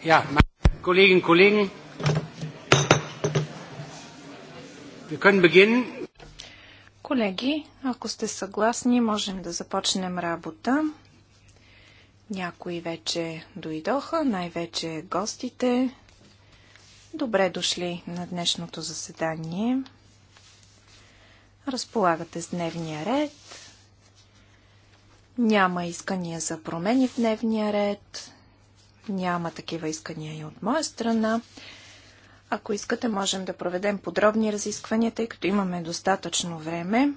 Ja, meine Kolleginnen und Kollegen, wir können beginnen. Колеги, ако сте съгласни, можем да започнем работа. Някои вече дойдоха, най-вече гостите. Добре дошли на днешното заседание. Разполагате с дневния ред. Няма искания за промени в дневния ред няма такива искания и от моя страна. Ако искате, можем да проведем подробни разисквания, тъй като имаме достатъчно време.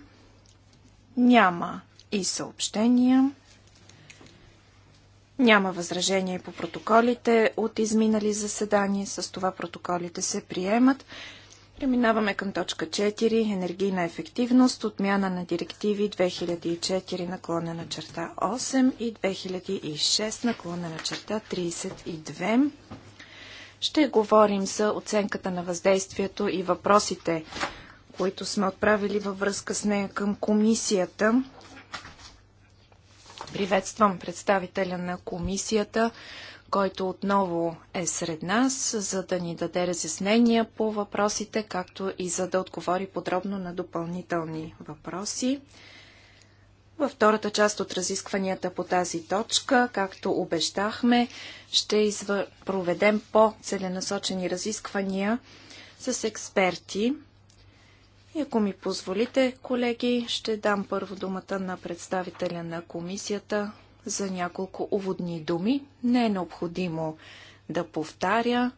Няма и съобщения. Няма възражения и по протоколите от изминали заседания. С това протоколите се приемат. Преминаваме към точка 4. Енергийна ефективност. Отмяна на директиви 2004 наклона на черта 8 и 2006 наклона на черта 32. Ще говорим за оценката на въздействието и въпросите, които сме отправили във връзка с нея към комисията. Приветствам представителя на комисията който отново е сред нас, за да ни даде разяснения по въпросите, както и за да отговори подробно на допълнителни въпроси. Във втората част от разискванията по тази точка, както обещахме, ще извър... проведем по-целенасочени разисквания с експерти. И ако ми позволите, колеги, ще дам първо думата на представителя на комисията, за няколко уводни думи. Не е необходимо да повтаря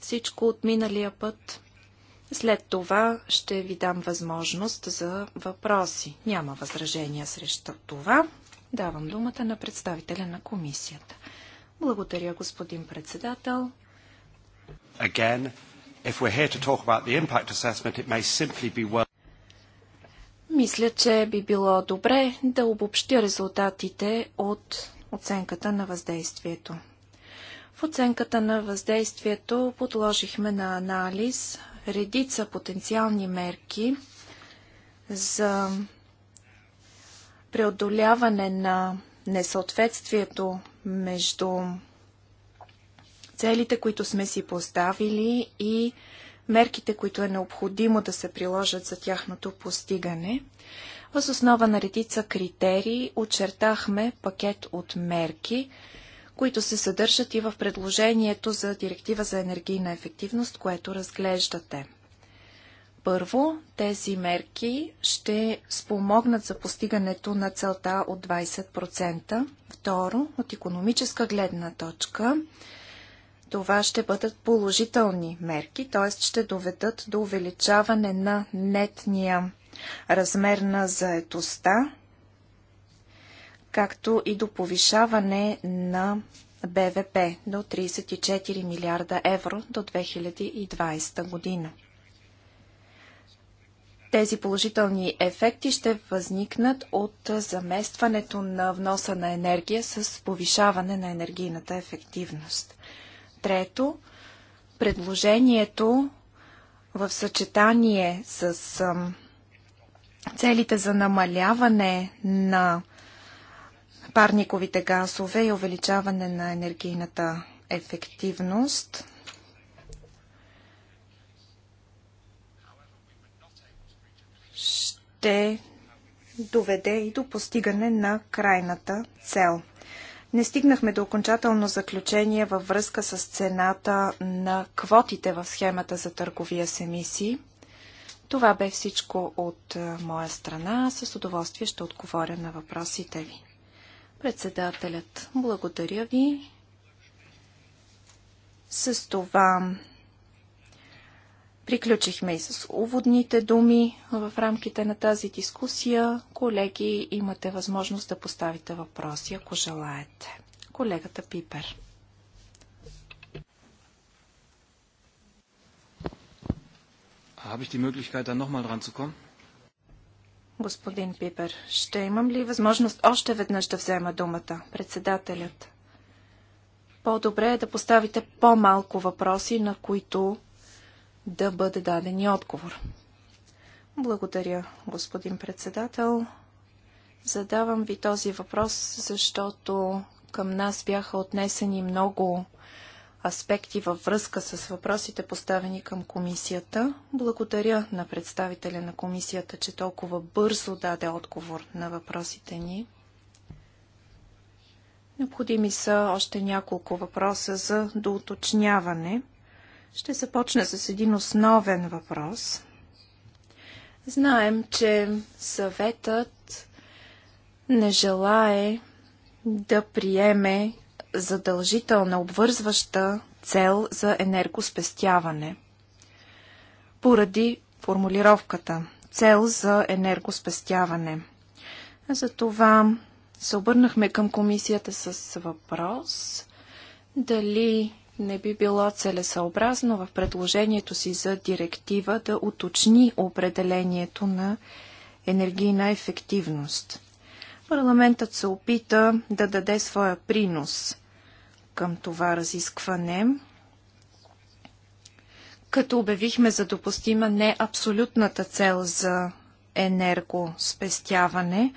всичко от миналия път. След това ще ви дам възможност за въпроси. Няма възражения срещу това. Давам думата на представителя на комисията. Благодаря, господин председател. Again, if we're here to talk about the impact assessment, it may simply be worth... Мисля, че би било добре да обобщя резултатите от оценката на въздействието. В оценката на въздействието подложихме на анализ редица потенциални мерки за преодоляване на несъответствието между целите, които сме си поставили и мерките, които е необходимо да се приложат за тяхното постигане. Въз основа на редица критерии очертахме пакет от мерки, които се съдържат и в предложението за директива за енергийна ефективност, което разглеждате. Първо, тези мерки ще спомогнат за постигането на целта от 20%. Второ, от економическа гледна точка, това ще бъдат положителни мерки, т.е. ще доведат до увеличаване на нетния размер на заетостта, както и до повишаване на БВП до 34 милиарда евро до 2020 година. Тези положителни ефекти ще възникнат от заместването на вноса на енергия с повишаване на енергийната ефективност. Трето, предложението в съчетание с целите за намаляване на парниковите газове и увеличаване на енергийната ефективност. Ще доведе и до постигане на крайната цел. Не стигнахме до окончателно заключение във връзка с цената на квотите в схемата за търговия с емисии. Това бе всичко от моя страна. С удоволствие ще отговоря на въпросите ви. Председателят, благодаря ви. С това Приключихме и с уводните думи в рамките на тази дискусия. Колеги, имате възможност да поставите въпроси, ако желаете. Колегата Пипер. Господин Пипер, ще имам ли възможност още веднъж да взема думата, председателят? По-добре е да поставите по-малко въпроси, на които да бъде даден и отговор. Благодаря, господин председател. Задавам ви този въпрос, защото към нас бяха отнесени много аспекти във връзка с въпросите поставени към комисията. Благодаря на представителя на комисията, че толкова бързо даде отговор на въпросите ни. Необходими са още няколко въпроса за доуточняване. Ще започна с един основен въпрос. Знаем, че съветът не желае да приеме задължителна обвързваща цел за енергоспестяване. Поради формулировката цел за енергоспестяване. Затова се обърнахме към комисията с въпрос дали не би било целесъобразно в предложението си за директива да уточни определението на енергийна ефективност. Парламентът се опита да даде своя принос към това разискване, като обявихме за допустима не абсолютната цел за енергоспестяване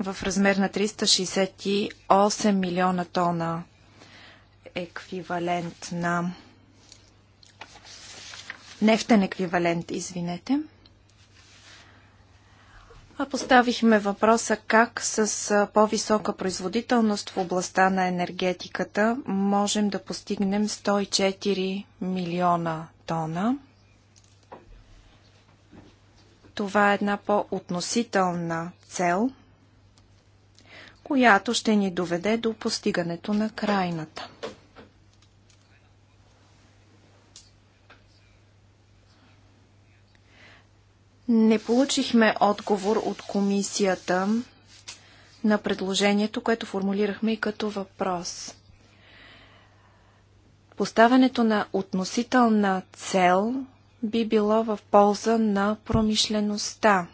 в размер на 368 милиона тона еквивалент на нефтен еквивалент, извинете. А поставихме въпроса как с по-висока производителност в областта на енергетиката можем да постигнем 104 милиона тона. Това е една по-относителна цел, която ще ни доведе до постигането на крайната. Не получихме отговор от комисията на предложението, което формулирахме и като въпрос. Поставянето на относителна цел би било в полза на промишлеността.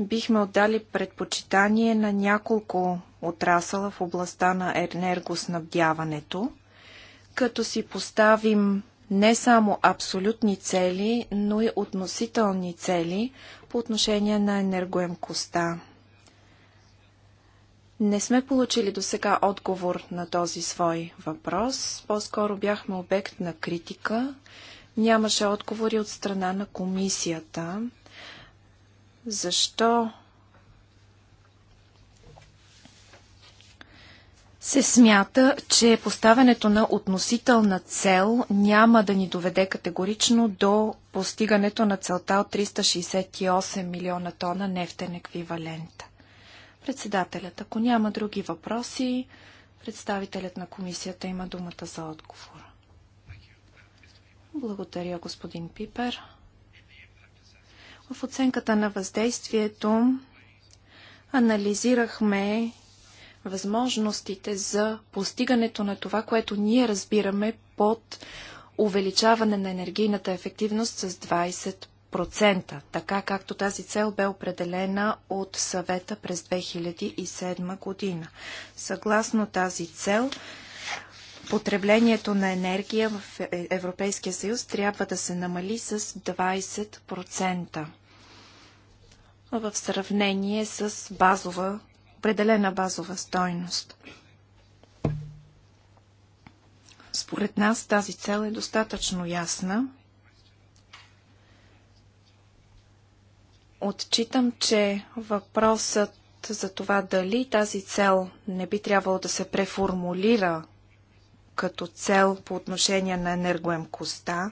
Бихме отдали предпочитание на няколко отрасъла в областта на енергоснабдяването, като си поставим не само абсолютни цели, но и относителни цели по отношение на енергоемкостта. Не сме получили до сега отговор на този свой въпрос. По-скоро бяхме обект на критика. Нямаше отговори от страна на комисията. Защо се смята, че поставянето на относителна цел няма да ни доведе категорично до постигането на целта от 368 милиона тона нефтен еквивалент. Председателят, ако няма други въпроси, представителят на комисията има думата за отговор. Благодаря, господин Пипер. В оценката на въздействието анализирахме възможностите за постигането на това, което ние разбираме под увеличаване на енергийната ефективност с 20%, така както тази цел бе определена от съвета през 2007 година. Съгласно тази цел, потреблението на енергия в е-, Европейския съюз трябва да се намали с 20% в сравнение с базова определена базова стойност. Според нас тази цел е достатъчно ясна. Отчитам, че въпросът за това дали тази цел не би трябвало да се преформулира като цел по отношение на енергоемкостта,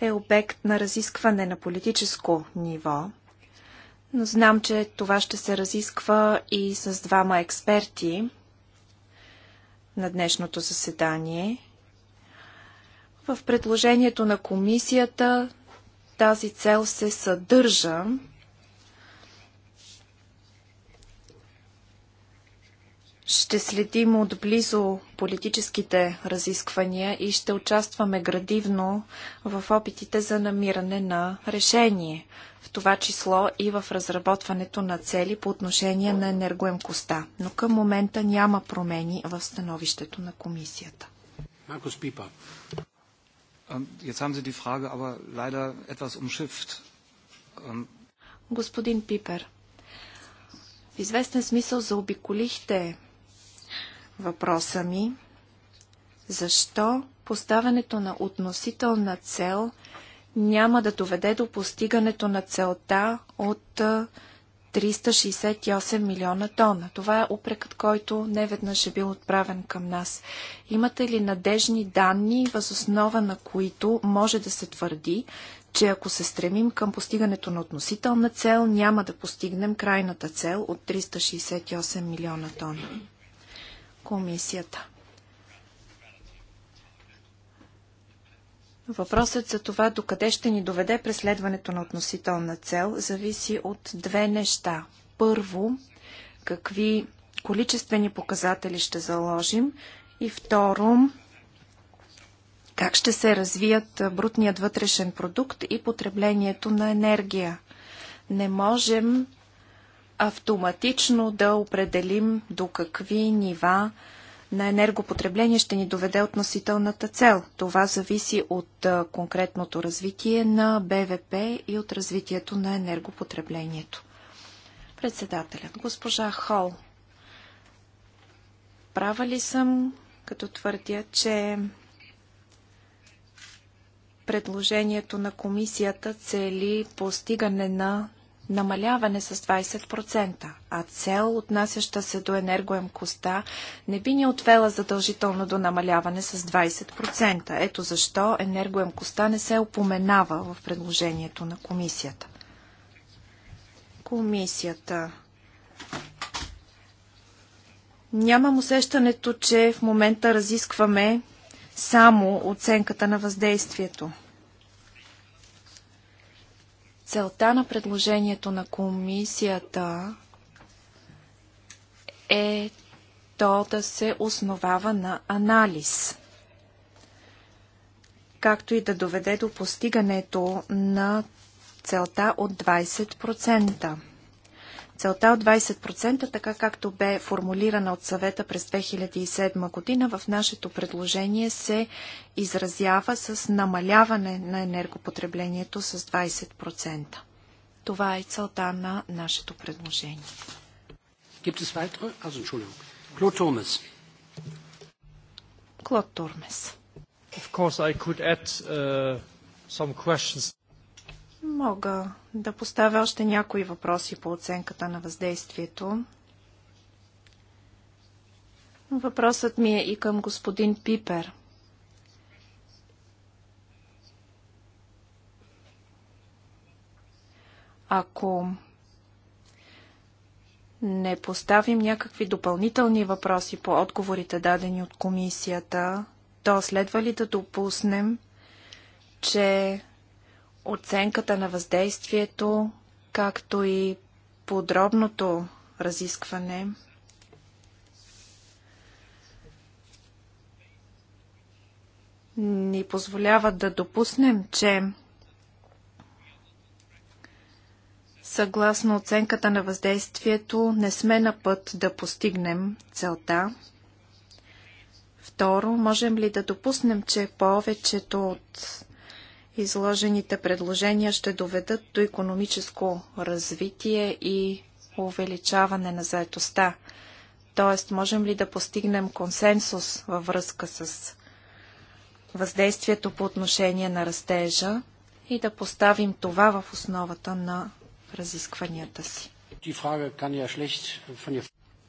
е обект на разискване на политическо ниво – но знам, че това ще се разисква и с двама експерти на днешното заседание. В предложението на комисията тази цел се съдържа Ще следим отблизо политическите разисквания и ще участваме градивно в опитите за намиране на решение, в това число и в разработването на цели по отношение на енергоемкостта. Но към момента няма промени в становището на комисията. Маркус Пипа. Jetzt haben Sie die Frage aber leider Господин Пипер, в известен смисъл заобиколихте Въпроса ми защо поставянето на относителна цел няма да доведе до постигането на целта от 368 милиона тона. Това е упрекът, който не веднъж е бил отправен към нас. Имате ли надежни данни, възоснова на които може да се твърди, че ако се стремим към постигането на относителна цел, няма да постигнем крайната цел от 368 милиона тона? комисията. Въпросът за това докъде ще ни доведе преследването на относителна цел зависи от две неща. Първо, какви количествени показатели ще заложим и второ, как ще се развият брутният вътрешен продукт и потреблението на енергия. Не можем автоматично да определим до какви нива на енергопотребление ще ни доведе относителната цел. Това зависи от конкретното развитие на БВП и от развитието на енергопотреблението. Председателят, госпожа Хол, права ли съм, като твърдя, че предложението на комисията цели постигане на намаляване с 20%, а цел, отнасяща се до енергоемкостта, не би ни отвела задължително до намаляване с 20%. Ето защо енергоемкостта не се опоменава в предложението на комисията. Комисията Нямам усещането, че в момента разискваме само оценката на въздействието. Целта на предложението на комисията е то да се основава на анализ, както и да доведе до постигането на целта от 20%. Целта е от 20%, така както бе формулирана от съвета през 2007 година, в нашето предложение се изразява с намаляване на енергопотреблението с 20%. Това е целта на нашето предложение. Gibt es weitere? Also, Entschuldigung. Claude Turmes. Claude Turmes. Of course, I could add uh, some questions. Мога да поставя още някои въпроси по оценката на въздействието. Въпросът ми е и към господин Пипер. Ако не поставим някакви допълнителни въпроси по отговорите дадени от комисията, то следва ли да допуснем, че оценката на въздействието, както и подробното разискване ни позволява да допуснем, че съгласно оценката на въздействието не сме на път да постигнем целта. Второ, можем ли да допуснем, че повечето от изложените предложения ще доведат до економическо развитие и увеличаване на заетостта. Тоест, можем ли да постигнем консенсус във връзка с въздействието по отношение на растежа и да поставим това в основата на разискванията си?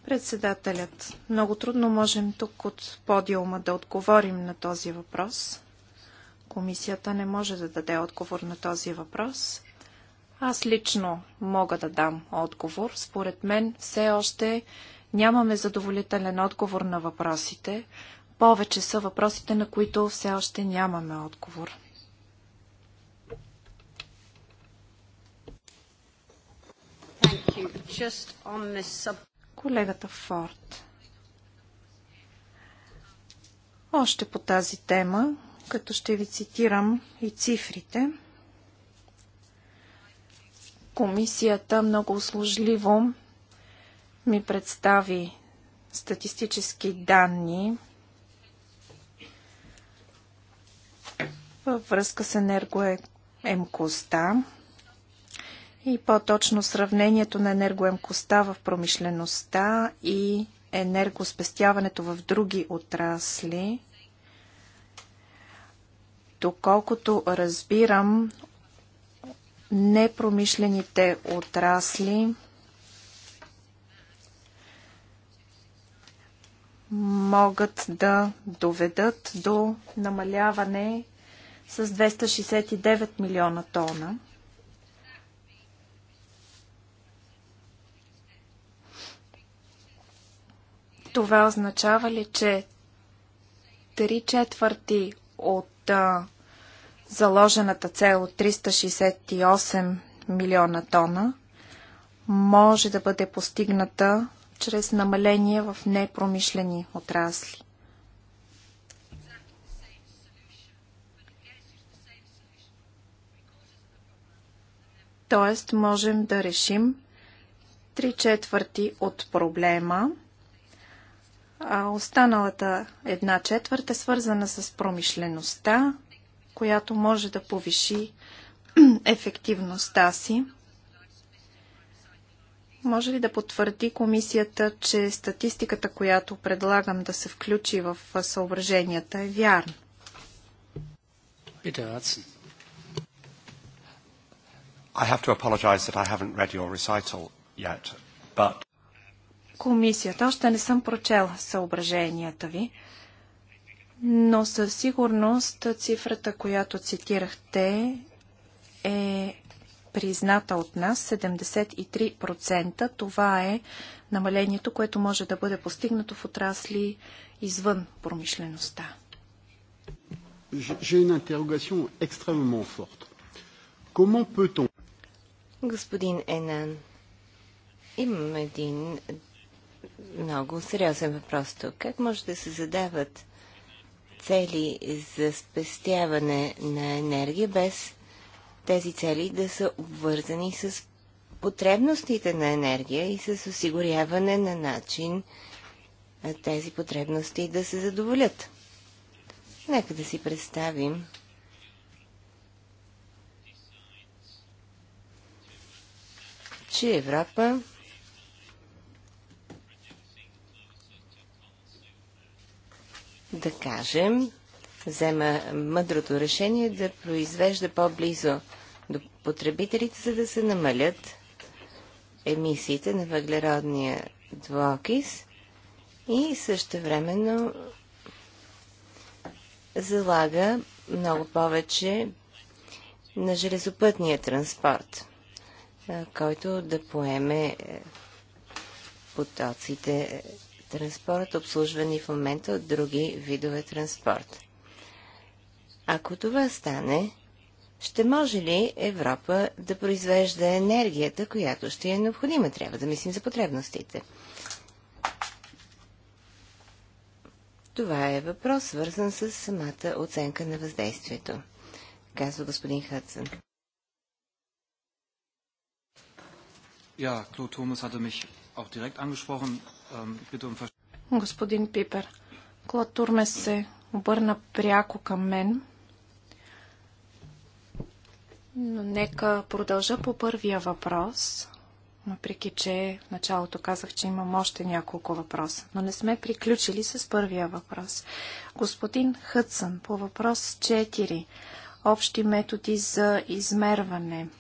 Председателят, много трудно можем тук от подиума да отговорим на този въпрос. Комисията не може да даде отговор на този въпрос. Аз лично мога да дам отговор. Според мен все още нямаме задоволителен отговор на въпросите. Повече са въпросите, на които все още нямаме отговор. Колегата Форд. Още по тази тема като ще ви цитирам и цифрите. Комисията много услужливо ми представи статистически данни във връзка с енергоемкостта е- и по-точно сравнението на енергоемкостта в промишлеността и енергоспестяването в други отрасли. Доколкото разбирам, непромишлените отрасли могат да доведат до намаляване с 269 милиона тона. Това означава ли, че три четвърти от заложената цел от 368 милиона тона може да бъде постигната чрез намаление в непромишлени отрасли. Тоест можем да решим три четвърти от проблема – а останалата една четвърт е свързана с промишлеността, която може да повиши ефективността си. Може ли да потвърди комисията, че статистиката, която предлагам да се включи в съображенията е вярна? I have to apologize that I haven't read your recital yet, but комисията. Още не съм прочела съображенията ви, но със сигурност цифрата, която цитирахте, е призната от нас 73%. Това е намалението, което може да бъде постигнато в отрасли извън промишлеността. Господин Енан, имам един много сериозен въпрос тук. Как може да се задават цели за спестяване на енергия без тези цели да са обвързани с потребностите на енергия и с осигуряване на начин тези потребности да се задоволят. Нека да си представим че Европа да кажем, взема мъдрото решение да произвежда по-близо до потребителите, за да се намалят емисиите на въглеродния двокис и също времено залага много повече на железопътния транспорт, който да поеме потоците транспорт, обслужвани в момента от други видове транспорт. Ако това стане, ще може ли Европа да произвежда енергията, която ще е необходима? Трябва да мислим за потребностите. Това е въпрос, свързан с самата оценка на въздействието, казва господин Хътсън. Ja, Claude Thomas hatte mich auch direkt angesprochen. Господин Пипер, Клод Турме се обърна пряко към мен, но нека продължа по първия въпрос, въпреки че в началото казах, че имам още няколко въпроса, но не сме приключили с първия въпрос. Господин Хътсън, по въпрос 4. Общи методи за измерване –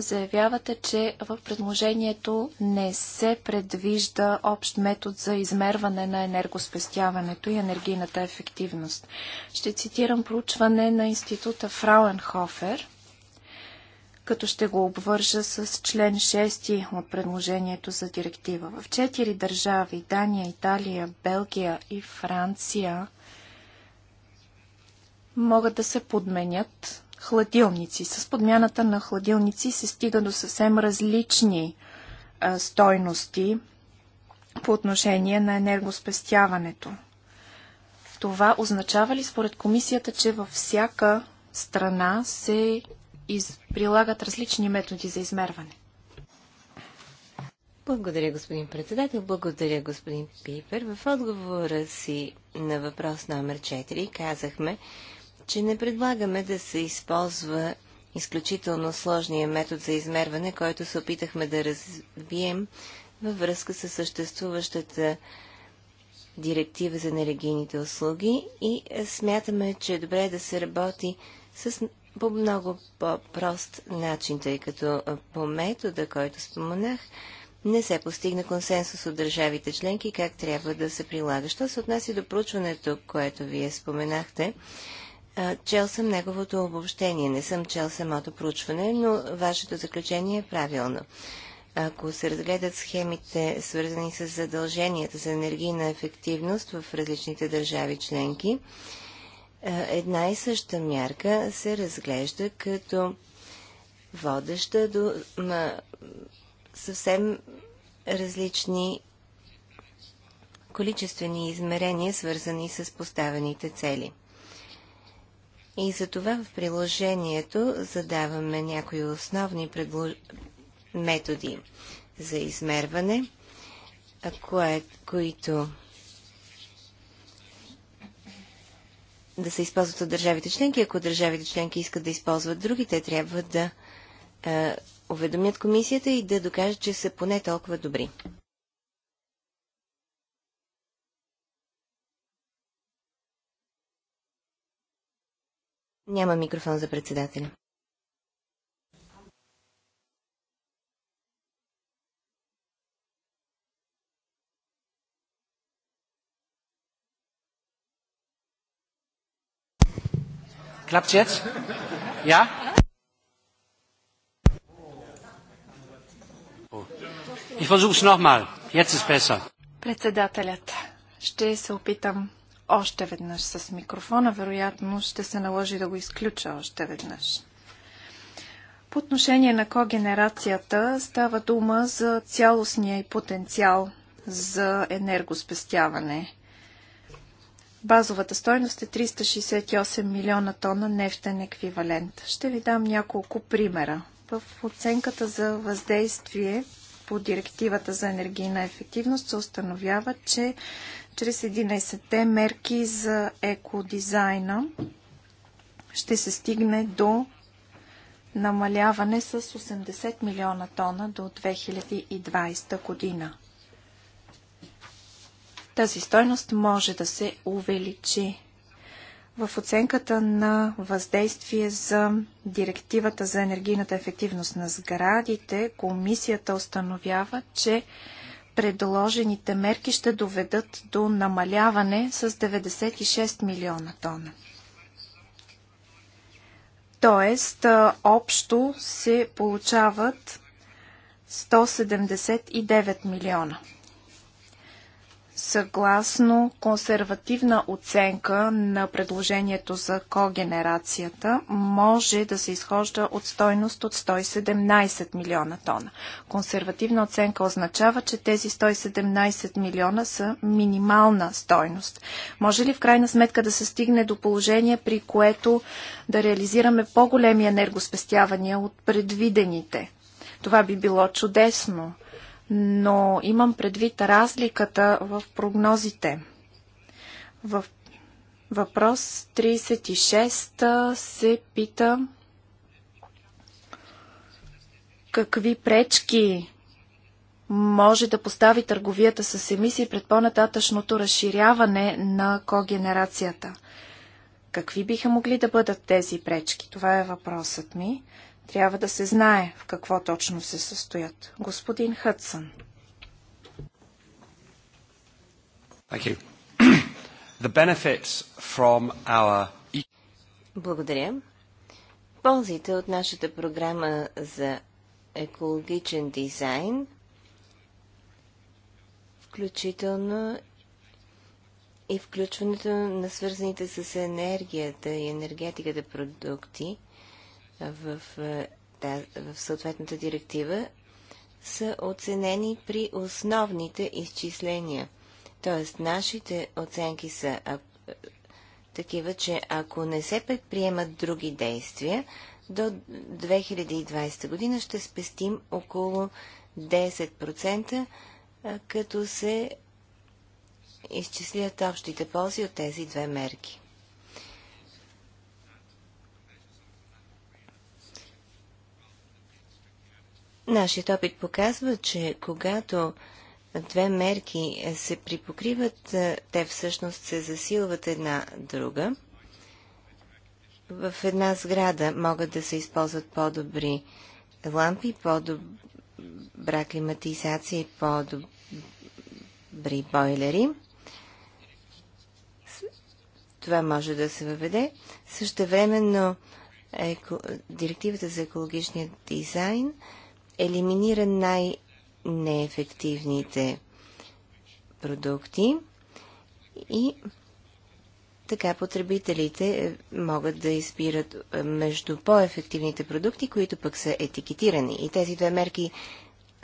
заявявате, че в предложението не се предвижда общ метод за измерване на енергоспестяването и енергийната ефективност. Ще цитирам проучване на института Фрауенхофер, като ще го обвържа с член 6 от предложението за директива. В четири държави – Дания, Италия, Белгия и Франция – могат да се подменят хладилници. С подмяната на хладилници се стига до съвсем различни а, стойности по отношение на енергоспестяването. Това означава ли според комисията, че във всяка страна се из... прилагат различни методи за измерване? Благодаря, господин председател. Благодаря, господин Пипер. В отговора си на въпрос номер 4 казахме, че не предлагаме да се използва изключително сложния метод за измерване, който се опитахме да развием във връзка с съществуващата директива за енергийните услуги и смятаме, че е добре да се работи с, по много по-прост начин, тъй като по метода, който споменах, не се постигна консенсус от държавите членки как трябва да се прилага. Що се отнася до проучването, което вие споменахте, Чел съм неговото обобщение, не съм чел самото проучване, но вашето заключение е правилно. Ако се разгледат схемите, свързани с задълженията за енергийна ефективност в различните държави членки, една и съща мярка се разглежда като водеща до ма, съвсем различни количествени измерения, свързани с поставените цели. И за това в приложението задаваме някои основни предло... методи за измерване, кое... които да се използват от държавите членки. Ако държавите членки искат да използват други, те трябва да е, уведомят комисията и да докажат, че са поне толкова добри. Няма микрофон за председателя. Klappt's jetzt? Ja? Ich versuche es nochmal. Jetzt ist besser. Председателят. Ще се опитам още веднъж с микрофона. Вероятно ще се наложи да го изключа още веднъж. По отношение на когенерацията става дума за цялостния и потенциал за енергоспестяване. Базовата стойност е 368 милиона тона нефтен еквивалент. Ще ви дам няколко примера. В оценката за въздействие по директивата за енергийна ефективност се установява, че чрез 11-те мерки за екодизайна ще се стигне до намаляване с 80 милиона тона до 2020 година. Тази стойност може да се увеличи. В оценката на въздействие за директивата за енергийната ефективност на сградите, комисията установява, че предложените мерки ще доведат до намаляване с 96 милиона тона. Тоест, общо се получават 179 милиона Съгласно консервативна оценка на предложението за когенерацията, може да се изхожда от стойност от 117 милиона тона. Консервативна оценка означава, че тези 117 милиона са минимална стойност. Може ли в крайна сметка да се стигне до положение, при което да реализираме по-големи енергоспестявания от предвидените? Това би било чудесно – но имам предвид разликата в прогнозите. В въпрос 36 се пита какви пречки може да постави търговията с емисии пред по-нататъчното разширяване на когенерацията. Какви биха могли да бъдат тези пречки? Това е въпросът ми. Трябва да се знае в какво точно се състоят. Господин Хътсън. E- Благодаря. Ползите от нашата програма за екологичен дизайн, включително и включването на свързаните с енергията и енергетиката продукти, в, е, да, в съответната директива, са оценени при основните изчисления. Тоест, нашите оценки са а, е, такива, че ако не се предприемат други действия, до 2020 година ще спестим около 10%, а, като се изчислят общите ползи от тези две мерки. Нашият опит показва, че когато две мерки се припокриват, те всъщност се засилват една друга. В една сграда могат да се използват по-добри лампи, по-добра климатизация и по-добри бойлери. Това може да се въведе. Също времено директивата за екологичния дизайн – елиминира най-неефективните продукти и така потребителите могат да избират е, между по-ефективните продукти, които пък са етикетирани. И тези две мерки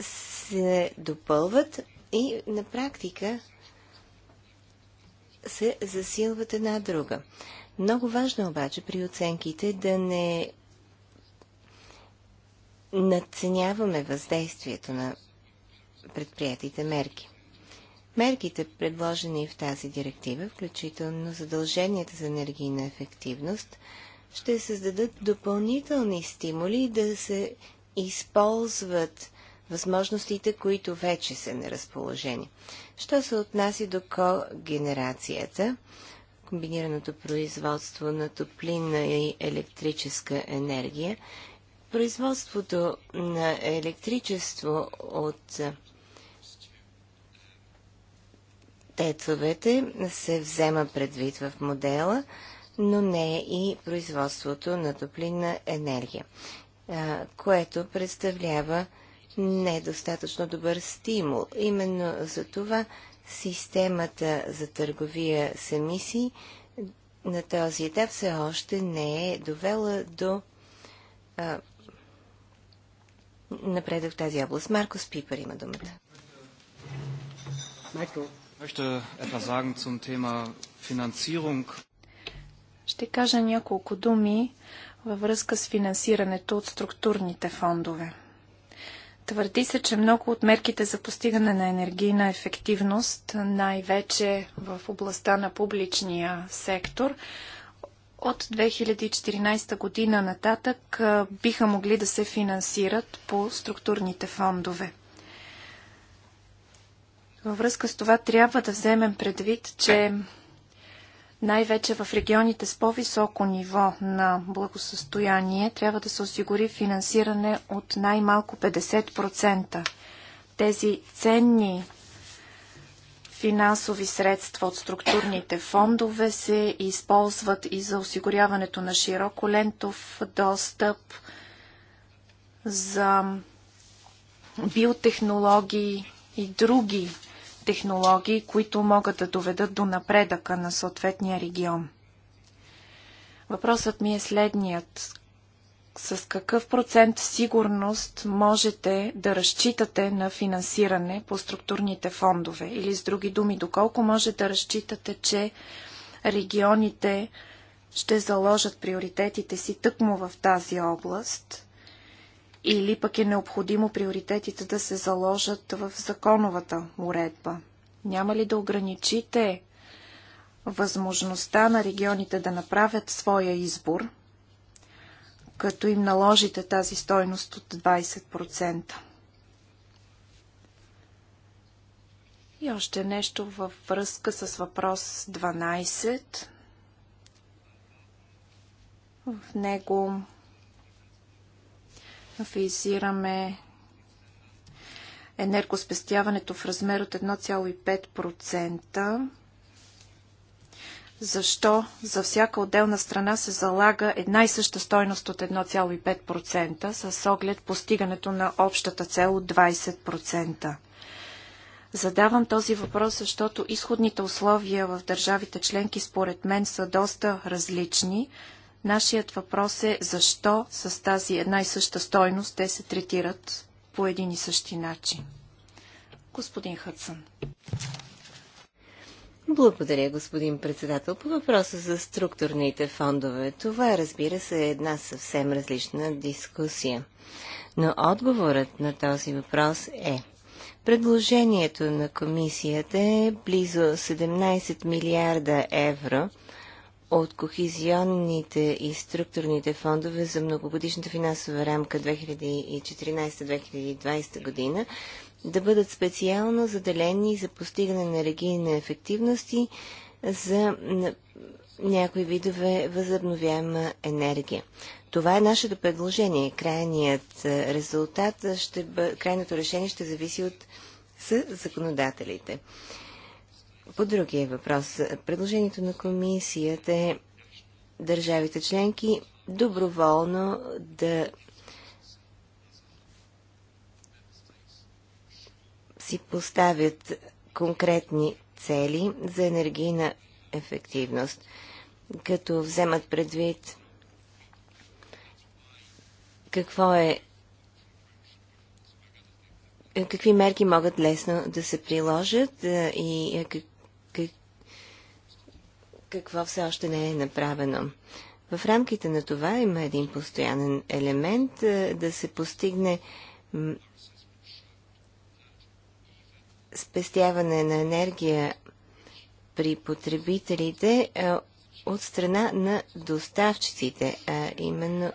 се допълват и на практика се засилват една друга. Много важно обаче при оценките да не надценяваме въздействието на предприятите мерки. Мерките, предложени в тази директива, включително задълженията за енергийна ефективност, ще създадат допълнителни стимули да се използват възможностите, които вече са на разположение. Що се отнася до когенерацията, комбинираното производство на топлинна и електрическа енергия, Производството на електричество от тетвовете се взема предвид в модела, но не и производството на топлинна енергия, което представлява недостатъчно добър стимул. Именно за това системата за търговия с емисии на този етап все още не е довела до напредък в тази област. Маркос Пипер има думата. Ще кажа няколко думи във връзка с финансирането от структурните фондове. Твърди се, че много от мерките за постигане на енергийна ефективност, най-вече в областта на публичния сектор, от 2014 година нататък биха могли да се финансират по структурните фондове. Във връзка с това трябва да вземем предвид, че най-вече в регионите с по-високо ниво на благосъстояние трябва да се осигури финансиране от най-малко 50%. Тези ценни финансови средства от структурните фондове се използват и за осигуряването на широко лентов достъп, за биотехнологии и други технологии, които могат да доведат до напредъка на съответния регион. Въпросът ми е следният с какъв процент сигурност можете да разчитате на финансиране по структурните фондове? Или с други думи, доколко може да разчитате, че регионите ще заложат приоритетите си тъкмо в тази област? Или пък е необходимо приоритетите да се заложат в законовата уредба? Няма ли да ограничите възможността на регионите да направят своя избор, като им наложите тази стойност от 20%. И още нещо във връзка с въпрос 12. В него визираме енергоспестяването в размер от 1,5% защо за всяка отделна страна се залага една и съща стойност от 1,5% с оглед постигането на общата цел от 20%. Задавам този въпрос, защото изходните условия в държавите членки според мен са доста различни. Нашият въпрос е защо с тази една и съща стойност те се третират по един и същи начин. Господин Хътсън. Благодаря, господин председател. По въпроса за структурните фондове, това разбира се е една съвсем различна дискусия. Но отговорът на този въпрос е Предложението на комисията е близо 17 милиарда евро от кохизионните и структурните фондове за многогодишната финансова рамка 2014-2020 година да бъдат специално заделени за постигане на енергийна ефективност и за някои видове възобновяема енергия. Това е нашето предложение. Крайният резултат ще бъ... крайното решение ще зависи от с законодателите. По другия въпрос, предложението на комисията е държавите членки доброволно да си поставят конкретни цели за енергийна ефективност, като вземат предвид какво е какви мерки могат лесно да се приложат е, и е, как, как, какво все още не е направено. В рамките на това има един постоянен елемент е, да се постигне спестяване на енергия при потребителите от страна на доставчиците, а именно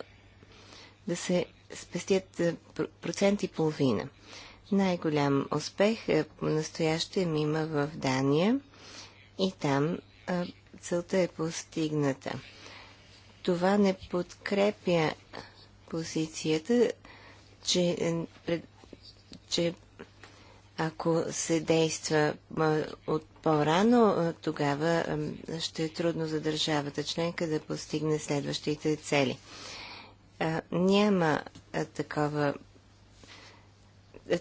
да се спестят процент и половина. Най-голям успех настоящем има в Дания и там целта е постигната. Това не подкрепя позицията, че, е, че ако се действа от по-рано, тогава ще е трудно за държавата членка да постигне следващите цели. Няма такова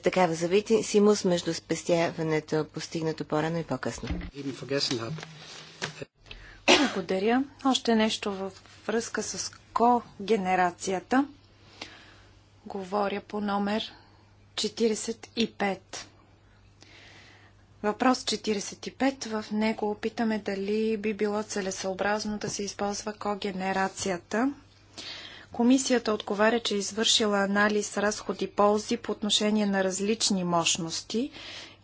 такава зависимост между спестяването, постигнато по-рано и по-късно. Благодаря. Още нещо във връзка с когенерацията. Говоря по номер 45. Въпрос 45. В него опитаме дали би било целесъобразно да се използва когенерацията. Комисията отговаря, че е извършила анализ разходи-ползи по отношение на различни мощности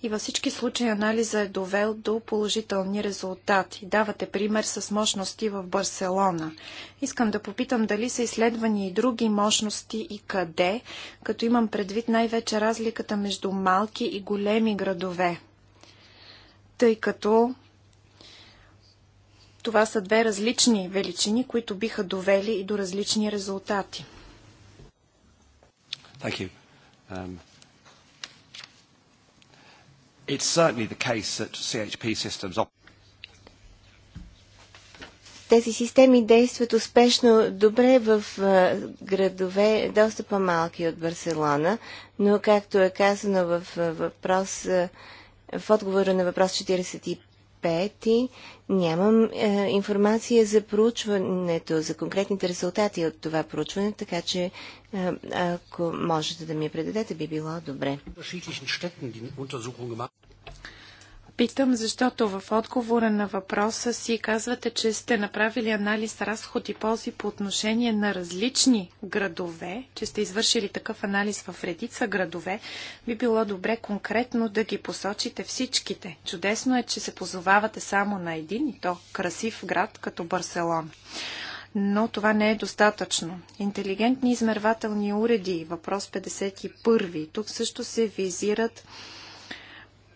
и във всички случаи анализа е довел до положителни резултати. Давате пример с мощности в Барселона. Искам да попитам дали са изследвани и други мощности и къде, като имам предвид най-вече разликата между малки и големи градове тъй като това са две различни величини, които биха довели и до различни резултати. Thank you. Um, it's certainly the case that CHP systems тези системи действат успешно добре в градове, доста по-малки от Барселона, но както е казано в въпрос в отговора на въпрос 45 нямам е, информация за проучването, за конкретните резултати от това проучване, така че е, ако можете да ми я предадете, би било добре. Питам, защото в отговора на въпроса си казвате, че сте направили анализ разход и ползи по отношение на различни градове, че сте извършили такъв анализ в редица градове. Би било добре конкретно да ги посочите всичките. Чудесно е, че се позовавате само на един и то красив град като Барселона но това не е достатъчно. Интелигентни измервателни уреди, въпрос 51. Тук също се визират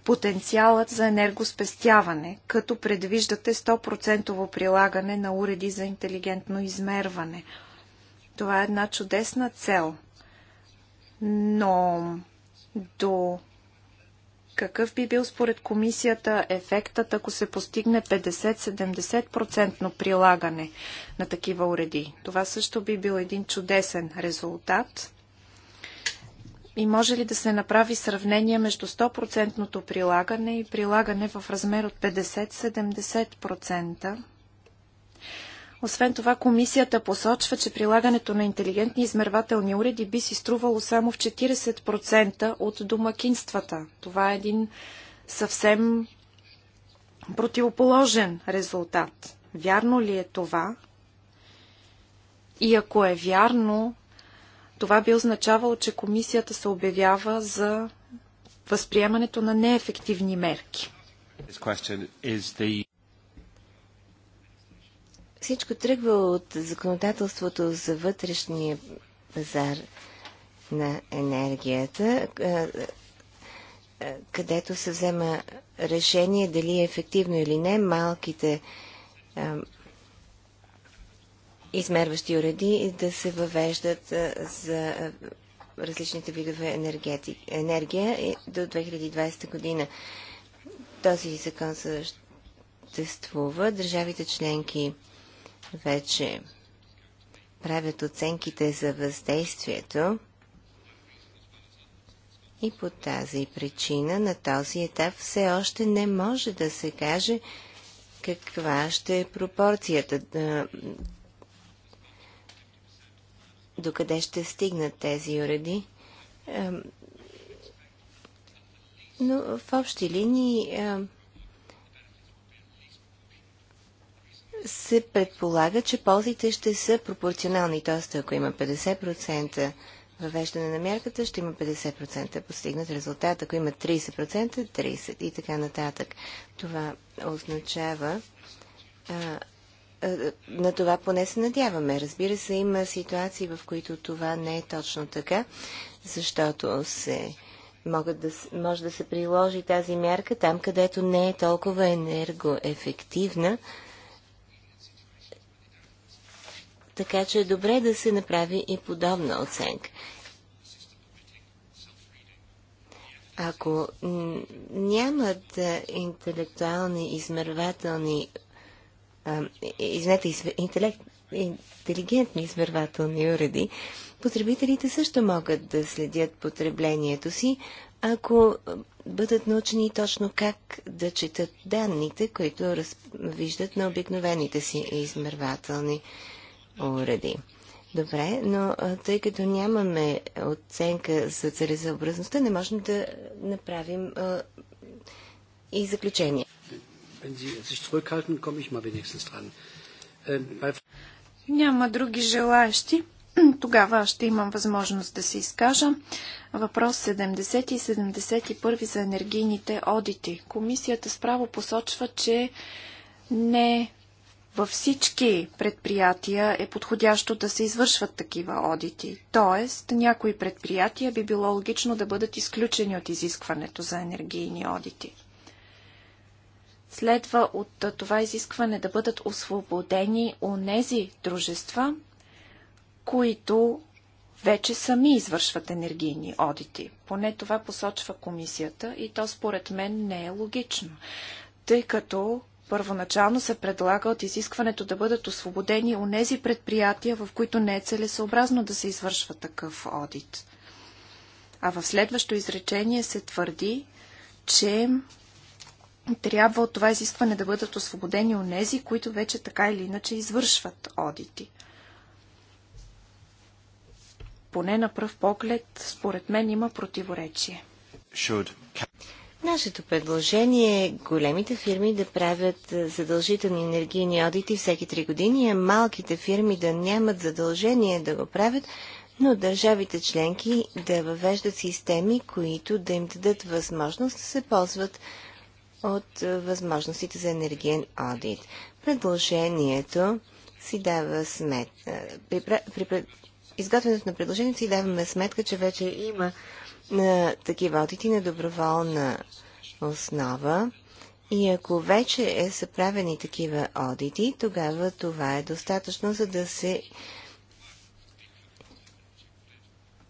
потенциалът за енергоспестяване, като предвиждате 100% прилагане на уреди за интелигентно измерване. Това е една чудесна цел, но до какъв би бил според комисията ефектът, ако се постигне 50-70% прилагане на такива уреди? Това също би бил един чудесен резултат. И може ли да се направи сравнение между 100 прилагане и прилагане в размер от 50-70%? Освен това, комисията посочва, че прилагането на интелигентни измервателни уреди би си струвало само в 40% от домакинствата. Това е един съвсем противоположен резултат. Вярно ли е това? И ако е вярно, това би означавало, че комисията се обявява за възприемането на неефективни мерки. Всичко тръгва от законодателството за вътрешния пазар на енергията, където се взема решение дали е ефективно или не малките измерващи уреди да се въвеждат за различните видове енергия до 2020 година. Този закон съществува. Държавите членки вече правят оценките за въздействието и по тази причина на този етап все още не може да се каже каква ще е пропорцията докъде ще стигнат тези уреди. Но в общи линии се предполага, че ползите ще са пропорционални. Т.е. ако има 50% въвеждане на мярката, ще има 50% постигнат резултат. Ако има 30%, 30% и така нататък. Това означава, е, на това поне се надяваме. Разбира се, има ситуации, в които това не е точно така, защото се могат да, може да се приложи тази мярка там, където не е толкова енергоефективна. Така че е добре да се направи и подобна оценка. Ако нямат интелектуални измервателни извинете, интелект, интелигентни измервателни уреди, потребителите също могат да следят потреблението си, ако бъдат научени точно как да четат данните, които раз... виждат на обикновените си измервателни уреди. Добре, но тъй като нямаме оценка за целесъобразността, не можем да направим а, и заключение. Wenn Sie sich zurückhalten, komme ich mal wenigstens dran. Ähm, Няма други желаящи. Тогава ще имам възможност да се изкажа. Въпрос 70 и 71 за енергийните одити. Комисията справо посочва, че не във всички предприятия е подходящо да се извършват такива одити. Тоест, някои предприятия би било логично да бъдат изключени от изискването за енергийни одити. Следва от това изискване да бъдат освободени онези дружества, които вече сами извършват енергийни одити. Поне това посочва комисията и то според мен не е логично, тъй като първоначално се предлага от изискването да бъдат освободени онези предприятия, в които не е целесообразно да се извършва такъв одит. А в следващо изречение се твърди, че трябва от това изискване да бъдат освободени от нези, които вече така или иначе извършват одити. Поне на пръв поглед, според мен, има противоречие. Should. Нашето предложение е големите фирми да правят е, задължителни енергийни одити всеки три години, а малките фирми да нямат задължение да го правят, но държавите членки да въвеждат системи, които да им дадат възможност да се ползват от е, възможностите за енергиен аудит. Предложението си дава сметка. Е, при, при, при изготвянето на предложението си даваме сметка, че вече има на е, такива аудити на доброволна основа. И ако вече е са правени такива аудити, тогава това е достатъчно, за да се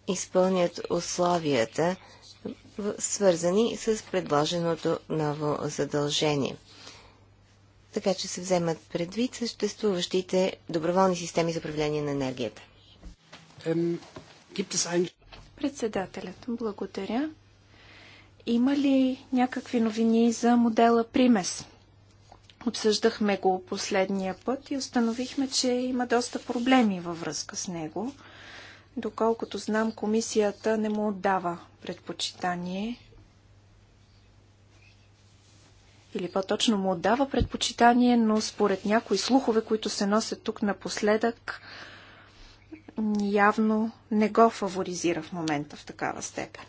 изпълнят условията свързани с предложеното ново задължение. Така че се вземат предвид съществуващите доброволни системи за управление на енергията. Председателят, благодаря. Има ли някакви новини за модела Примес? Обсъждахме го последния път и установихме, че има доста проблеми във връзка с него. Доколкото знам, комисията не му отдава предпочитание. Или по-точно му отдава предпочитание, но според някои слухове, които се носят тук напоследък, явно не го фаворизира в момента в такава степен.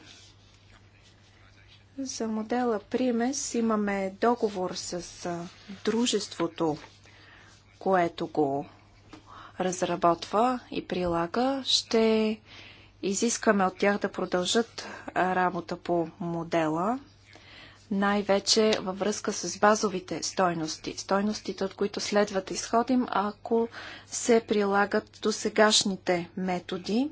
За модела Примес имаме договор с дружеството, което го разработва и прилага, ще изискаме от тях да продължат работа по модела, най-вече във връзка с базовите стойности, стойностите, от които следва да изходим, ако се прилагат до сегашните методи.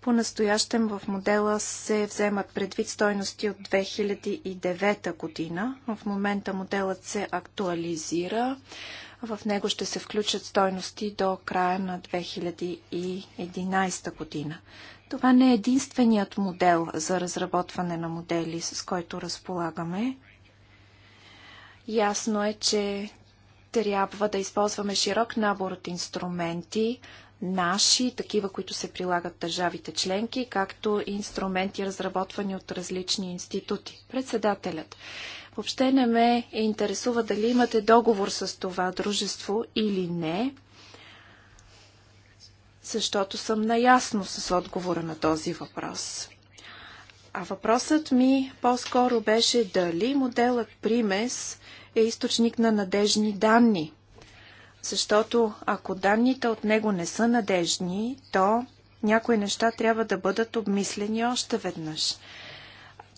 По-настоящем в модела се вземат предвид стойности от 2009 година. В момента моделът се актуализира. В него ще се включат стойности до края на 2011 година. Това не е единственият модел за разработване на модели, с който разполагаме. Ясно е, че трябва да използваме широк набор от инструменти, наши, такива, които се прилагат държавите членки, както и инструменти, разработвани от различни институти. Председателят, Въобще не ме интересува дали имате договор с това дружество или не, защото съм наясно с отговора на този въпрос. А въпросът ми по-скоро беше дали моделът Примес е източник на надежни данни. Защото ако данните от него не са надежни, то някои неща трябва да бъдат обмислени още веднъж.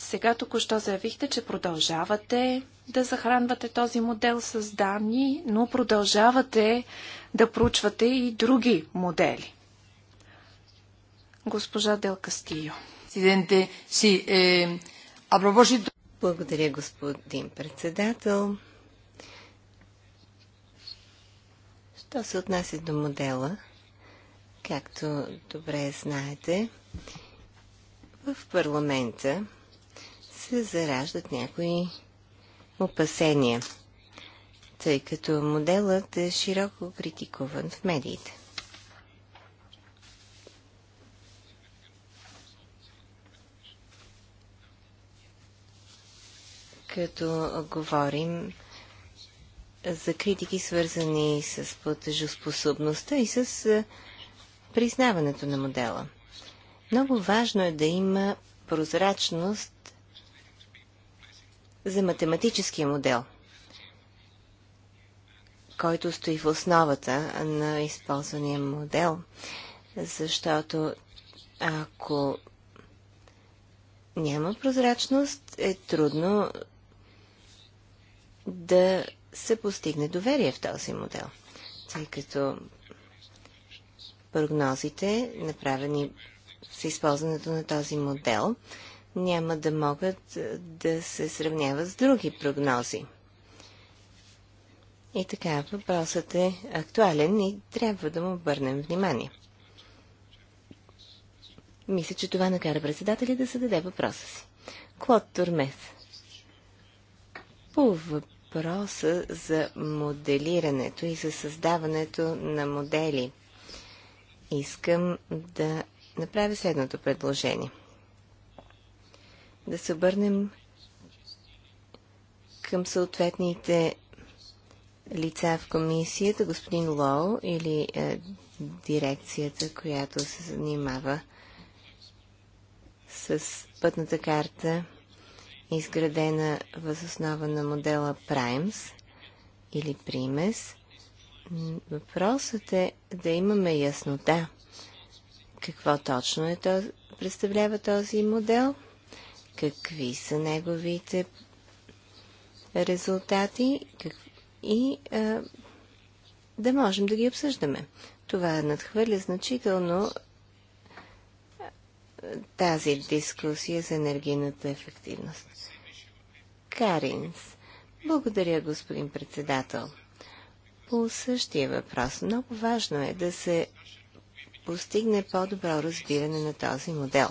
Сега току-що заявихте, че продължавате да захранвате този модел с данни, но продължавате да проучвате и други модели. Госпожа Дел Кастио. Е, Благодаря, господин председател. Що се отнася до модела, както добре знаете, в парламента се зараждат някои опасения, тъй като моделът е широко критикуван в медиите. Като говорим за критики, свързани с платежоспособността и с признаването на модела. Много важно е да има прозрачност за математическия модел, който стои в основата на използвания модел, защото ако няма прозрачност, е трудно да се постигне доверие в този модел, тъй като прогнозите, направени с използването на този модел, няма да могат е, да се сравняват с други прогнози. И така, въпросът е актуален и трябва да му обърнем внимание. Мисля, че това накара председателя да зададе въпроса си. Клод Турмес. По въпроса за моделирането и за създаването на модели, искам да направя следното предложение – да се върнем към съответните лица в комисията, господин Лоу или е, дирекцията, която се занимава с пътната карта, изградена възоснова на модела Primes или Primes. Въпросът е да имаме яснота какво точно е то, представлява този модел какви са неговите резултати как... и а, да можем да ги обсъждаме. Това надхвърля значително тази дискусия за енергийната ефективност. Каринс. Благодаря, господин председател. По същия въпрос, много важно е да се постигне по-добро разбиране на този модел.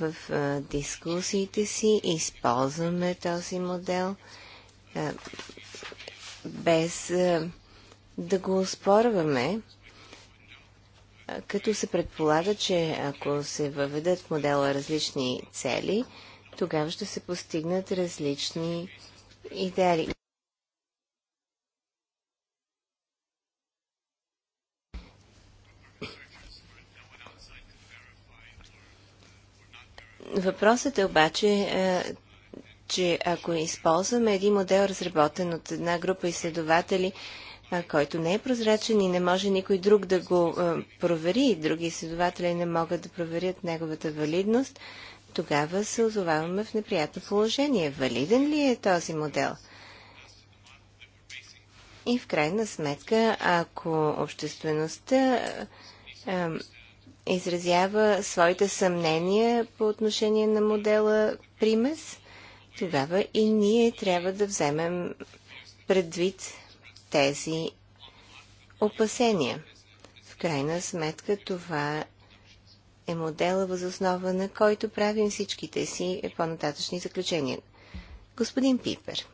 В дискусиите си използваме този модел без да го оспорваме, като се предполага, че ако се въведат в модела различни цели, тогава ще се постигнат различни идеали. Въпросът е обаче, е, че ако използваме един модел, разработен от една група изследователи, е, който не е прозрачен и не може никой друг да го е, провери, други изследователи не могат да проверят неговата валидност, тогава се озоваваме в неприятно положение. Валиден ли е този модел? И в крайна сметка, ако обществеността изразява своите съмнения по отношение на модела Примес, тогава и ние трябва да вземем предвид тези опасения. В крайна сметка това е модела възоснова на който правим всичките си по-нататъчни заключения. Господин Пипер.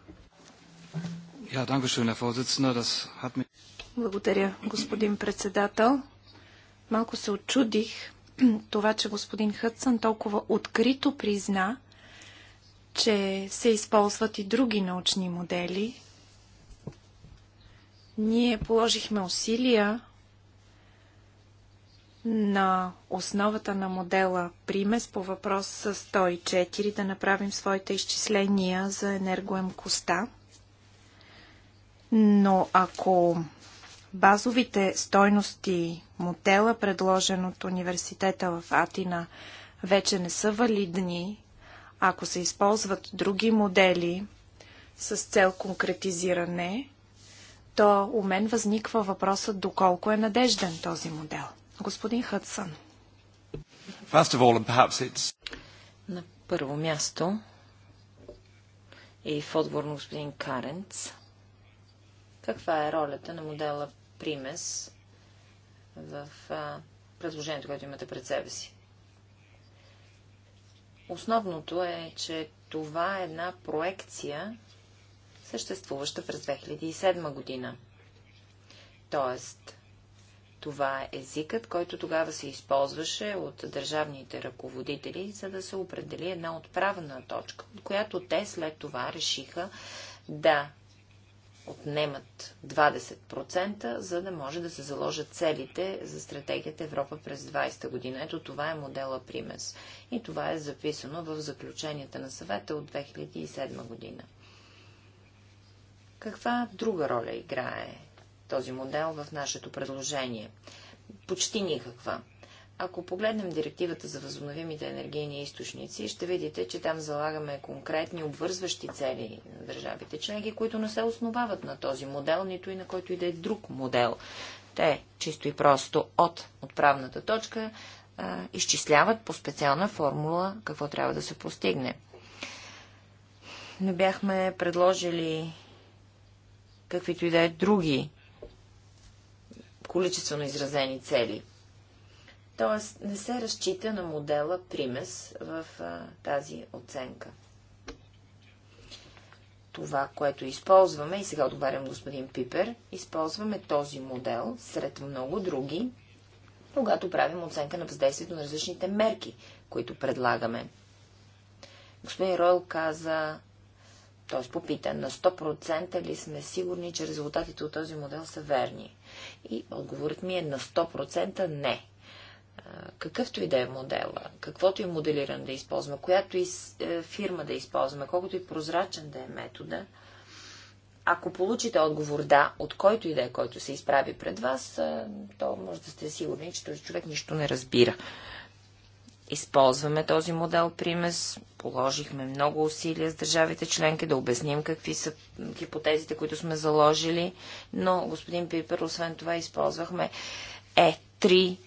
Благодаря, господин председател. Малко се очудих това, че господин Хътсън толкова открито призна, че се използват и други научни модели. Ние положихме усилия на основата на модела Примес по въпрос 104 да направим своите изчисления за енергоемкостта. Но ако базовите стойности модела, предложен от университета в Атина, вече не са валидни, ако се използват други модели с цел конкретизиране, то у мен възниква въпросът доколко е надежден този модел. Господин Хътсън. На първо място и в отговор на господин Каренц, каква е ролята на модела примес в предложението, което имате пред себе си. Основното е, че това е една проекция, съществуваща през 2007 година. Тоест, това е езикът, който тогава се използваше от държавните ръководители, за да се определи една отправна точка, от която те след това решиха да отнемат 20%, за да може да се заложат целите за стратегията Европа през 20-та година. Ето това е модела Примес. И това е записано в заключенията на съвета от 2007 година. Каква друга роля играе този модел в нашето предложение? Почти никаква. Ако погледнем директивата за възобновимите енергийни източници, ще видите, че там залагаме конкретни обвързващи цели на държавите членки, които не се основават на този модел, нито и на който и да е друг модел. Те чисто и просто от отправната точка а, изчисляват по специална формула какво трябва да се постигне. Не бяхме предложили каквито и да е други количествено изразени цели. Т.е. не се разчита на модела примес в а, тази оценка. Това, което използваме, и сега отговарям господин Пипер, използваме този модел сред много други, когато правим оценка на въздействието на различните мерки, които предлагаме. Господин Ройл каза, т.е. попита, на 100% ли сме сигурни, че резултатите от този модел са верни? И отговорът ми е на 100% не какъвто и да е модела, каквото и моделиран да използва, която и е, фирма да използваме, колкото и прозрачен да е метода, ако получите отговор да, от който и да е, който се изправи пред вас, е, то може да сте сигурни, че този човек нищо не разбира. Използваме този модел примес, положихме много усилия с държавите членки да обясним какви са хипотезите, които сме заложили, но, господин Пипер, освен това използвахме е три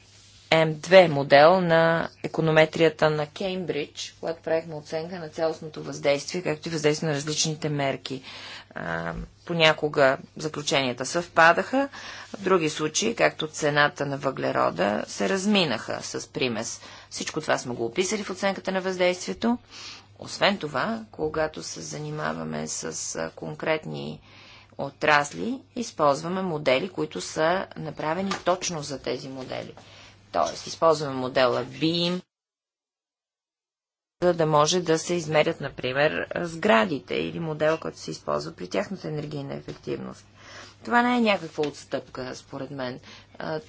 М2 модел на економетрията на Кеймбридж, когато правихме оценка на цялостното въздействие, както и въздействие на различните мерки. понякога заключенията съвпадаха, в други случаи, както цената на въглерода, се разминаха с примес. Всичко това сме го описали в оценката на въздействието. Освен това, когато се занимаваме с конкретни отрасли, използваме модели, които са направени точно за тези модели. Т.е. използваме модела BIM, за да може да се измерят, например, сградите или модел, който се използва при тяхната енергийна ефективност. Това не е някаква отстъпка, според мен.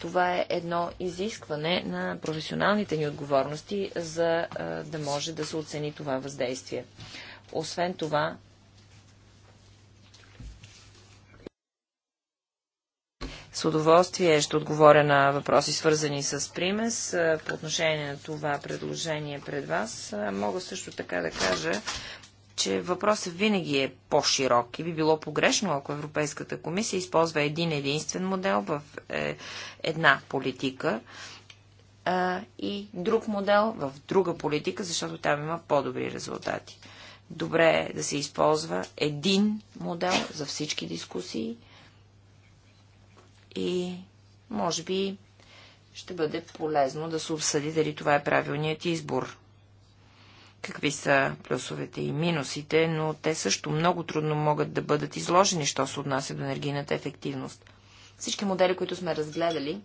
Това е едно изискване на професионалните ни отговорности, за да може да се оцени това въздействие. Освен това, С удоволствие ще отговоря на въпроси, свързани с примес. По отношение на това предложение пред вас, мога също така да кажа, че въпросът винаги е по-широк и би било погрешно, ако Европейската комисия използва един единствен модел в е, една политика и друг модел в друга политика, защото там има по-добри резултати. Добре е да се използва един модел за всички дискусии и може би ще бъде полезно да се обсъди дали това е правилният избор. Какви са плюсовете и минусите, но те също много трудно могат да бъдат изложени, що се отнася до енергийната ефективност. Всички модели, които сме разгледали,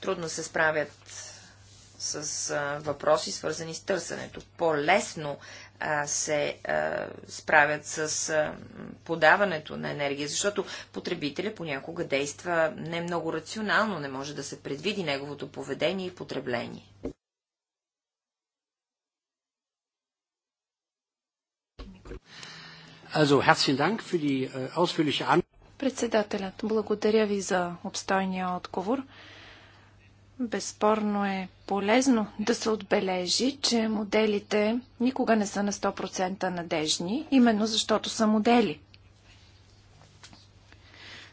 трудно се справят с въпроси, свързани с търсенето. По-лесно се справят с подаването на енергия, защото потребителя понякога действа не много рационално, не може да се предвиди неговото поведение и потребление. Äh, Председателят, благодаря ви за обстойния отговор. Безспорно е полезно да се отбележи, че моделите никога не са на 100% надежни, именно защото са модели.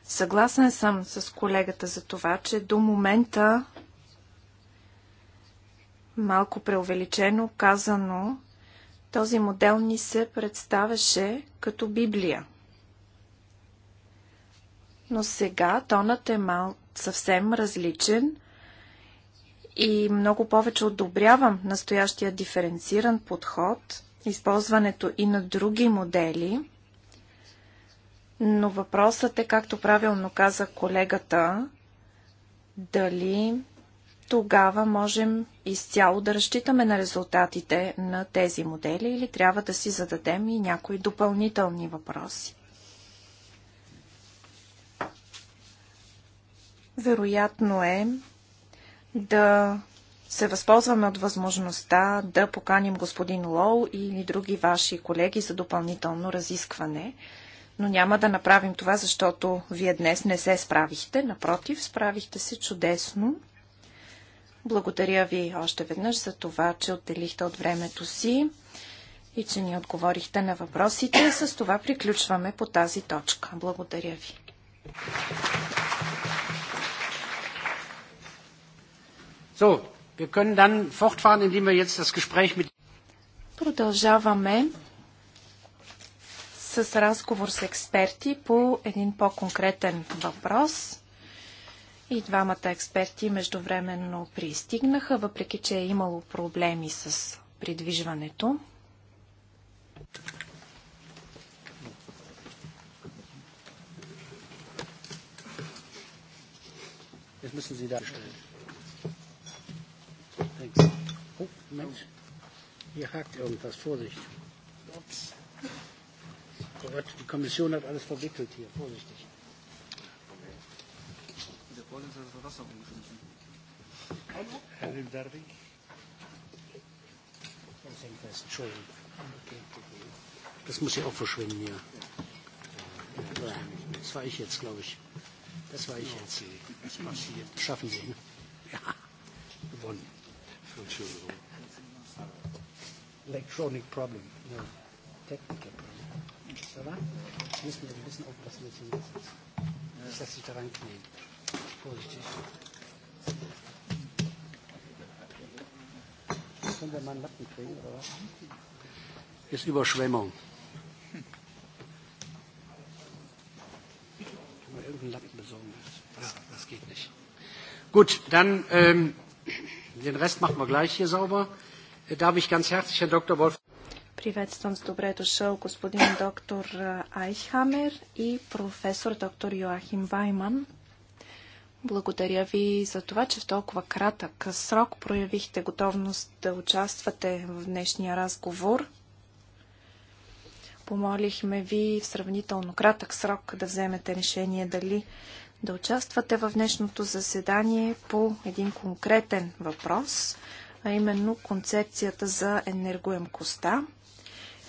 Съгласен съм с колегата за това, че до момента малко преувеличено казано, този модел ни се представяше като Библия. Но сега тонът е мал, съвсем различен – и много повече одобрявам настоящия диференциран подход, използването и на други модели, но въпросът е, както правилно каза колегата, дали тогава можем изцяло да разчитаме на резултатите на тези модели или трябва да си зададем и някои допълнителни въпроси. Вероятно е да се възползваме от възможността да поканим господин Лоу или други ваши колеги за допълнително разискване. Но няма да направим това, защото вие днес не се справихте. Напротив, справихте се чудесно. Благодаря ви още веднъж за това, че отделихте от времето си и че ни отговорихте на въпросите. С това приключваме по тази точка. Благодаря ви. So, wir können dann fortfahren, indem wir jetzt das Gespräch mit Продължаваме с разговор с експерти по един по-конкретен въпрос. И двамата експерти междувременно пристигнаха, въпреки че е имало проблеми с придвижването. Jetzt müssen Sie Thanks. Oh, Mensch, hier hakt irgendwas. Vorsicht. Ups. Oh Gott, die Kommission hat alles verwickelt hier. Vorsichtig. das Herr Hilderwig. Das hängt fest. Entschuldigung. Das muss ja auch verschwinden hier. Das war ich jetzt, glaube ich. Das war ich jetzt. Das passiert. Schaffen Sie. Ja, gewonnen. Electronic problem, no, technical problem. Müssen wir ein bisschen aufpassen, dass da reinknien. Vorsichtig. Können wir mal einen Lappen kriegen, oder was? Ist Überschwemmung. irgendeinen Lappen besorgen? Ja, das geht nicht. Gut, dann. Ähm, Den Rest machen wir gleich hier sauber. Äh, darf ich ganz herzlich Herrn Dr. Wolf. Приветствам с добре дошъл господин доктор э, Айхамер и професор доктор Йоахим Вайман. Благодаря ви за това, че в толкова кратък срок проявихте готовност да участвате в днешния разговор. Помолихме ви в сравнително кратък срок да вземете решение дали да участвате в днешното заседание по един конкретен въпрос, а именно концепцията за енергоемкостта.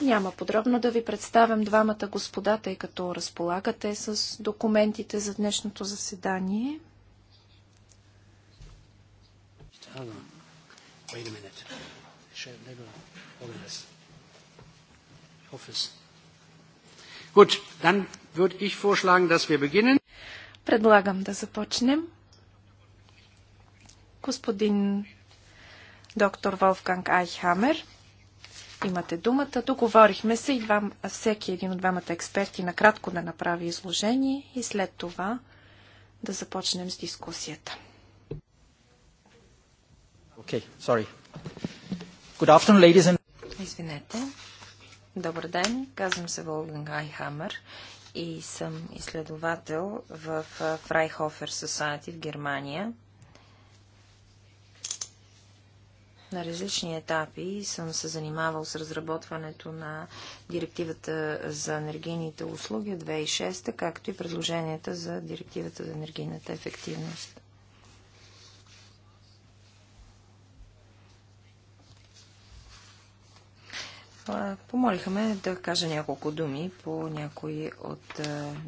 Няма подробно да ви представям двамата господа, тъй като разполагате с документите за днешното заседание. Gut, dann würde ich vorschlagen, dass wir beginnen. Предлагам да започнем. Господин доктор Волфганг Айхамер, имате думата. Договорихме се и двам, всеки един от двамата експерти накратко да направи изложение и след това да започнем с дискусията. Okay, sorry. Good afternoon, ladies and... Извинете. Добър ден, казвам се Волган Гайхамер и съм изследовател в Фрайхофер Society в Германия. На различни етапи съм се занимавал с разработването на директивата за енергийните услуги от 2006, както и предложенията за директивата за енергийната ефективност. помолиха ме да кажа няколко думи по някои от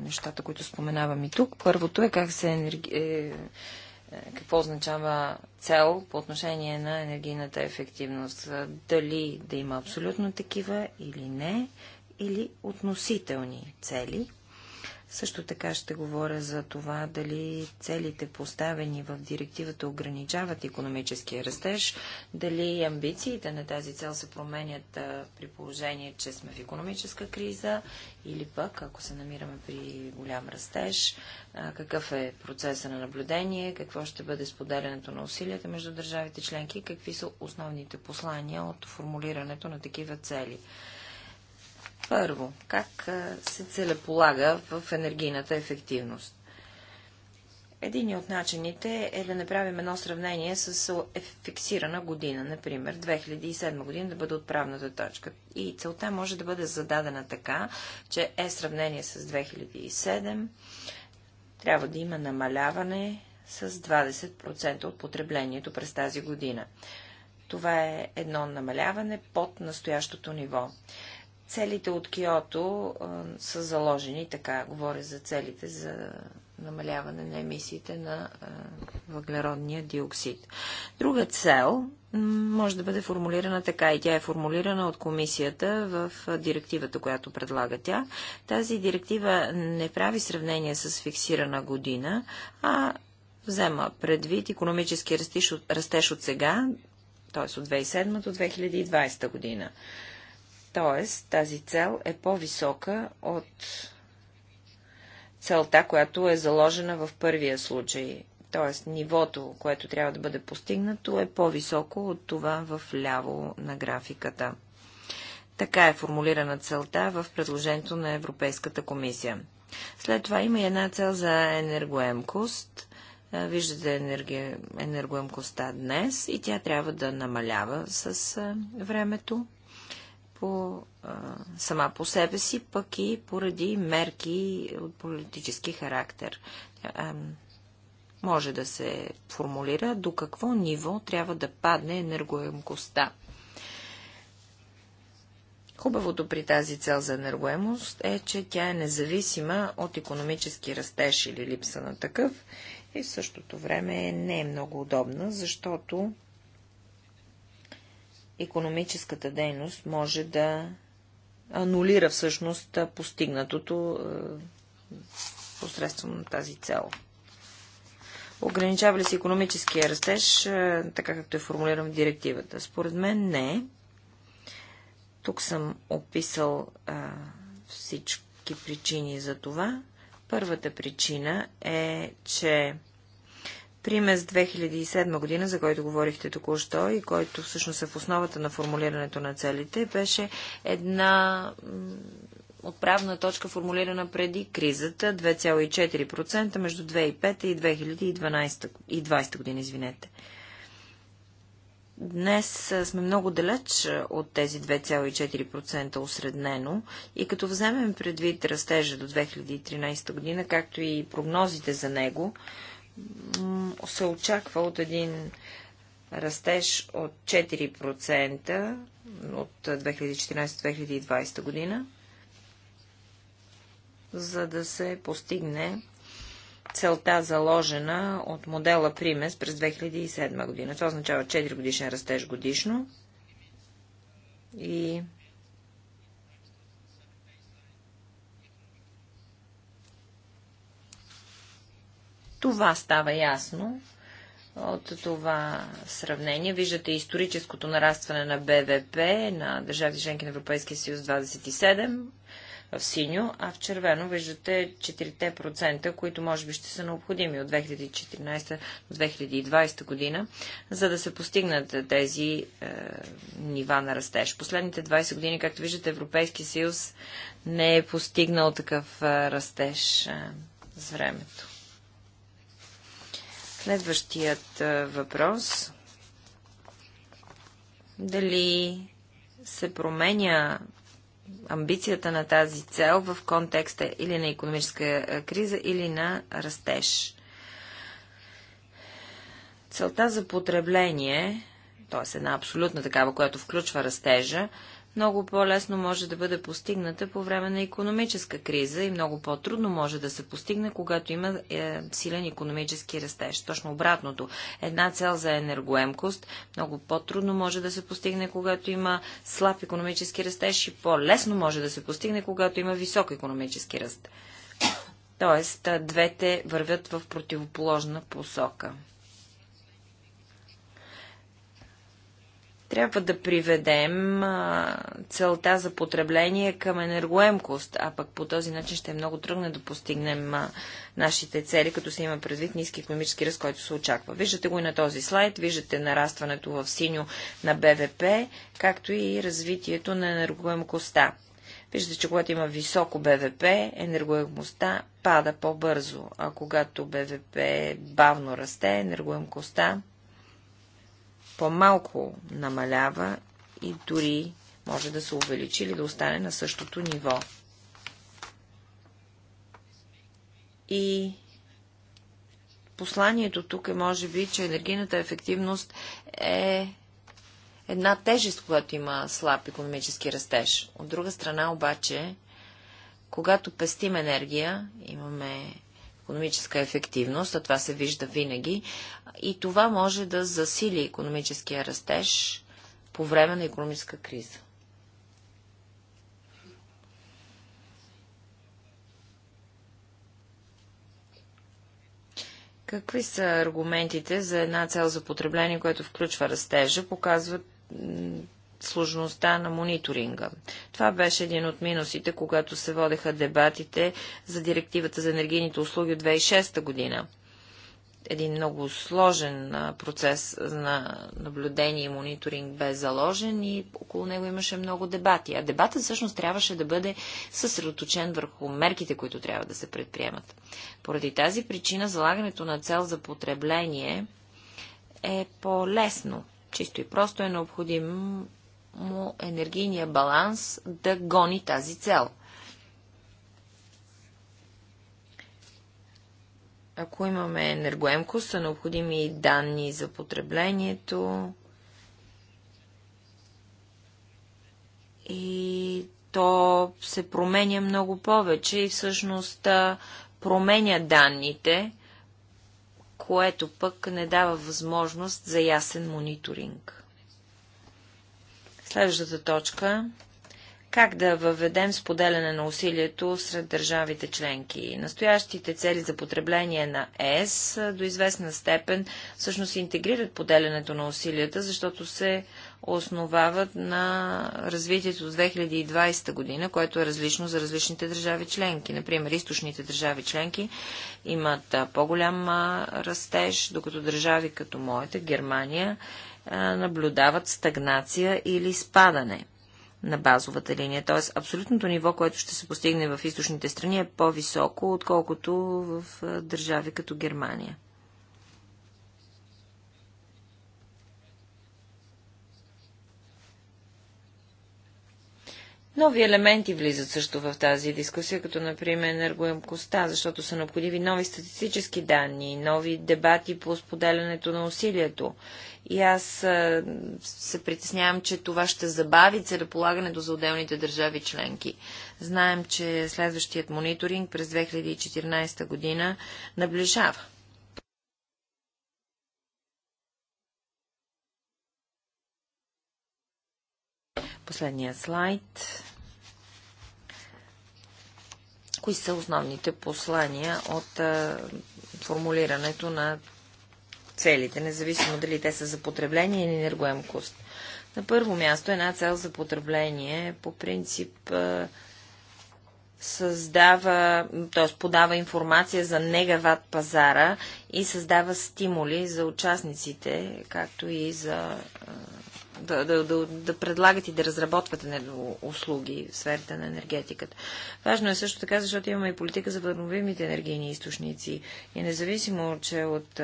нещата, които споменавам и тук. Първото е как се енерги... Е, е, какво означава цел по отношение на енергийната ефективност. Дали да има абсолютно такива или не, или относителни цели – също така ще говоря за това дали целите поставени в директивата ограничават економическия растеж, дали амбициите на тази цел се променят при положение, че сме в економическа криза или пък, ако се намираме при голям растеж, какъв е процеса на наблюдение, какво ще бъде споделянето на усилията между държавите членки, какви са основните послания от формулирането на такива цели. Първо, как се целеполага в енергийната ефективност? Един от начините е да направим едно сравнение с е, фиксирана година, например 2007 година да бъде отправната точка. И целта може да бъде зададена така, че е сравнение с 2007, трябва да има намаляване с 20% от потреблението през тази година. Това е едно намаляване под настоящото ниво. Целите от Киото а, са заложени така. Говоря за целите за намаляване на емисиите на а, въглеродния диоксид. Друга цел може да бъде формулирана така и тя е формулирана от комисията в директивата, която предлага тя. Тази директива не прави сравнение с фиксирана година, а взема предвид економически растеж от, растеж от сега, т.е. от 2007 до 2020 година. Тоест, тази цел е по-висока от целта, която е заложена в първия случай. Тоест, нивото, което трябва да бъде постигнато, е по-високо от това в ляво на графиката. Така е формулирана целта в предложението на Европейската комисия. След това има и една цел за енергоемкост. Виждате енерги... енергоемкостта днес и тя трябва да намалява с времето по, а, сама по себе си, пък и поради мерки от политически характер. А, може да се формулира до какво ниво трябва да падне енергоемкостта. Хубавото при тази цел за енергоемост е, че тя е независима от економически растеж или липса на такъв и в същото време не е много удобна, защото економическата дейност може да анулира всъщност постигнатото е, посредством на тази цел. Ограничава ли се економическия растеж, е, така както е формулиран в директивата? Според мен не. Тук съм описал е, всички причини за това. Първата причина е, че Пример с 2007 година, за който говорихте току-що и който всъщност е в основата на формулирането на целите, беше една отправна точка, формулирана преди кризата 2,4% между 2005 и 2012 и 20 година, извинете. Днес сме много далеч от тези 2,4% осреднено и като вземем предвид растежа до 2013 година, както и прогнозите за него, се очаква от един растеж от 4% от 2014-2020 година, за да се постигне целта заложена от модела Примес през 2007 година. Това означава 4 годишен растеж годишно и Това става ясно от това сравнение. Виждате историческото нарастване на БВП на държави членки на Европейския съюз 27 в синьо, а в червено виждате 4%, които може би ще са необходими от 2014 до 2020 година, за да се постигнат тези е, нива на растеж. Последните 20 години, както виждате, Европейския съюз не е постигнал такъв е, растеж е, с времето. Следващият въпрос. Дали се променя амбицията на тази цел в контекста или на економическа криза, или на растеж? Целта за потребление, т.е. една абсолютна такава, която включва растежа, много по-лесно може да бъде постигната по време на економическа криза и много по-трудно може да се постигне, когато има е, силен економически растеж. Точно обратното. Една цел за енергоемкост много по-трудно може да се постигне, когато има слаб економически растеж и по-лесно може да се постигне, когато има висок економически ръст. Тоест, двете вървят в противоположна посока. Трябва да приведем а, целта за потребление към енергоемкост, а пък по този начин ще е много трудно да постигнем а, нашите цели, като се има предвид ниски економически ръст, който се очаква. Виждате го и на този слайд, виждате нарастването в синьо на БВП, както и развитието на енергоемкостта. Виждате, че когато има високо БВП, енергоемкостта пада по-бързо, а когато БВП бавно расте, енергоемкостта по-малко намалява и дори може да се увеличи или да остане на същото ниво. И посланието тук е, може би, че енергийната ефективност е една тежест, която има слаб економически растеж. От друга страна обаче, когато пестим енергия, имаме економическа ефективност, а това се вижда винаги, и това може да засили економическия растеж по време на економическа криза. Какви са аргументите за една цел за потребление, което включва растежа? Показват сложността на мониторинга. Това беше един от минусите, когато се водеха дебатите за директивата за енергийните услуги от 2006 година. Един много сложен процес на наблюдение и мониторинг бе заложен и около него имаше много дебати. А дебатът всъщност трябваше да бъде съсредоточен върху мерките, които трябва да се предприемат. Поради тази причина залагането на цел за потребление е по-лесно. Чисто и просто е необходим му енергийния баланс да гони тази цел. Ако имаме енергоемко, са необходими данни за потреблението и то се променя много повече и всъщност променя данните, което пък не дава възможност за ясен мониторинг. Следващата точка как да въведем споделяне на усилието сред държавите членки. Настоящите цели за потребление на ЕС до известна степен всъщност интегрират поделянето на усилията, защото се основават на развитието от 2020 година, което е различно за различните държави членки. Например, източните държави членки имат по-голям растеж, докато държави като моята, Германия, наблюдават стагнация или спадане на базовата линия. Т.е. абсолютното ниво, което ще се постигне в източните страни е по-високо, отколкото в държави като Германия. Нови елементи влизат също в тази дискусия, като например енергоемкостта, защото са необходими нови статистически данни, нови дебати по споделянето на усилието. И аз се притеснявам, че това ще забави целеполагането за отделните държави членки. Знаем, че следващият мониторинг през 2014 година наближава. Последният слайд. Кои са основните послания от формулирането на целите, независимо дали те са за потребление или енергоемкост? На първо място една цел за потребление по принцип създава, т.е. подава информация за негават пазара и създава стимули за участниците, както и за да, да, да, да предлагат и да разработват услуги в сферата на енергетиката. Важно е също така, защото имаме и политика за възобновимите енергийни източници. И независимо, че от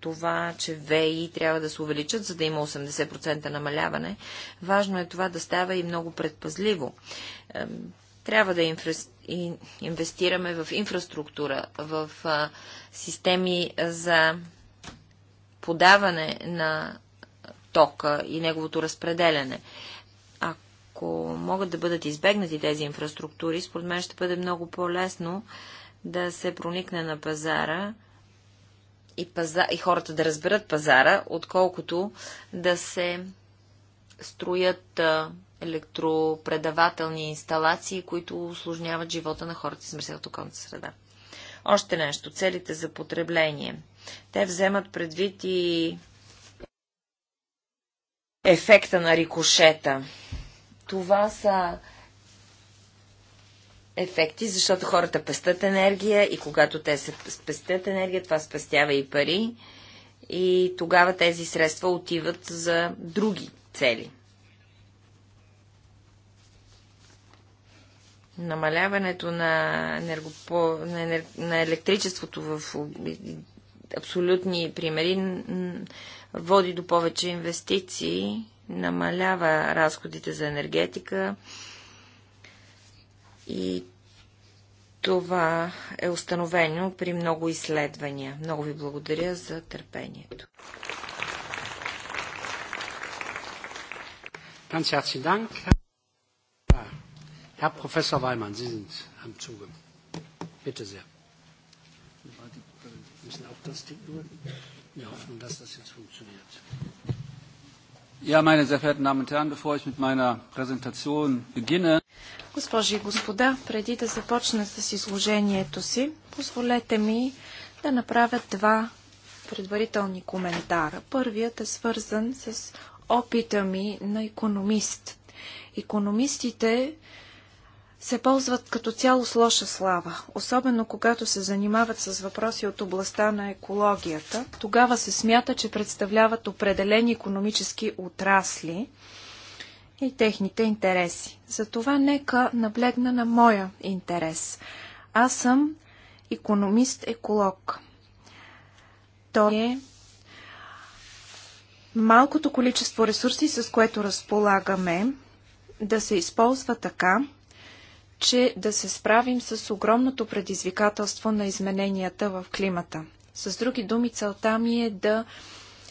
това, че ВИ трябва да се увеличат, за да има 80% намаляване, важно е това да става и много предпазливо. Трябва да инвестираме в инфраструктура, в системи за подаване на тока и неговото разпределяне. Ако могат да бъдат избегнати тези инфраструктури, според мен ще бъде много по-лесно да се проникне на пазара и, паза... и хората да разберат пазара, отколкото да се строят електропредавателни инсталации, които осложняват живота на хората с мърсилата околната среда. Още нещо. Целите за потребление. Те вземат предвид и ефекта на рикошета. Това са ефекти, защото хората пестят енергия и когато те се спестят енергия, това спестява и пари и тогава тези средства отиват за други цели. Намаляването на, енергопо... на, енер... на електричеството в абсолютни примери води до повече инвестиции, намалява разходите за енергетика и това е установено при много изследвания. Много ви благодаря за търпението. Ganz herzlichen Dank. Herr Professor Weimann, Sie sind am Zuge. Bitte sehr. Müssen auch das Ding durch? Wir hoffen, dass das jetzt funktioniert. Ja, meine sehr verehrten Damen und Herren, bevor ich mit meiner Präsentation beginne. Госпожи и господа, преди да започна с изложението си, позволете ми да направя два предварителни коментара. Първият е свързан с опита ми на економист. Економистите се ползват като цяло с лоша слава, особено когато се занимават с въпроси от областта на екологията. Тогава се смята, че представляват определени економически отрасли и техните интереси. Затова нека наблегна на моя интерес. Аз съм економист-еколог. Той е малкото количество ресурси, с което разполагаме, да се използва така, че да се справим с огромното предизвикателство на измененията в климата. С други думи, целта ми е да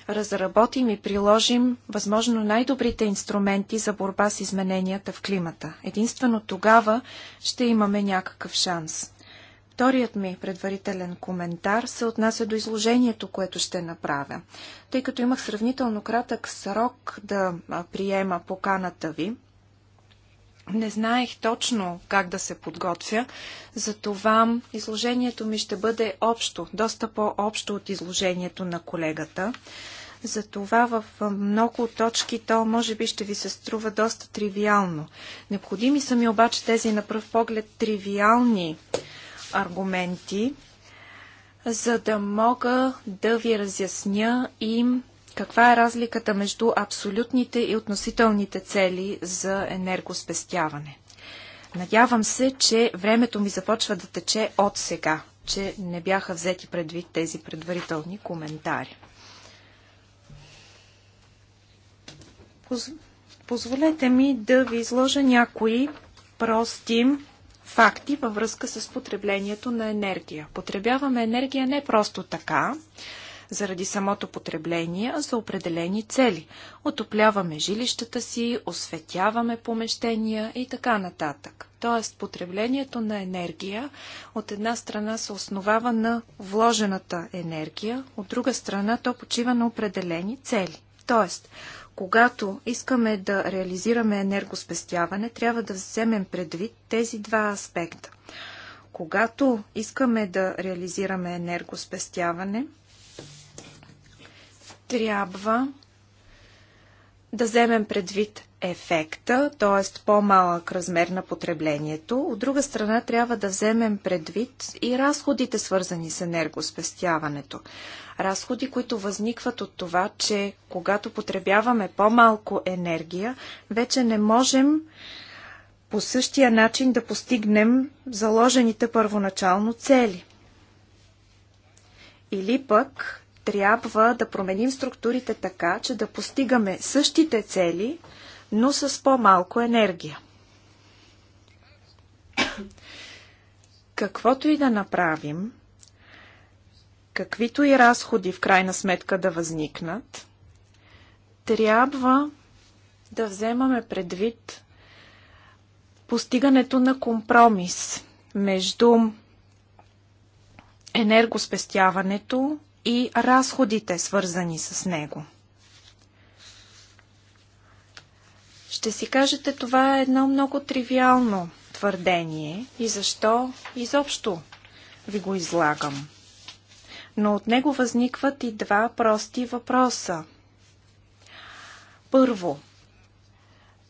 разработим и приложим възможно най-добрите инструменти за борба с измененията в климата. Единствено тогава ще имаме някакъв шанс. Вторият ми предварителен коментар се отнася до изложението, което ще направя. Тъй като имах сравнително кратък срок да приема поканата ви, не знаех точно как да се подготвя, затова изложението ми ще бъде общо, доста по-общо от изложението на колегата. Затова в много точки то може би ще ви се струва доста тривиално. Необходими са ми обаче тези на пръв поглед тривиални аргументи, за да мога да ви разясня и каква е разликата между абсолютните и относителните цели за енергоспестяване? Надявам се, че времето ми започва да тече от сега, че не бяха взети предвид тези предварителни коментари. Позволете ми да ви изложа някои прости факти във връзка с потреблението на енергия. Потребяваме енергия не просто така заради самото потребление, а за определени цели. Отопляваме жилищата си, осветяваме помещения и така нататък. Тоест, потреблението на енергия от една страна се основава на вложената енергия, от друга страна то почива на определени цели. Тоест, когато искаме да реализираме енергоспестяване, трябва да вземем предвид тези два аспекта. Когато искаме да реализираме енергоспестяване, трябва да вземем предвид ефекта, т.е. по-малък размер на потреблението. От друга страна трябва да вземем предвид и разходите, свързани с енергоспестяването. Разходи, които възникват от това, че когато потребяваме по-малко енергия, вече не можем по същия начин да постигнем заложените първоначално цели. Или пък трябва да променим структурите така, че да постигаме същите цели, но с по-малко енергия. Каквото и да направим, каквито и разходи в крайна сметка да възникнат, трябва да вземаме предвид постигането на компромис между енергоспестяването, и разходите, свързани с него. Ще си кажете, това е едно много тривиално твърдение и защо изобщо ви го излагам. Но от него възникват и два прости въпроса. Първо,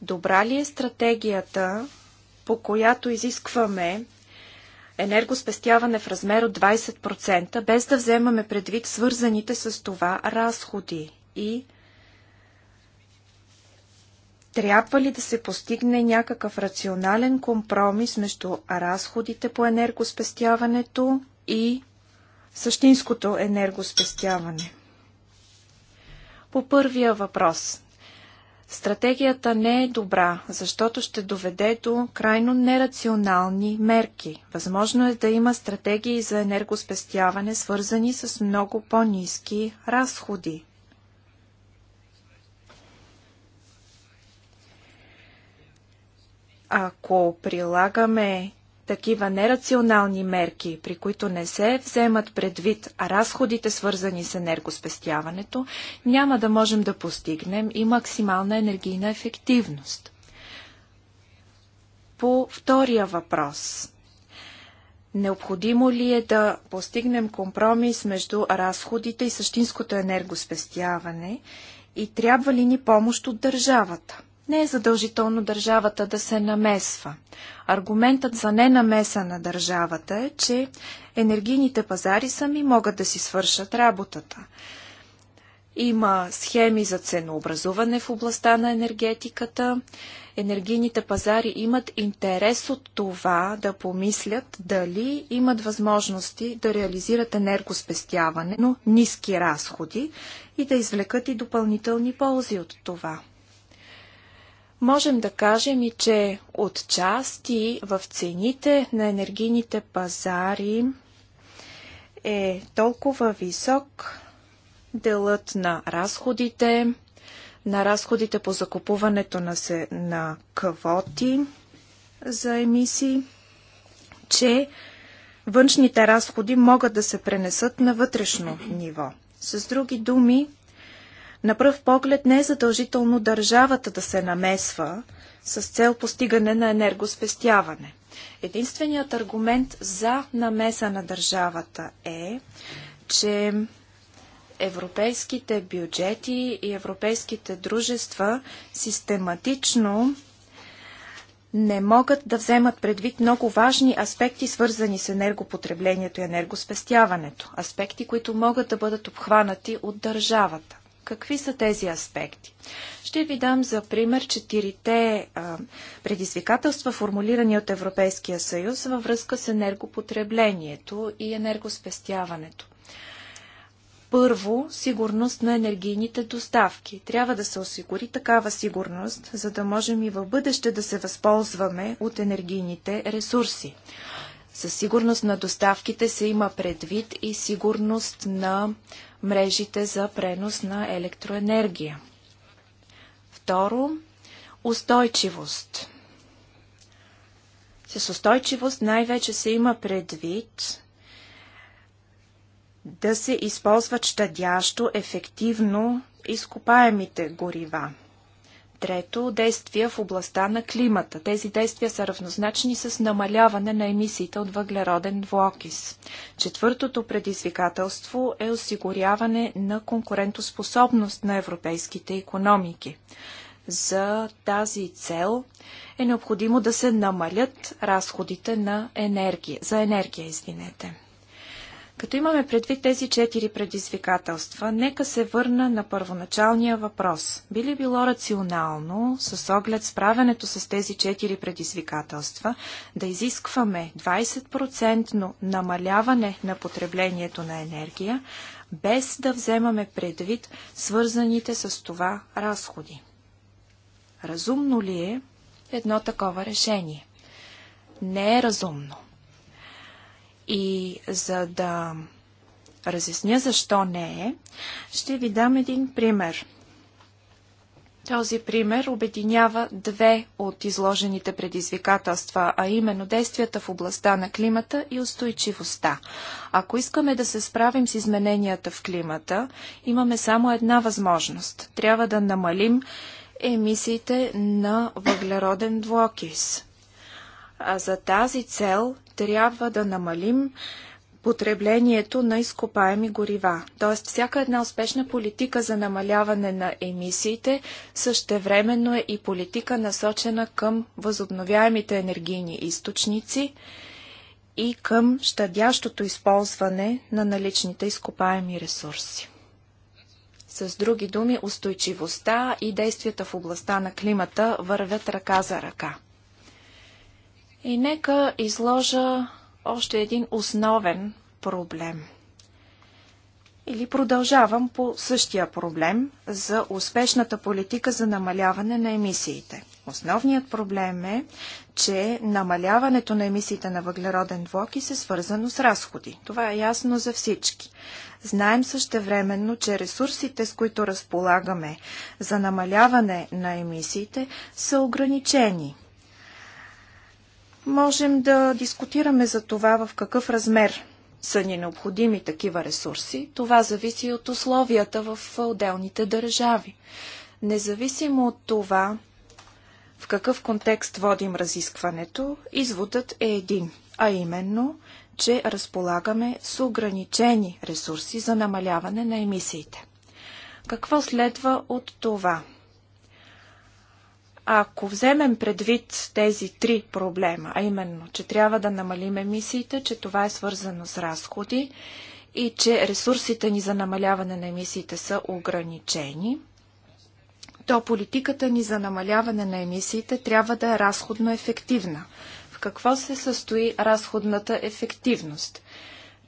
добра ли е стратегията, по която изискваме енергоспестяване в размер от 20%, без да вземаме предвид свързаните с това разходи и трябва ли да се постигне някакъв рационален компромис между разходите по енергоспестяването и същинското енергоспестяване? По първия въпрос Стратегията не е добра, защото ще доведе до крайно нерационални мерки. Възможно е да има стратегии за енергоспестяване, свързани с много по-низки разходи. Ако прилагаме такива нерационални мерки, при които не се вземат предвид разходите, свързани с енергоспестяването, няма да можем да постигнем и максимална енергийна ефективност. По втория въпрос. Необходимо ли е да постигнем компромис между разходите и същинското енергоспестяване и трябва ли ни помощ от държавата? не е задължително държавата да се намесва. Аргументът за ненамеса на държавата е, че енергийните пазари сами могат да си свършат работата. Има схеми за ценообразуване в областта на енергетиката. Енергийните пазари имат интерес от това да помислят дали имат възможности да реализират енергоспестяване, но ниски разходи и да извлекат и допълнителни ползи от това. Можем да кажем и, че отчасти в цените на енергийните пазари е толкова висок делът на разходите, на разходите по закупуването на, се, на квоти за емисии, че външните разходи могат да се пренесат на вътрешно ниво. С други думи, на пръв поглед не е задължително държавата да се намесва с цел постигане на енергоспестяване. Единственият аргумент за намеса на държавата е, че европейските бюджети и европейските дружества систематично не могат да вземат предвид много важни аспекти, свързани с енергопотреблението и енергоспестяването. Аспекти, които могат да бъдат обхванати от държавата. Какви са тези аспекти? Ще ви дам за пример четирите а, предизвикателства, формулирани от Европейския съюз във връзка с енергопотреблението и енергоспестяването. Първо, сигурност на енергийните доставки. Трябва да се осигури такава сигурност, за да можем и в бъдеще да се възползваме от енергийните ресурси. Със сигурност на доставките се има предвид и сигурност на мрежите за пренос на електроенергия. Второ, устойчивост. С устойчивост най-вече се има предвид да се използват щадящо, ефективно изкопаемите горива трето, действия в областта на климата. Тези действия са равнозначни с намаляване на емисиите от въглероден двуокис. Четвъртото предизвикателство е осигуряване на конкурентоспособност на европейските економики. За тази цел е необходимо да се намалят разходите на енергия, за енергия, извинете. Като имаме предвид тези четири предизвикателства, нека се върна на първоначалния въпрос. Би ли било рационално, с оглед справянето с тези четири предизвикателства, да изискваме 20% намаляване на потреблението на енергия, без да вземаме предвид свързаните с това разходи? Разумно ли е едно такова решение? Не е разумно. И за да разясня защо не е, ще ви дам един пример. Този пример обединява две от изложените предизвикателства, а именно действията в областта на климата и устойчивостта. Ако искаме да се справим с измененията в климата, имаме само една възможност. Трябва да намалим емисиите на въглероден двуокис. А за тази цел трябва да намалим потреблението на изкопаеми горива. Тоест, всяка една успешна политика за намаляване на емисиите същевременно е и политика насочена към възобновяемите енергийни източници и към щадящото използване на наличните изкопаеми ресурси. С други думи, устойчивостта и действията в областта на климата вървят ръка за ръка. И нека изложа още един основен проблем. Или продължавам по същия проблем за успешната политика за намаляване на емисиите. Основният проблем е, че намаляването на емисиите на въглероден двуокис е свързано с разходи. Това е ясно за всички. Знаем същевременно, че ресурсите, с които разполагаме за намаляване на емисиите, са ограничени – Можем да дискутираме за това в какъв размер са ни необходими такива ресурси. Това зависи от условията в отделните държави. Независимо от това, в какъв контекст водим разискването, изводът е един, а именно, че разполагаме с ограничени ресурси за намаляване на емисиите. Какво следва от това? Ако вземем предвид тези три проблема, а именно, че трябва да намалим емисиите, че това е свързано с разходи и че ресурсите ни за намаляване на емисиите са ограничени, то политиката ни за намаляване на емисиите трябва да е разходно ефективна. В какво се състои разходната ефективност?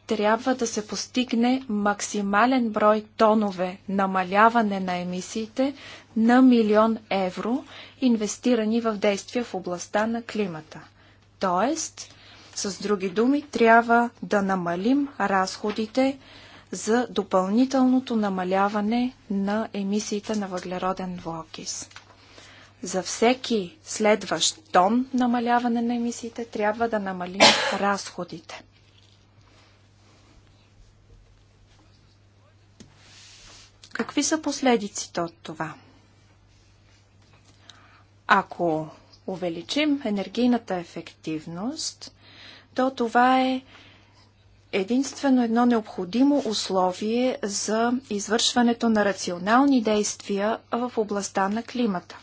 трябва да се постигне максимален брой тонове намаляване на емисиите на милион евро, инвестирани в действия в областта на климата. Тоест, с други думи, трябва да намалим разходите за допълнителното намаляване на емисиите на въглероден двуокис. За всеки следващ тон намаляване на емисиите трябва да намалим разходите. Какви са последиците от това? Ако увеличим енергийната ефективност, то това е единствено едно необходимо условие за извършването на рационални действия в областта на климата.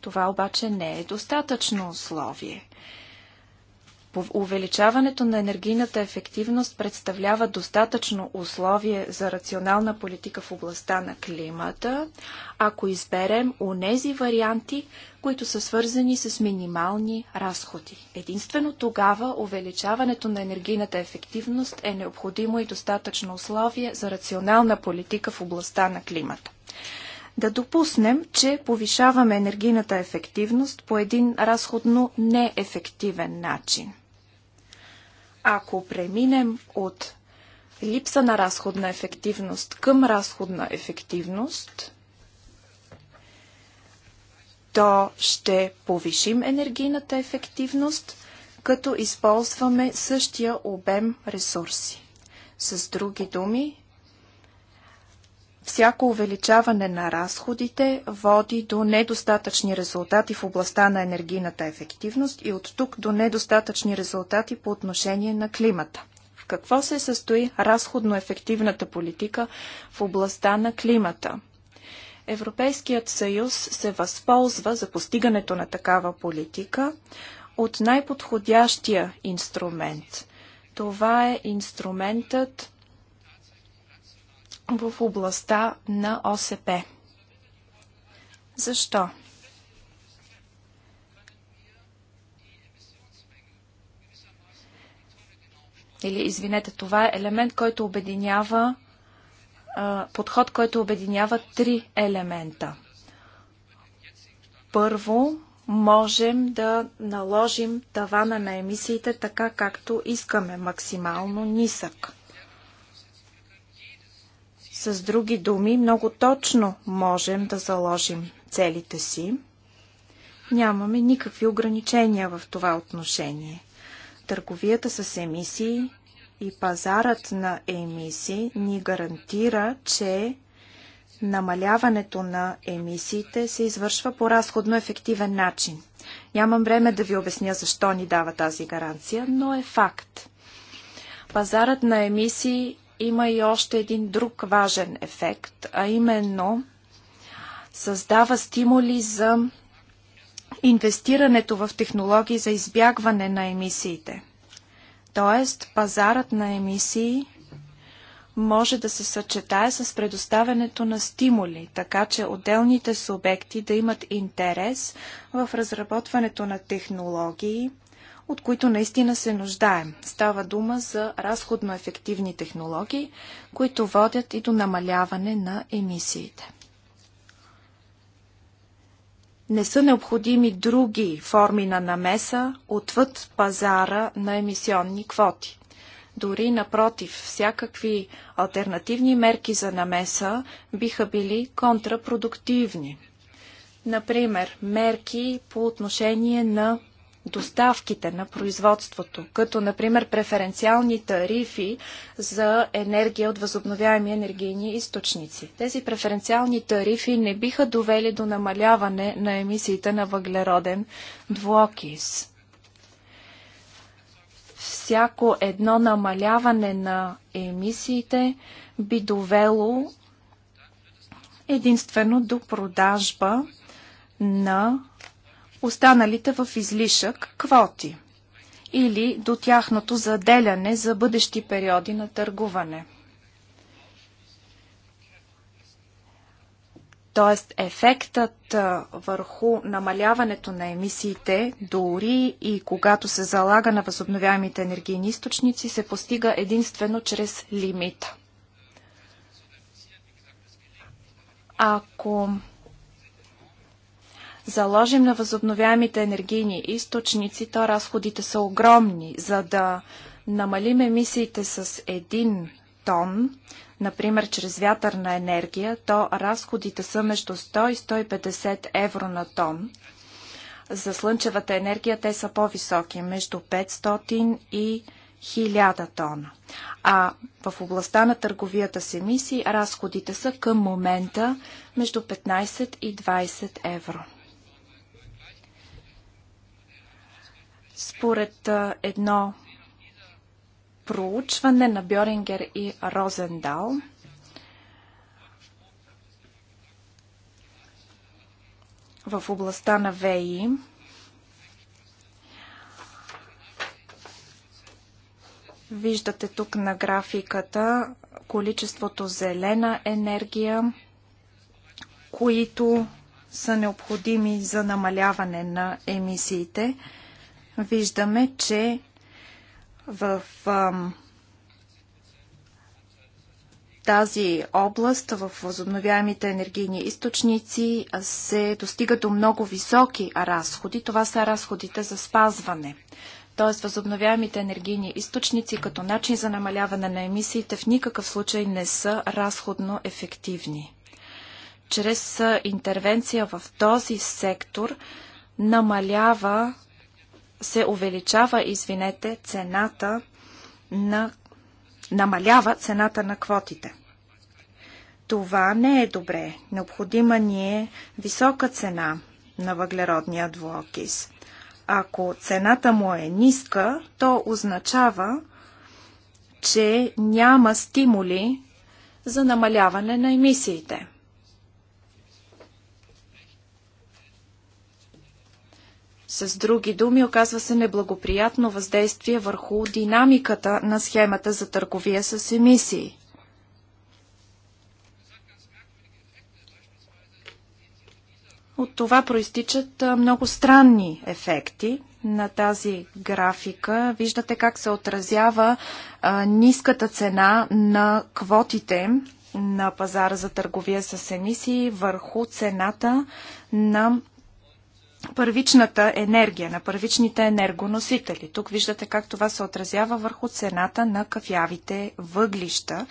Това обаче не е достатъчно условие. Увеличаването на енергийната ефективност представлява достатъчно условие за рационална политика в областта на климата, ако изберем нези варианти, които са свързани с минимални разходи. Единствено тогава увеличаването на енергийната ефективност е необходимо и достатъчно условие за рационална политика в областта на климата да допуснем, че повишаваме енергийната ефективност по един разходно неефективен начин. Ако преминем от липса на разходна ефективност към разходна ефективност, то ще повишим енергийната ефективност, като използваме същия обем ресурси. С други думи, Всяко увеличаване на разходите води до недостатъчни резултати в областта на енергийната ефективност и от тук до недостатъчни резултати по отношение на климата. В какво се състои разходно-ефективната политика в областта на климата? Европейският съюз се възползва за постигането на такава политика от най-подходящия инструмент. Това е инструментът в областта на ОСП. Защо? Или, извинете, това е елемент, който обединява подход, който обединява три елемента. Първо, можем да наложим тавана на емисиите така, както искаме, максимално нисък. С други думи, много точно можем да заложим целите си. Нямаме никакви ограничения в това отношение. Търговията с емисии и пазарът на емисии ни гарантира, че намаляването на емисиите се извършва по разходно ефективен начин. Нямам време да ви обясня защо ни дава тази гаранция, но е факт. Пазарът на емисии има и още един друг важен ефект, а именно създава стимули за инвестирането в технологии за избягване на емисиите. Тоест, пазарът на емисии може да се съчетае с предоставянето на стимули, така че отделните субекти да имат интерес в разработването на технологии, от които наистина се нуждаем. Става дума за разходно ефективни технологии, които водят и до намаляване на емисиите. Не са необходими други форми на намеса отвъд пазара на емисионни квоти. Дори напротив, всякакви альтернативни мерки за намеса биха били контрапродуктивни. Например, мерки по отношение на доставките на производството, като например преференциални тарифи за енергия от възобновяеми енергийни източници. Тези преференциални тарифи не биха довели до намаляване на емисиите на въглероден двуокис. Всяко едно намаляване на емисиите би довело единствено до продажба на останалите в излишък квоти или до тяхното заделяне за бъдещи периоди на търгуване. Тоест ефектът върху намаляването на емисиите, дори и когато се залага на възобновяемите енергийни източници, се постига единствено чрез лимита. Ако заложим на възобновяемите енергийни източници, то разходите са огромни. За да намалим емисиите с един тон, например чрез вятърна енергия, то разходите са между 100 и 150 евро на тон. За слънчевата енергия те са по-високи, между 500 и 1000 тона. А в областта на търговията с емисии разходите са към момента между 15 и 20 евро. Според едно проучване на Бьорингер и Розендал, в областта на ВИ, Виждате тук на графиката количеството зелена енергия, които са необходими за намаляване на емисиите виждаме, че в тази област, в възобновяемите енергийни източници, се достига до много високи разходи. Това са разходите за спазване. Тоест, възобновяемите енергийни източници като начин за намаляване на емисиите в никакъв случай не са разходно ефективни. Чрез интервенция в този сектор намалява се увеличава, извинете, цената на намалява цената на квотите. Това не е добре. Необходима ни е висока цена на въглеродния двуокис. Ако цената му е ниска, то означава, че няма стимули за намаляване на емисиите. С други думи, оказва се неблагоприятно въздействие върху динамиката на схемата за търговия с емисии. От това проистичат много странни ефекти. На тази графика виждате как се отразява а, ниската цена на квотите на пазара за търговия с емисии върху цената на първичната енергия, на първичните енергоносители. Тук виждате как това се отразява върху цената на кафявите въглища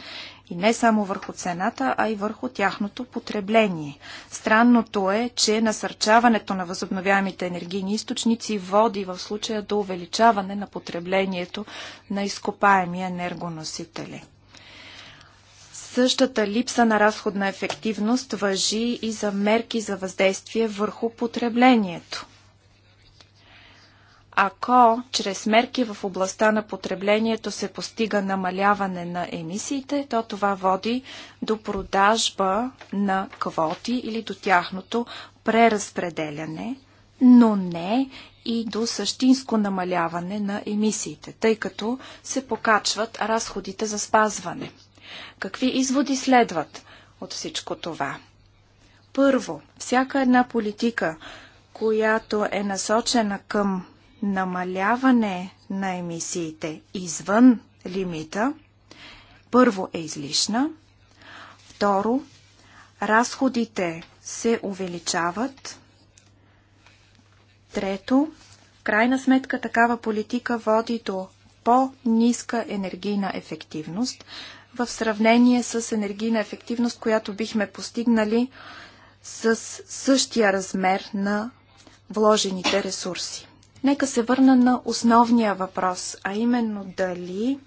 и не само върху цената, а и върху тяхното потребление. Странното е, че насърчаването на възобновяемите енергийни източници води в случая до увеличаване на потреблението на изкопаеми енергоносители. Същата липса на разходна ефективност въжи и за мерки за въздействие върху потреблението. Ако чрез мерки в областта на потреблението се постига намаляване на емисиите, то това води до продажба на квоти или до тяхното преразпределяне, но не и до същинско намаляване на емисиите, тъй като се покачват разходите за спазване Какви изводи следват от всичко това? Първо, всяка една политика, която е насочена към намаляване на емисиите извън лимита, първо е излишна, второ, разходите се увеличават, трето, крайна сметка такава политика води до по-ниска енергийна ефективност, в сравнение с енергийна ефективност, която бихме постигнали с същия размер на вложените ресурси. Нека се върна на основния въпрос, а именно дали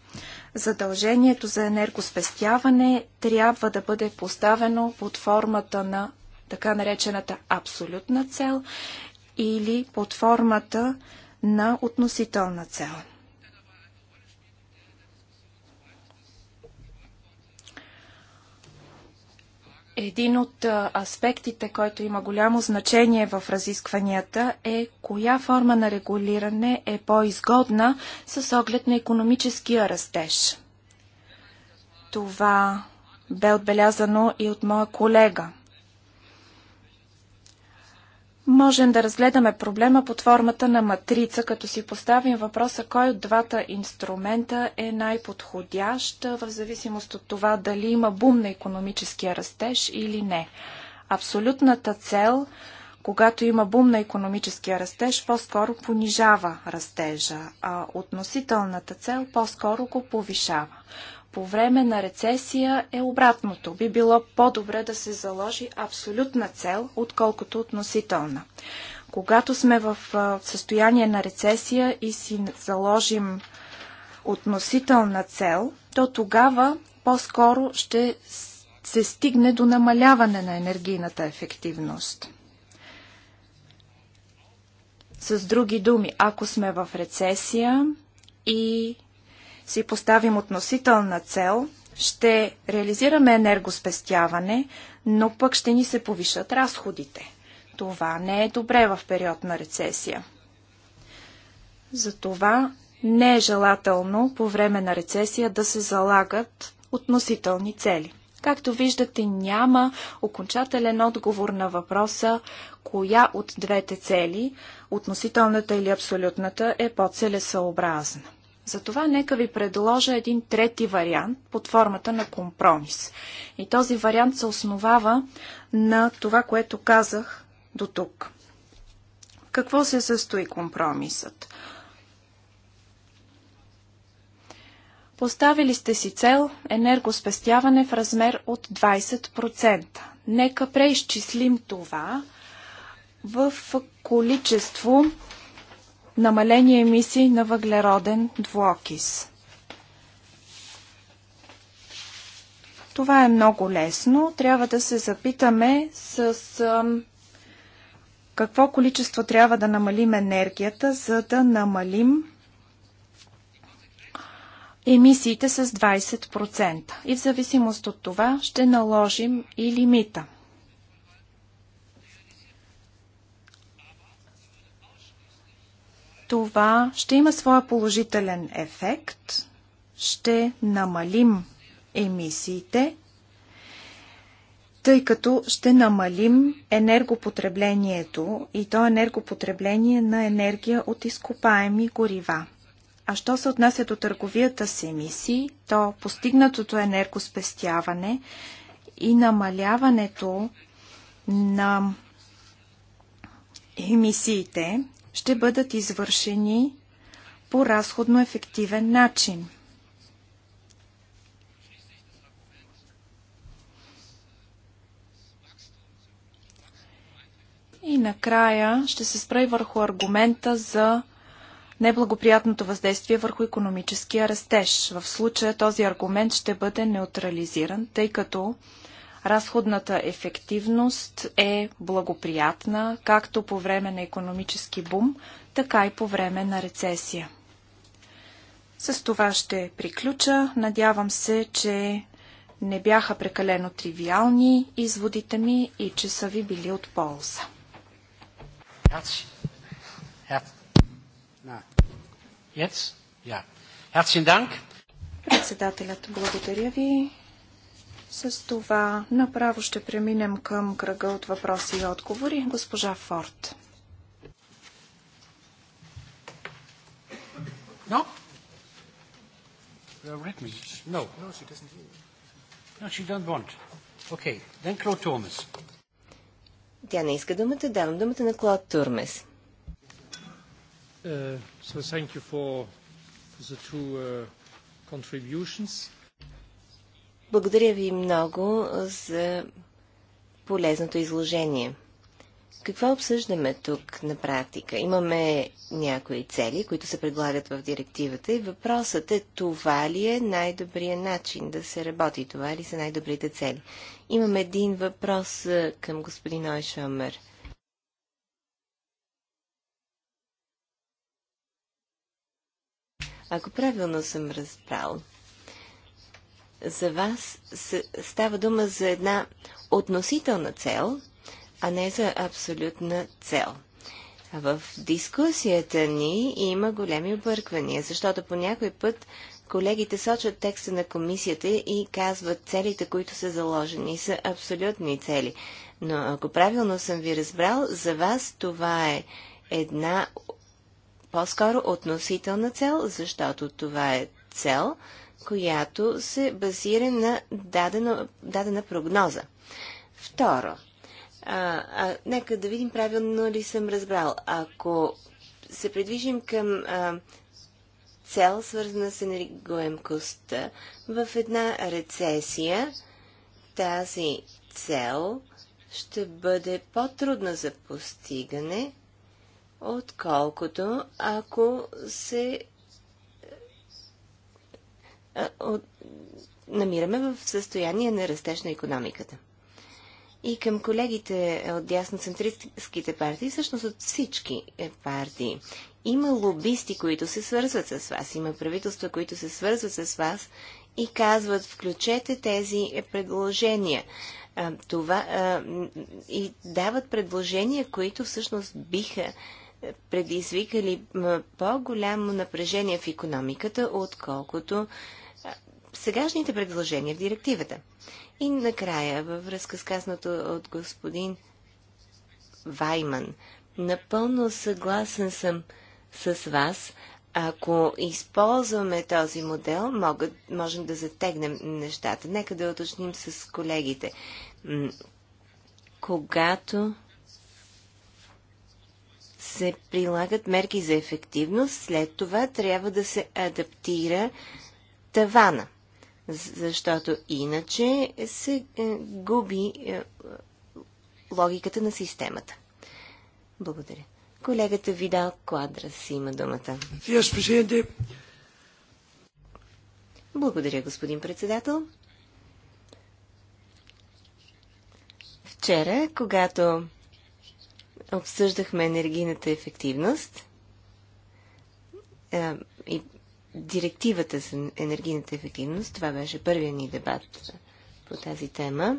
задължението за енергоспестяване трябва да бъде поставено под формата на така наречената абсолютна цел или под формата на относителна цел. Един от аспектите, който има голямо значение в разискванията е коя форма на регулиране е по-изгодна с оглед на економическия растеж. Това бе отбелязано и от моя колега – Можем да разгледаме проблема под формата на матрица, като си поставим въпроса кой от двата инструмента е най-подходящ в зависимост от това дали има бум на економическия растеж или не. Абсолютната цел, когато има бум на економическия растеж, по-скоро понижава растежа, а относителната цел по-скоро го повишава. По време на рецесия е обратното. Би било по-добре да се заложи абсолютна цел, отколкото относителна. Когато сме в състояние на рецесия и си заложим относителна цел, то тогава по-скоро ще се стигне до намаляване на енергийната ефективност. С други думи, ако сме в рецесия и си поставим относителна цел, ще реализираме енергоспестяване, но пък ще ни се повишат разходите. Това не е добре в период на рецесия. Затова не е желателно по време на рецесия да се залагат относителни цели. Както виждате, няма окончателен отговор на въпроса коя от двете цели, относителната или абсолютната, е по-целесъобразна. Затова нека ви предложа един трети вариант под формата на компромис. И този вариант се основава на това, което казах до тук. Какво се състои компромисът? Поставили сте си цел енергоспестяване в размер от 20%. Нека преизчислим това в количество намалени емисии на въглероден двуокис. Това е много лесно. Трябва да се запитаме с какво количество трябва да намалим енергията, за да намалим емисиите с 20%. И в зависимост от това ще наложим и лимита. Това ще има своя положителен ефект. Ще намалим емисиите, тъй като ще намалим енергопотреблението и то енергопотребление на енергия от изкопаеми горива. А що се отнася до търговията с емисии, то постигнатото енергоспестяване и намаляването на емисиите ще бъдат извършени по разходно ефективен начин. И накрая ще се спра и върху аргумента за неблагоприятното въздействие върху економическия растеж. В случая този аргумент ще бъде неутрализиран, тъй като Разходната ефективност е благоприятна както по време на економически бум, така и по време на рецесия. С това ще приключа. Надявам се, че не бяха прекалено тривиални изводите ми и че са ви били от полза. Председателят, благодаря ви. С това направо ще преминем към кръга от въпроси и отговори. Госпожа Форд. No? Well, let me. No. No, she doesn't. No, she doesn't want. Okay, then Claude Thomas. Тя не иска думата, давам думата на Клод Турмес. Uh, so thank you for the two uh, contributions. Благодаря ви много за полезното изложение. Какво обсъждаме тук на практика? Имаме някои цели, които се предлагат в директивата и въпросът е това ли е най-добрият начин да се работи? Това ли са най-добрите цели? Имам един въпрос към господин Ойшомер. Ако правилно съм разбрал, за вас става дума за една относителна цел, а не за абсолютна цел. В дискусията ни има големи обърквания, защото по някой път колегите сочат текста на комисията и казват целите, които са заложени, са абсолютни цели. Но ако правилно съм ви разбрал, за вас това е една по-скоро относителна цел, защото това е цел, която се базира на дадена, дадена прогноза. Второ, а, а, нека да видим правилно ли съм разбрал. Ако се придвижим към а, цел, свързана с енергоемкостта, в една рецесия тази цел ще бъде по-трудна за постигане, отколкото ако се от, намираме в състояние на растеж на економиката. И към колегите от дясноцентристските партии, всъщност от всички е, партии. Има лобисти, които се свързват с вас, има правителства, които се свързват с вас и казват, включете тези е, предложения. А, това, а, и дават предложения, които всъщност биха е, предизвикали по-голямо напрежение в економиката, отколкото сегашните предложения в директивата. И накрая, във връзка с казаното от господин Вайман, напълно съгласен съм с вас. Ако използваме този модел, могат, можем да затегнем нещата. Нека да уточним с колегите. Когато се прилагат мерки за ефективност, след това трябва да се адаптира тавана защото иначе се е, губи е, логиката на системата. Благодаря. Колегата Видал Квадрас има думата. Благодаря, господин председател. Вчера, когато обсъждахме енергийната ефективност е, и директивата за енергийната ефективност. Това беше първият ни дебат по тази тема.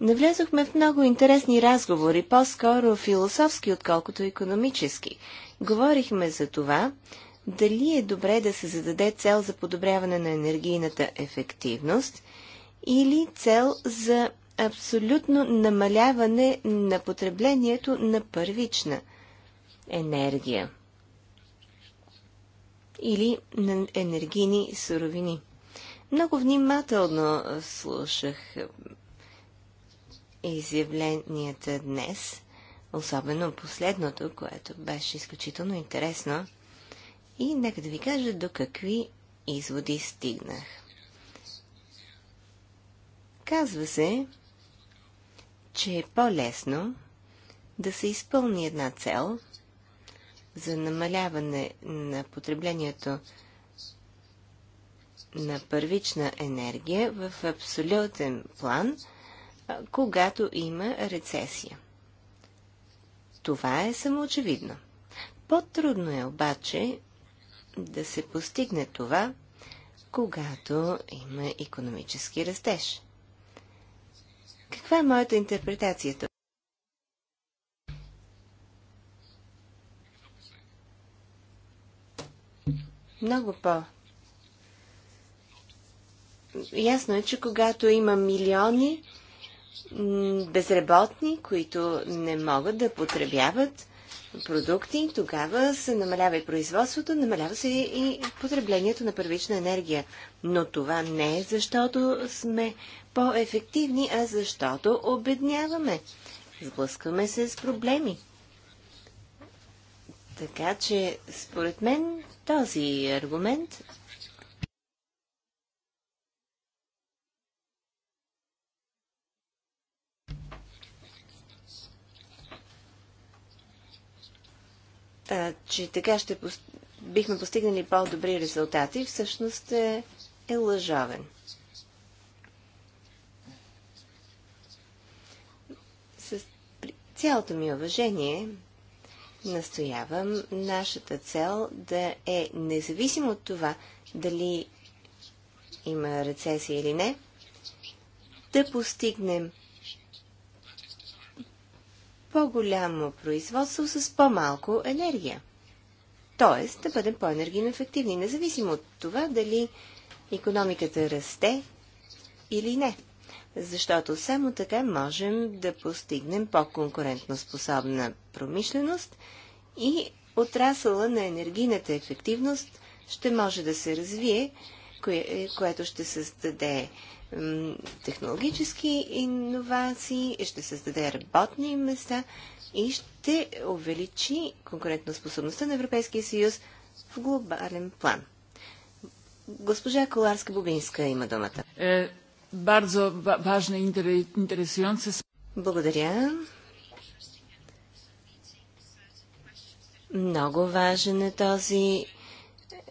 Навлязохме в много интересни разговори, по-скоро философски, отколкото економически. Говорихме за това, дали е добре да се зададе цел за подобряване на енергийната ефективност или цел за абсолютно намаляване на потреблението на първична енергия или на енергийни суровини. Много внимателно слушах изявленията днес, особено последното, което беше изключително интересно. И нека да ви кажа до какви изводи стигнах. Казва се, че е по-лесно да се изпълни една цел, за намаляване на потреблението на първична енергия в абсолютен план, когато има рецесия. Това е самоочевидно. По-трудно е обаче да се постигне това, когато има економически растеж. Каква е моята интерпретация много по. Ясно е, че когато има милиони безработни, които не могат да потребяват продукти, тогава се намалява и производството, намалява се и потреблението на първична енергия. Но това не е защото сме по-ефективни, а защото обедняваме. Сблъскваме се с проблеми. Така че, според мен, този аргумент а, че така ще бихме постигнали по-добри резултати, всъщност е, е лъжавен. С цялото ми уважение настоявам нашата цел да е независимо от това дали има рецесия или не, да постигнем по-голямо производство с по-малко енергия. Тоест да бъдем по-енергийно ефективни, независимо от това дали економиката расте или не защото само така можем да постигнем по-конкурентно способна промишленост и отрасъла на енергийната ефективност ще може да се развие, кое, което ще създаде технологически иновации, ще създаде работни места и ще увеличи конкурентоспособността на Европейския съюз в глобален план. Госпожа Коларска-Бубинска има думата. Е, bardzo ważne, interesujące. Благодаря. Много важен е този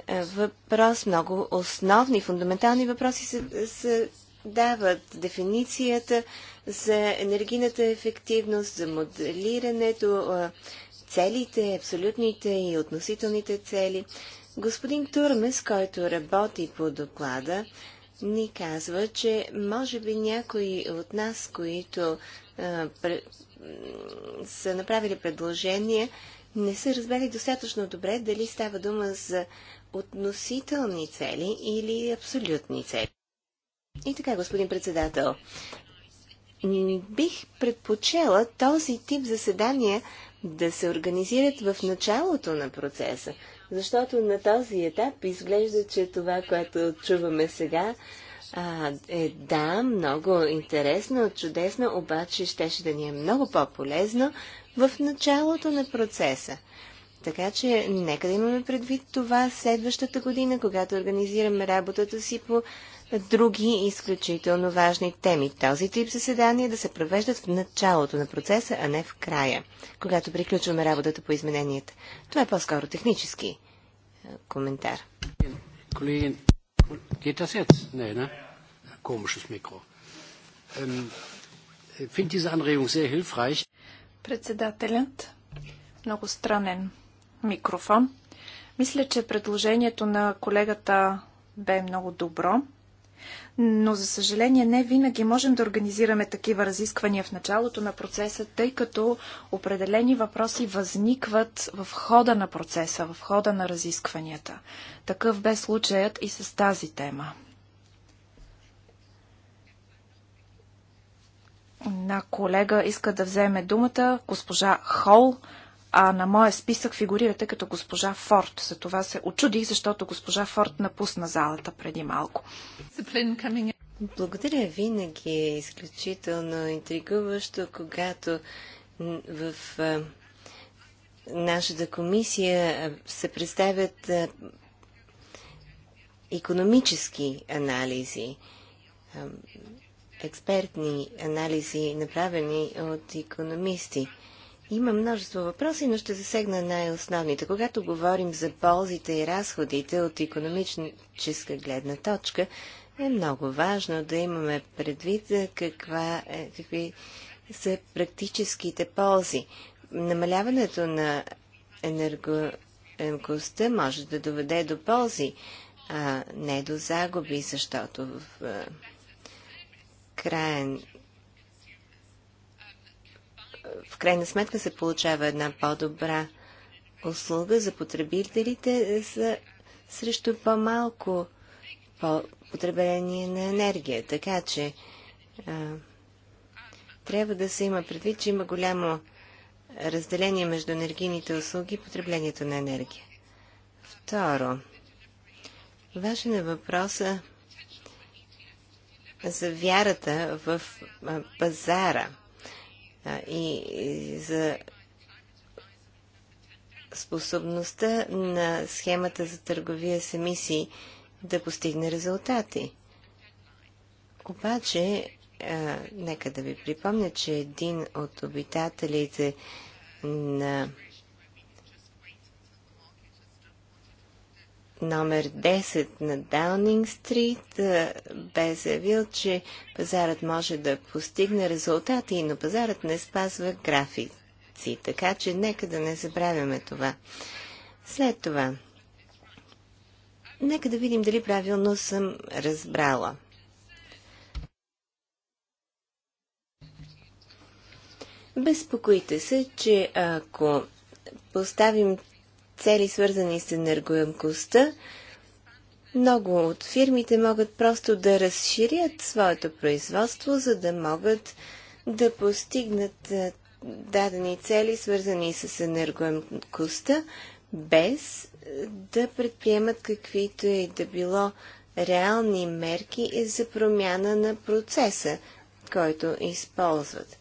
е, въпрос. Много основни, фундаментални въпроси се, се дават. Дефиницията за енергийната ефективност, за моделирането, е, целите, абсолютните и относителните цели. Господин Турмес, който работи по доклада, ни казва, че може би някои от нас, които а, пр... са направили предложения, не са разбрали достатъчно добре дали става дума за относителни цели или абсолютни цели. И така, господин председател, бих предпочела този тип заседания да се организират в началото на процеса, защото на този етап изглежда, че това, което чуваме сега, а, е, да, много интересно, чудесно, обаче щеше да ни е много по-полезно в началото на процеса. Така че нека да имаме предвид това следващата година, когато организираме работата си по други изключително важни теми. Този тип заседания да се провеждат в началото на процеса, а не в края, когато приключваме работата по измененията. Това е по-скоро технически е, коментар. Колеги, geht das jetzt? Nee, ne? Komisches Mikro. Ähm, diese Anregung sehr hilfreich. Председателят, много странен микрофон. Мисля, че предложението на колегата бе много добро. Но, за съжаление, не винаги можем да организираме такива разисквания в началото на процеса, тъй като определени въпроси възникват в хода на процеса, в хода на разискванията. Такъв бе случаят и с тази тема. На колега иска да вземе думата госпожа Хол а на моя списък фигурирате като госпожа Форд. За това се очудих, защото госпожа Форд напусна залата преди малко. Благодаря. Винаги е изключително интригуващо, когато в нашата комисия се представят економически анализи, експертни анализи, направени от економисти – има множество въпроси, но ще засегна най-основните. Когато говорим за ползите и разходите от економическа гледна точка, е много важно да имаме предвид каква, е, какви са практическите ползи. Намаляването на енергоемкостта може да доведе до ползи, а не до загуби, защото в е, краен в крайна сметка се получава една по-добра услуга за потребителите за, срещу по-малко по потребление на енергия. Така че а, трябва да се има предвид, че има голямо разделение между енергийните услуги и потреблението на енергия. Второ, важен е въпроса за вярата в пазара – и за способността на схемата за търговия с емисии да постигне резултати. Обаче, нека да ви припомня, че един от обитателите на номер 10 на Даунинг Стрит бе заявил, че пазарът може да постигне резултати, но пазарът не спазва графици, така че нека да не забравяме това. След това, нека да видим дали правилно съм разбрала. Безпокоите се, че ако поставим цели, свързани с енергоемкостта, много от фирмите могат просто да разширят своето производство, за да могат да постигнат дадени цели, свързани с енергоемкостта, без да предприемат каквито и да било реални мерки за промяна на процеса, който използват.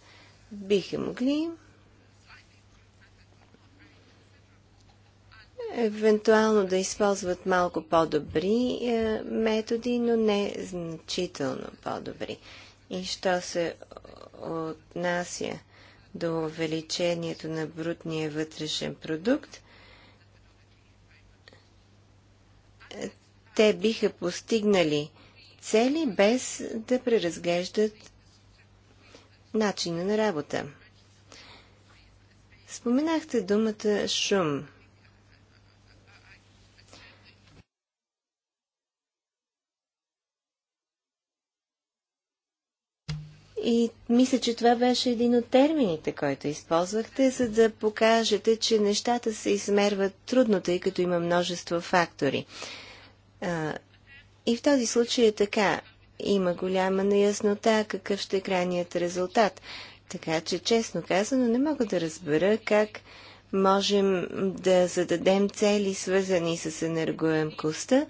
Биха могли евентуално да използват малко по-добри е, методи, но не значително по-добри. И що се отнася до увеличението на брутния вътрешен продукт, те биха постигнали цели без да преразглеждат начина на работа. Споменахте думата шум. И мисля, че това беше един от термините, който използвахте, за да покажете, че нещата се измерват трудно, тъй като има множество фактори. А, и в този случай е така. Има голяма неяснота какъв ще е крайният резултат. Така че, честно казано, не мога да разбера как можем да зададем цели, свързани с енергоемкостта,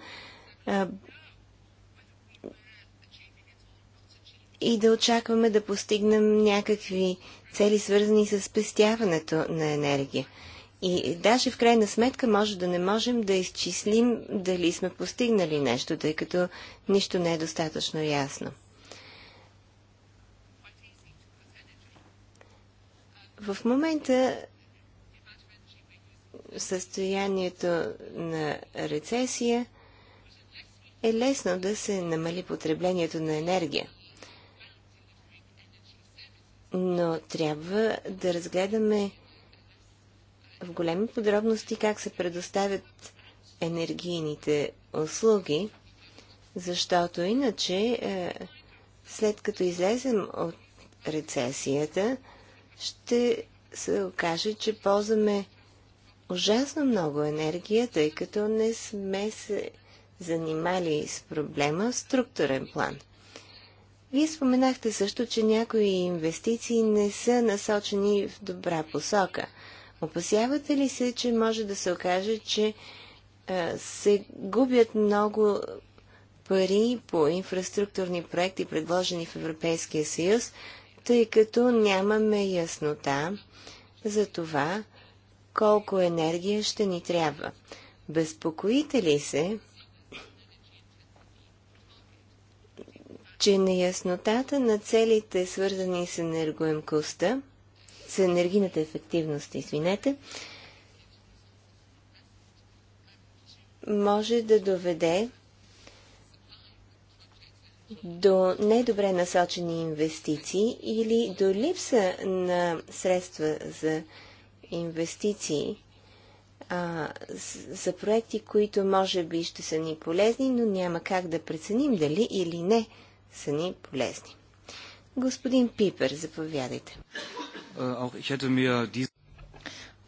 и да очакваме да постигнем някакви цели, свързани с спестяването на енергия. И даже в крайна сметка може да не можем да изчислим дали сме постигнали нещо, тъй като нищо не е достатъчно ясно. В момента състоянието на рецесия е лесно да се намали потреблението на енергия но трябва да разгледаме в големи подробности как се предоставят енергийните услуги, защото иначе е, след като излезем от рецесията, ще се окаже, че ползваме ужасно много енергия, тъй като не сме се занимали с проблема в структурен план. Вие споменахте също, че някои инвестиции не са насочени в добра посока. Опасявате ли се, че може да се окаже, че а, се губят много пари по инфраструктурни проекти, предложени в Европейския съюз, тъй като нямаме яснота за това колко енергия ще ни трябва? Безпокоите ли се, че неяснотата на целите, свързани с енергоемкостта, с енергийната ефективност, извинете, може да доведе до недобре насочени инвестиции или до липса на средства за инвестиции а, за проекти, които може би ще са ни полезни, но няма как да преценим дали или не са ни полезни. Господин Пипер, заповядайте. Е,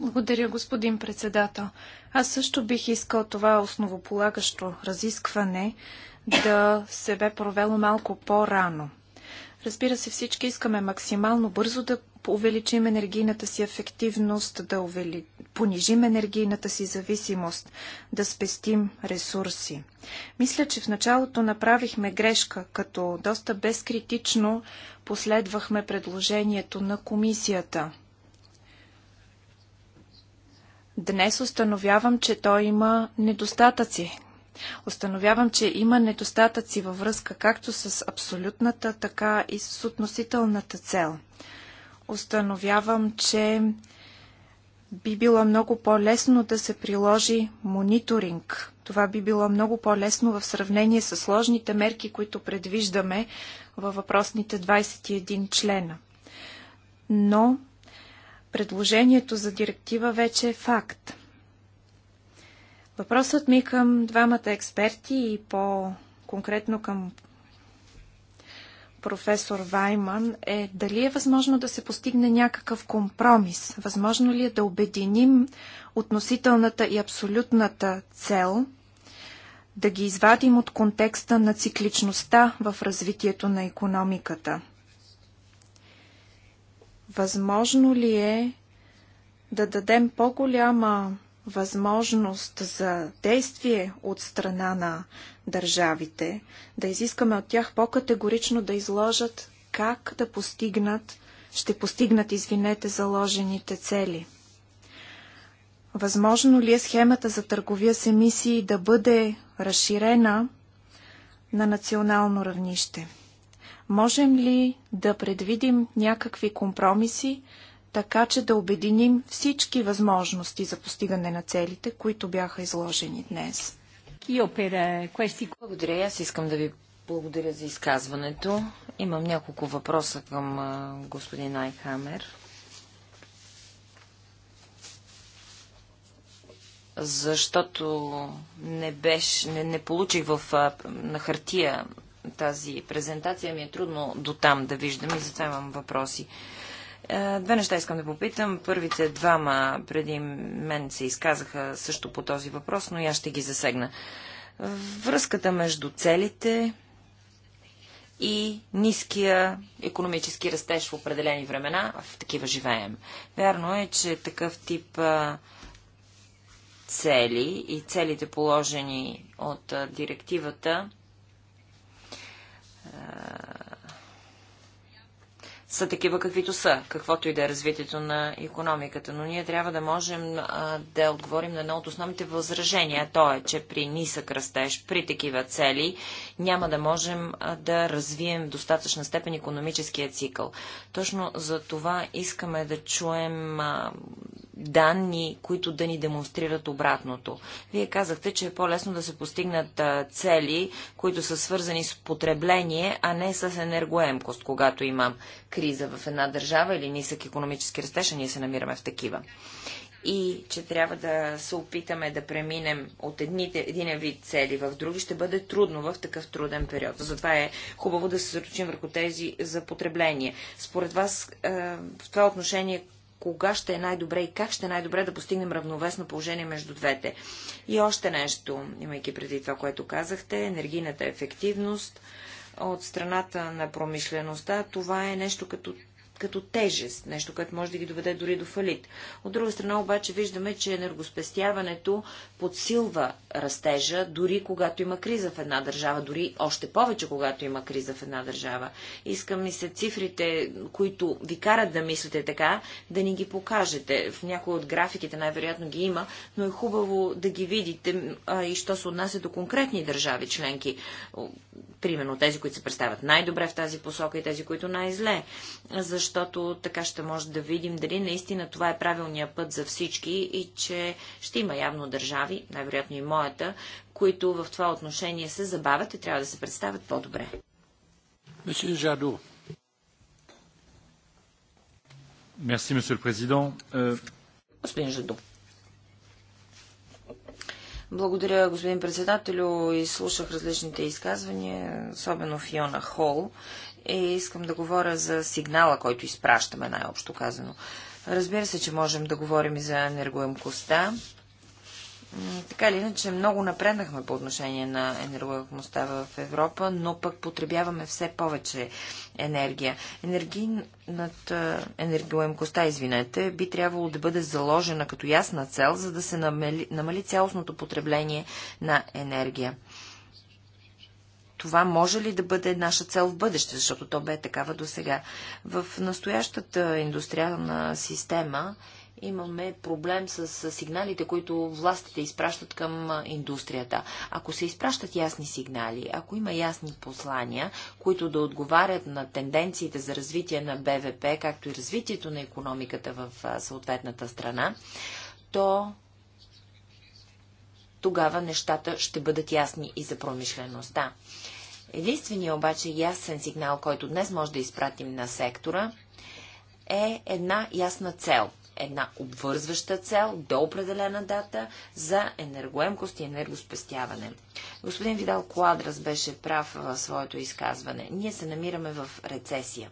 Благодаря, господин председател. Аз също бих искал това основополагащо разискване да се бе провело малко по-рано. Разбира се, всички искаме максимално бързо да увеличим енергийната си ефективност, да увели... понижим енергийната си зависимост, да спестим ресурси. Мисля, че в началото направихме грешка, като доста безкритично последвахме предложението на комисията. Днес установявам, че той има недостатъци, Установявам, че има недостатъци във връзка както с абсолютната, така и с относителната цел. Установявам, че би било много по-лесно да се приложи мониторинг. Това би било много по-лесно в сравнение с сложните мерки, които предвиждаме във въпросните 21 члена. Но предложението за директива вече е факт. Въпросът ми е към двамата експерти и по-конкретно към професор Вайман е дали е възможно да се постигне някакъв компромис? Възможно ли е да обединим относителната и абсолютната цел, да ги извадим от контекста на цикличността в развитието на економиката? Възможно ли е да дадем по-голяма възможност за действие от страна на държавите, да изискаме от тях по-категорично да изложат как да постигнат, ще постигнат, извинете, заложените цели. Възможно ли е схемата за търговия с емисии да бъде разширена на национално равнище? Можем ли да предвидим някакви компромиси, така че да обединим всички възможности за постигане на целите, които бяха изложени днес. Благодаря. Аз искам да ви благодаря за изказването. Имам няколко въпроса към господин Айхамер. Защото не, беше, не, не получих в, на хартия тази презентация, ми е трудно до там да виждам и затова имам въпроси. Е, две неща искам да попитам. Първите двама преди мен се изказаха също по този въпрос, но я ще ги засегна. Връзката между целите и ниския економически растеж в определени времена, в такива живеем. Вярно е, че такъв тип цели и целите положени от директивата са такива каквито са, каквото и да е развитието на економиката. Но ние трябва да можем а, да отговорим на едно от основните възражения. То е, че при нисък растеж, при такива цели, няма да можем а, да развием в достатъчна степен економическия цикъл. Точно за това искаме да чуем а, данни, които да ни демонстрират обратното. Вие казахте, че е по-лесно да се постигнат цели, които са свързани с потребление, а не с енергоемкост, когато имам криза в една държава или нисък економически растеж, а ние се намираме в такива и че трябва да се опитаме да преминем от едните, един вид цели в други, ще бъде трудно в такъв труден период. Затова е хубаво да се заручим върху тези за потребление. Според вас в това отношение кога ще е най-добре и как ще е най-добре да постигнем равновесно положение между двете. И още нещо, имайки преди това, което казахте, енергийната ефективност от страната на промишлеността, това е нещо като като тежест, нещо, което може да ги доведе дори до фалит. От друга страна обаче виждаме, че енергоспестяването подсилва растежа, дори когато има криза в една държава, дори още повече, когато има криза в една държава. Искам ми се цифрите, които ви карат да мислите така, да ни ги покажете. В някои от графиките най-вероятно ги има, но е хубаво да ги видите а, и що се отнася до конкретни държави членки примерно тези, които се представят най-добре в тази посока и тези, които най-зле. Защото така ще може да видим дали наистина това е правилния път за всички и че ще има явно държави, най-вероятно и моята, които в това отношение се забавят и трябва да се представят по-добре. Месье Жадо. Мерси, месье президент. Господин Жадо. Благодаря, господин председателю. И слушах различните изказвания, особено Фиона Хол. И искам да говоря за сигнала, който изпращаме, най-общо казано. Разбира се, че можем да говорим и за енергоемкостта. Така или иначе, много напреднахме по отношение на енергоемостта в Европа, но пък потребяваме все повече енергия. Енергийната енергоемкостта, извинете, би трябвало да бъде заложена като ясна цел, за да се намали, намали цялостното потребление на енергия. Това може ли да бъде наша цел в бъдеще, защото то бе такава до сега. В настоящата индустриална система имаме проблем с, сигналите, които властите изпращат към индустрията. Ако се изпращат ясни сигнали, ако има ясни послания, които да отговарят на тенденциите за развитие на БВП, както и развитието на економиката в съответната страна, то тогава нещата ще бъдат ясни и за промишлеността. Единственият обаче ясен сигнал, който днес може да изпратим на сектора, е една ясна цел – една обвързваща цел до определена дата за енергоемкост и енергоспестяване. Господин Видал Куадрас беше прав в своето изказване. Ние се намираме в рецесия.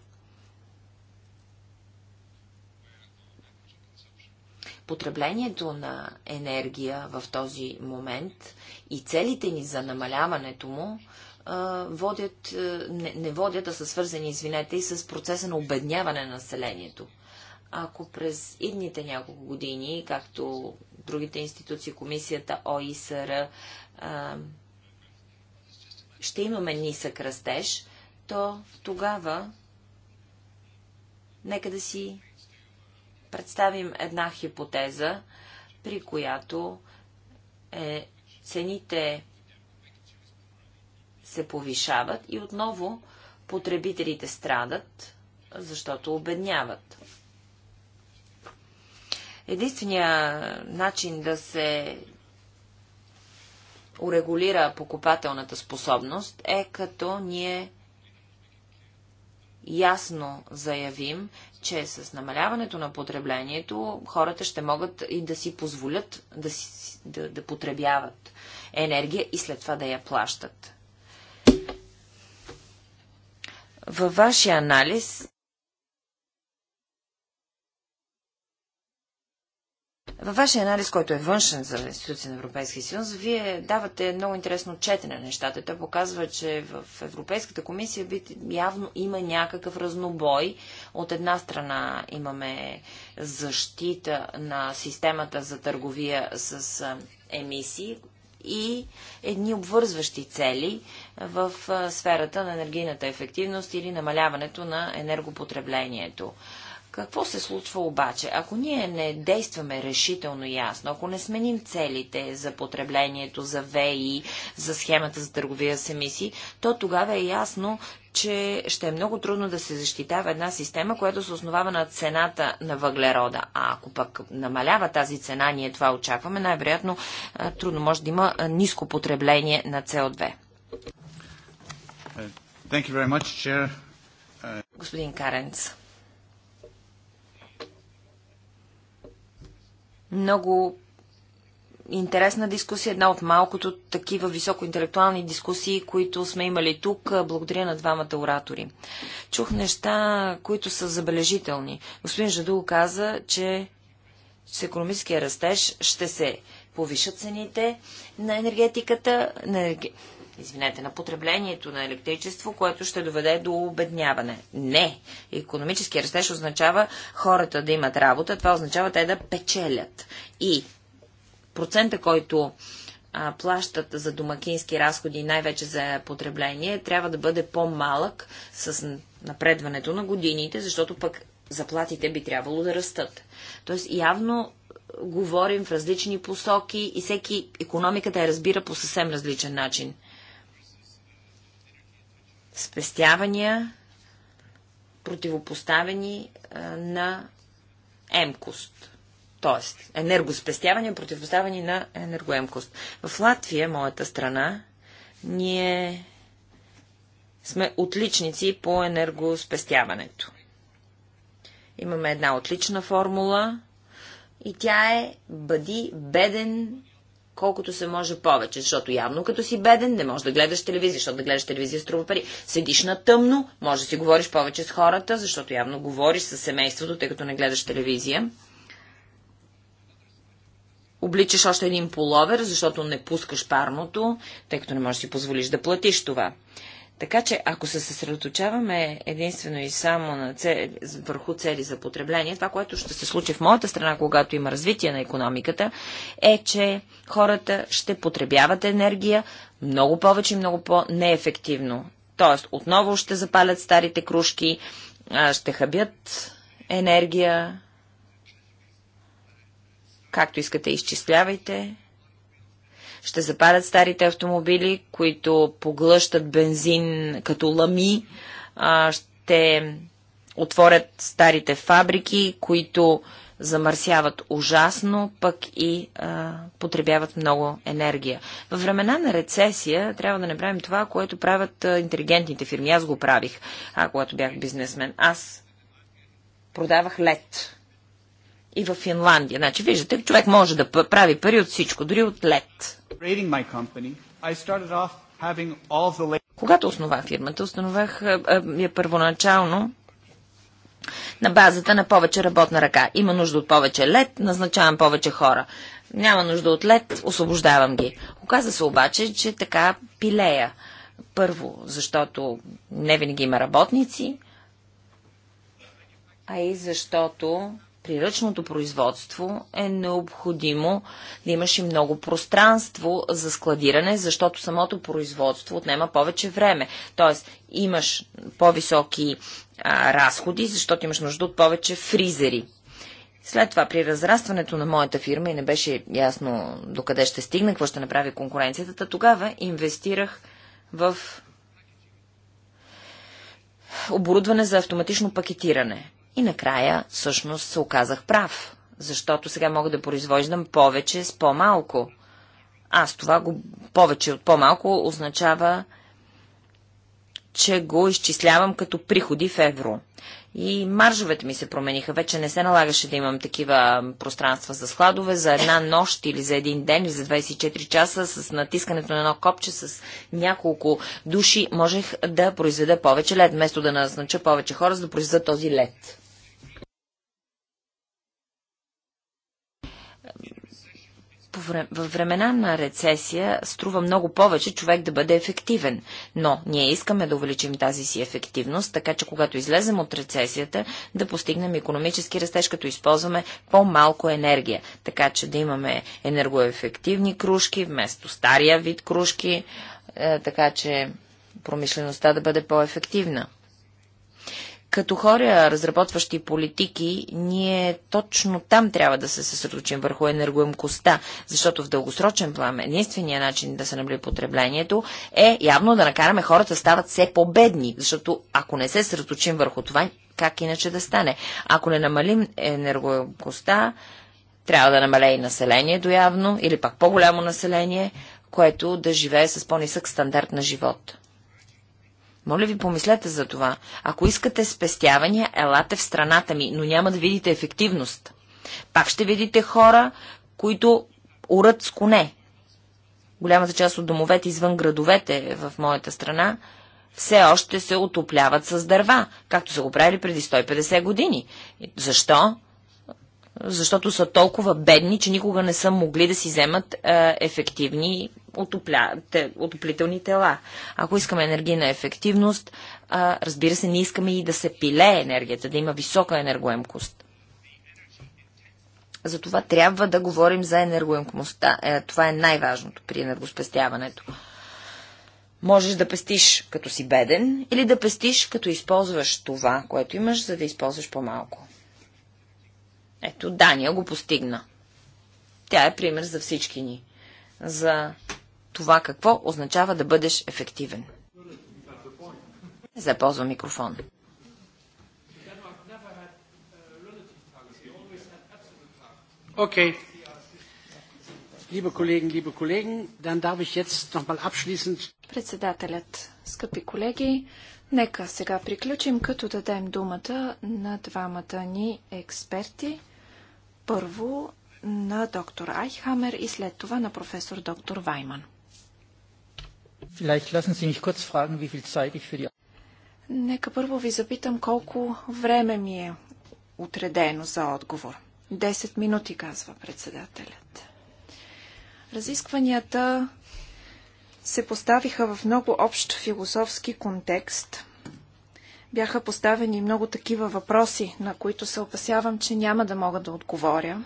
потреблението на енергия в този момент и целите ни за намаляването му водят, не, не водят, а са свързани, извинете, и с процеса на обедняване на населението ако през идните няколко години, както другите институции, комисията, ОИСР, а, ще имаме нисък растеж, то тогава нека да си представим една хипотеза, при която е, цените се повишават и отново потребителите страдат, защото обедняват. Единствения начин да се урегулира покупателната способност е като ние ясно заявим, че с намаляването на потреблението хората ще могат и да си позволят да, си, да, да потребяват енергия и след това да я плащат. Във вашия анализ Във вашия анализ, който е външен за институция на Европейския съюз, вие давате много интересно четене на нещата. Той показва, че в Европейската комисия явно има някакъв разнобой. От една страна имаме защита на системата за търговия с емисии и едни обвързващи цели в сферата на енергийната ефективност или намаляването на енергопотреблението. Какво се случва обаче, ако ние не действаме решително ясно, ако не сменим целите за потреблението, за ВИ, за схемата за търговия с емисии, то тогава е ясно, че ще е много трудно да се защитава една система, която се основава на цената на въглерода. А ако пък намалява тази цена, ние това очакваме, най-вероятно трудно може да има ниско потребление на СО2. Е, е. Господин Каренц. Много интересна дискусия, една от малкото такива високоинтелектуални дискусии, които сме имали тук. Благодаря на двамата оратори. Чух неща, които са забележителни. Господин Жадул каза, че с економическия растеж ще се повишат цените на енергетиката, на извинете, на потреблението на електричество, което ще доведе до обедняване. Не. Економически растеж означава хората да имат работа, това означава те да печелят. И процента, който а, плащат за домакински разходи, най-вече за потребление, трябва да бъде по-малък с напредването на годините, защото пък заплатите би трябвало да растат. Тоест явно говорим в различни посоки и всеки економиката я разбира по съвсем различен начин спестявания, противопоставени а, на емкост. Тоест, енергоспестявания, противопоставени на енергоемкост. В Латвия, моята страна, ние сме отличници по енергоспестяването. Имаме една отлична формула и тя е бъди беден колкото се може повече, защото явно като си беден не можеш да гледаш телевизия, защото да гледаш телевизия струва пари. Седиш на тъмно, може да си говориш повече с хората, защото явно говориш с семейството, тъй като не гледаш телевизия. Обличаш още един половер, защото не пускаш парното, тъй като не можеш да си позволиш да платиш това. Така че, ако се съсредоточаваме единствено и само на цели, върху цели за потребление, това, което ще се случи в моята страна, когато има развитие на економиката, е, че хората ще потребяват енергия много повече и много по-неефективно. Тоест, отново ще запалят старите кружки, ще хабят енергия, както искате, изчислявайте. Ще запарят старите автомобили, които поглъщат бензин като лами. А, ще отворят старите фабрики, които замърсяват ужасно, пък и а, потребяват много енергия. Във времена на рецесия трябва да не правим това, което правят а, интелигентните фирми. Аз го правих, а, когато бях бизнесмен. Аз продавах лед. И в Финландия. Значи, виждате, човек може да прави пари от всичко, дори от лед. Когато основах фирмата, установах я първоначално на базата на повече работна ръка. Има нужда от повече лед, назначавам повече хора. Няма нужда от лед, освобождавам ги. Оказа се обаче, че така пилея. Първо, защото не винаги има работници, а и защото при ръчното производство е необходимо да имаш и много пространство за складиране, защото самото производство отнема повече време. Тоест, имаш по-високи разходи, защото имаш нужда от повече фризери. След това при разрастването на моята фирма и не беше ясно докъде ще стигна, какво ще направи конкуренцията, тогава инвестирах в оборудване за автоматично пакетиране. И накрая, всъщност, се оказах прав, защото сега мога да произвождам повече с по-малко. Аз това го повече от по-малко означава, че го изчислявам като приходи в евро. И маржовете ми се промениха. Вече не се налагаше да имам такива пространства за складове за една нощ или за един ден или за 24 часа с натискането на едно копче с няколко души можех да произведа повече лед, вместо да назнача повече хора, за да произведа този лед. В времена на рецесия струва много повече човек да бъде ефективен. Но ние искаме да увеличим тази си ефективност, така че когато излезем от рецесията, да постигнем економически растеж, като използваме по-малко енергия. Така че да имаме енергоефективни кружки вместо стария вид кружки, е, така че промишлеността да бъде по-ефективна. Като хора, разработващи политики, ние точно там трябва да се съсредоточим върху енергоемкостта, защото в дългосрочен план единственият начин да се намали потреблението е явно да накараме хората да стават все по-бедни, защото ако не се съсредоточим върху това, как иначе да стане? Ако не намалим енергоемкостта, трябва да намаля и населението явно, или пак по-голямо население, което да живее с по-нисък стандарт на живот. Моля ви, помислете за това. Ако искате спестявания, елате в страната ми, но няма да видите ефективност. Пак ще видите хора, които урат с коне. Голямата част от домовете извън градовете в моята страна все още се отопляват с дърва, както са го правили преди 150 години. Защо? Защото са толкова бедни, че никога не са могли да си вземат е, ефективни отопля, те, отоплителни тела. Ако искаме енергийна ефективност, а, разбира се, не искаме и да се пилее енергията, да има висока енергоемкост. Затова трябва да говорим за енергоемкостта. Е, това е най-важното при енергоспестяването. Можеш да пестиш като си беден или да пестиш като използваш това, което имаш, за да използваш по-малко. Ето, Дания го постигна. Тя е пример за всички ни. За това какво означава да бъдеш ефективен. Не се микрофон. Председателят, скъпи колеги, нека сега приключим, като дадем думата на двамата ни експерти. Първо на доктор Айхамер и след това на професор доктор Вайман. Нека първо ви запитам колко време ми е отредено за отговор. Десет минути, казва председателят. Разискванията се поставиха в много общ философски контекст. Бяха поставени много такива въпроси, на които се опасявам, че няма да мога да отговоря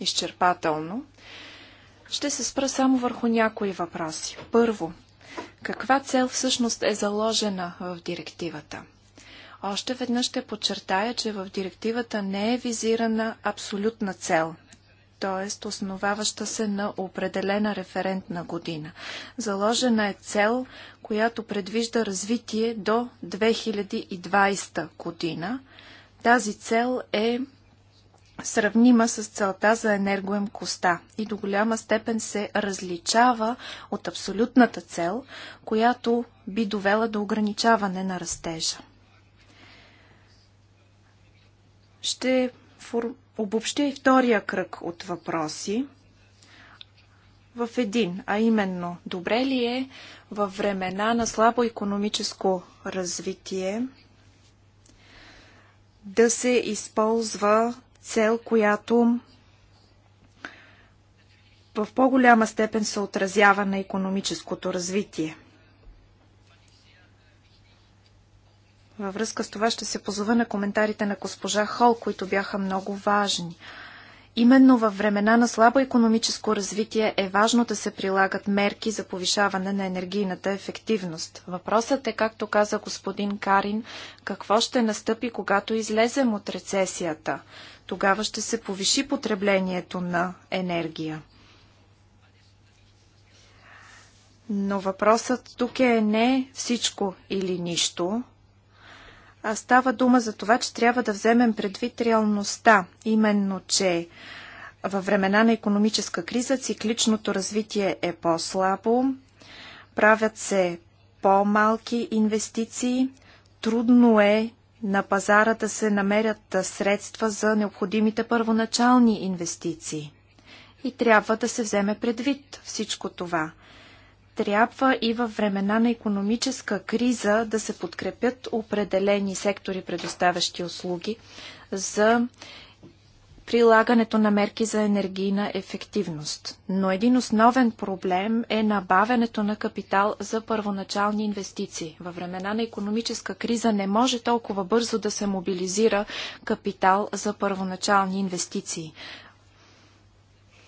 изчерпателно. Ще се спра само върху някои въпроси. Първо, каква цел всъщност е заложена в директивата? Още веднъж ще подчертая, че в директивата не е визирана абсолютна цел, т.е. основаваща се на определена референтна година. Заложена е цел, която предвижда развитие до 2020 година. Тази цел е сравнима с целта за енергоемкостта и до голяма степен се различава от абсолютната цел, която би довела до ограничаване на растежа. Ще обобщя и втория кръг от въпроси в един, а именно добре ли е във времена на слабо економическо развитие да се използва Цел, която в по-голяма степен се отразява на економическото развитие. Във връзка с това ще се позова на коментарите на госпожа Хол, които бяха много важни. Именно във времена на слабо економическо развитие е важно да се прилагат мерки за повишаване на енергийната ефективност. Въпросът е, както каза господин Карин, какво ще настъпи, когато излезем от рецесията. Тогава ще се повиши потреблението на енергия. Но въпросът тук е не всичко или нищо, а става дума за това, че трябва да вземем предвид реалността, именно, че във времена на економическа криза цикличното развитие е по-слабо, правят се по-малки инвестиции, трудно е на пазара да се намерят средства за необходимите първоначални инвестиции. И трябва да се вземе предвид всичко това трябва и във времена на економическа криза да се подкрепят определени сектори, предоставящи услуги за прилагането на мерки за енергийна ефективност. Но един основен проблем е набавянето на капитал за първоначални инвестиции. Във времена на економическа криза не може толкова бързо да се мобилизира капитал за първоначални инвестиции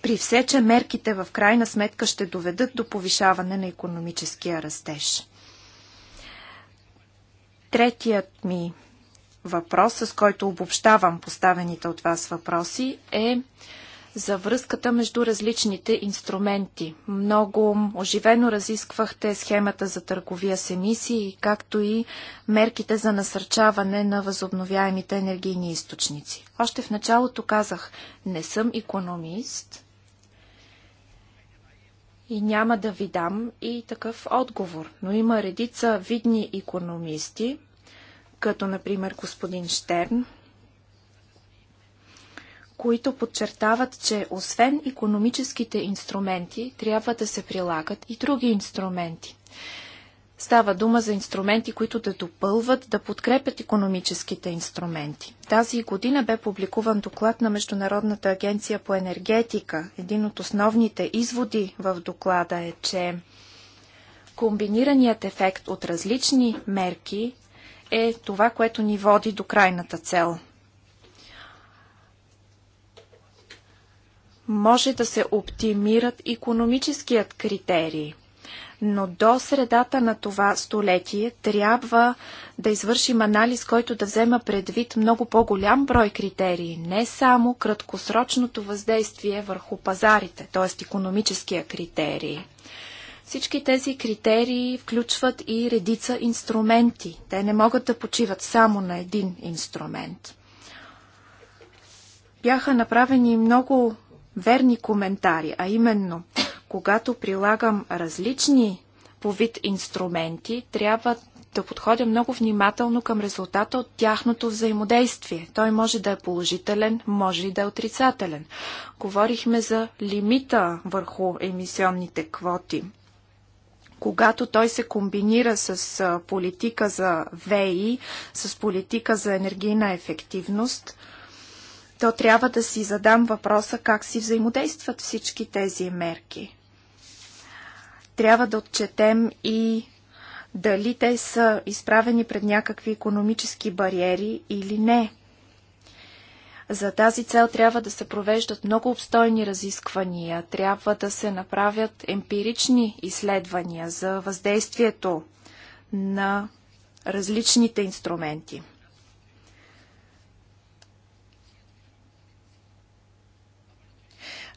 при все, че мерките в крайна сметка ще доведат до повишаване на економическия растеж. Третият ми въпрос, с който обобщавам поставените от вас въпроси, е за връзката между различните инструменти. Много оживено разисквахте схемата за търговия с емисии, както и мерките за насърчаване на възобновяемите енергийни източници. Още в началото казах, не съм економист, и няма да ви дам и такъв отговор. Но има редица видни економисти, като например господин Штерн, които подчертават, че освен економическите инструменти, трябва да се прилагат и други инструменти. Става дума за инструменти, които да допълват, да подкрепят економическите инструменти. Тази година бе публикуван доклад на Международната агенция по енергетика. Един от основните изводи в доклада е, че комбинираният ефект от различни мерки е това, което ни води до крайната цел. Може да се оптимират економическият критерий – но до средата на това столетие трябва да извършим анализ, който да взема предвид много по-голям брой критерии, не само краткосрочното въздействие върху пазарите, т.е. економическия критерий. Всички тези критерии включват и редица инструменти. Те не могат да почиват само на един инструмент. Бяха направени много верни коментари, а именно – когато прилагам различни по вид инструменти, трябва да подходя много внимателно към резултата от тяхното взаимодействие. Той може да е положителен, може и да е отрицателен. Говорихме за лимита върху емисионните квоти. Когато той се комбинира с политика за ВИ, с политика за енергийна ефективност, то трябва да си задам въпроса как си взаимодействат всички тези мерки. Трябва да отчетем и дали те са изправени пред някакви економически бариери или не. За тази цел трябва да се провеждат много обстойни разисквания, трябва да се направят емпирични изследвания за въздействието на различните инструменти.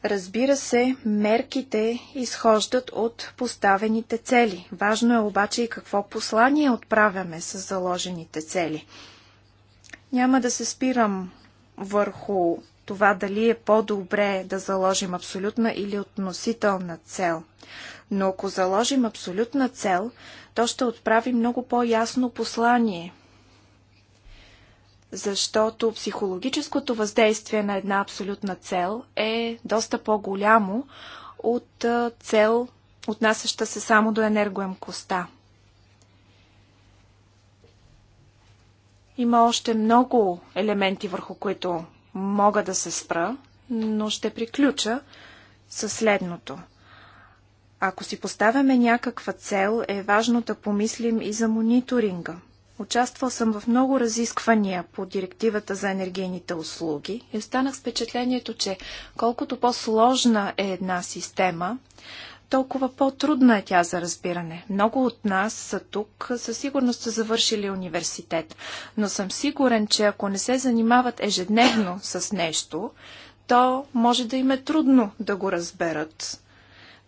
Разбира се, мерките изхождат от поставените цели. Важно е обаче и какво послание отправяме с заложените цели. Няма да се спирам върху това дали е по-добре да заложим абсолютна или относителна цел. Но ако заложим абсолютна цел, то ще отправи много по-ясно послание – защото психологическото въздействие на една абсолютна цел е доста по-голямо от цел, отнасяща се само до енергоемкостта. Има още много елементи, върху които мога да се спра, но ще приключа със следното. Ако си поставяме някаква цел, е важно да помислим и за мониторинга – Участвал съм в много разисквания по директивата за енергийните услуги и останах с впечатлението, че колкото по-сложна е една система, толкова по-трудна е тя за разбиране. Много от нас са тук, със сигурност са завършили университет, но съм сигурен, че ако не се занимават ежедневно с нещо, то може да им е трудно да го разберат.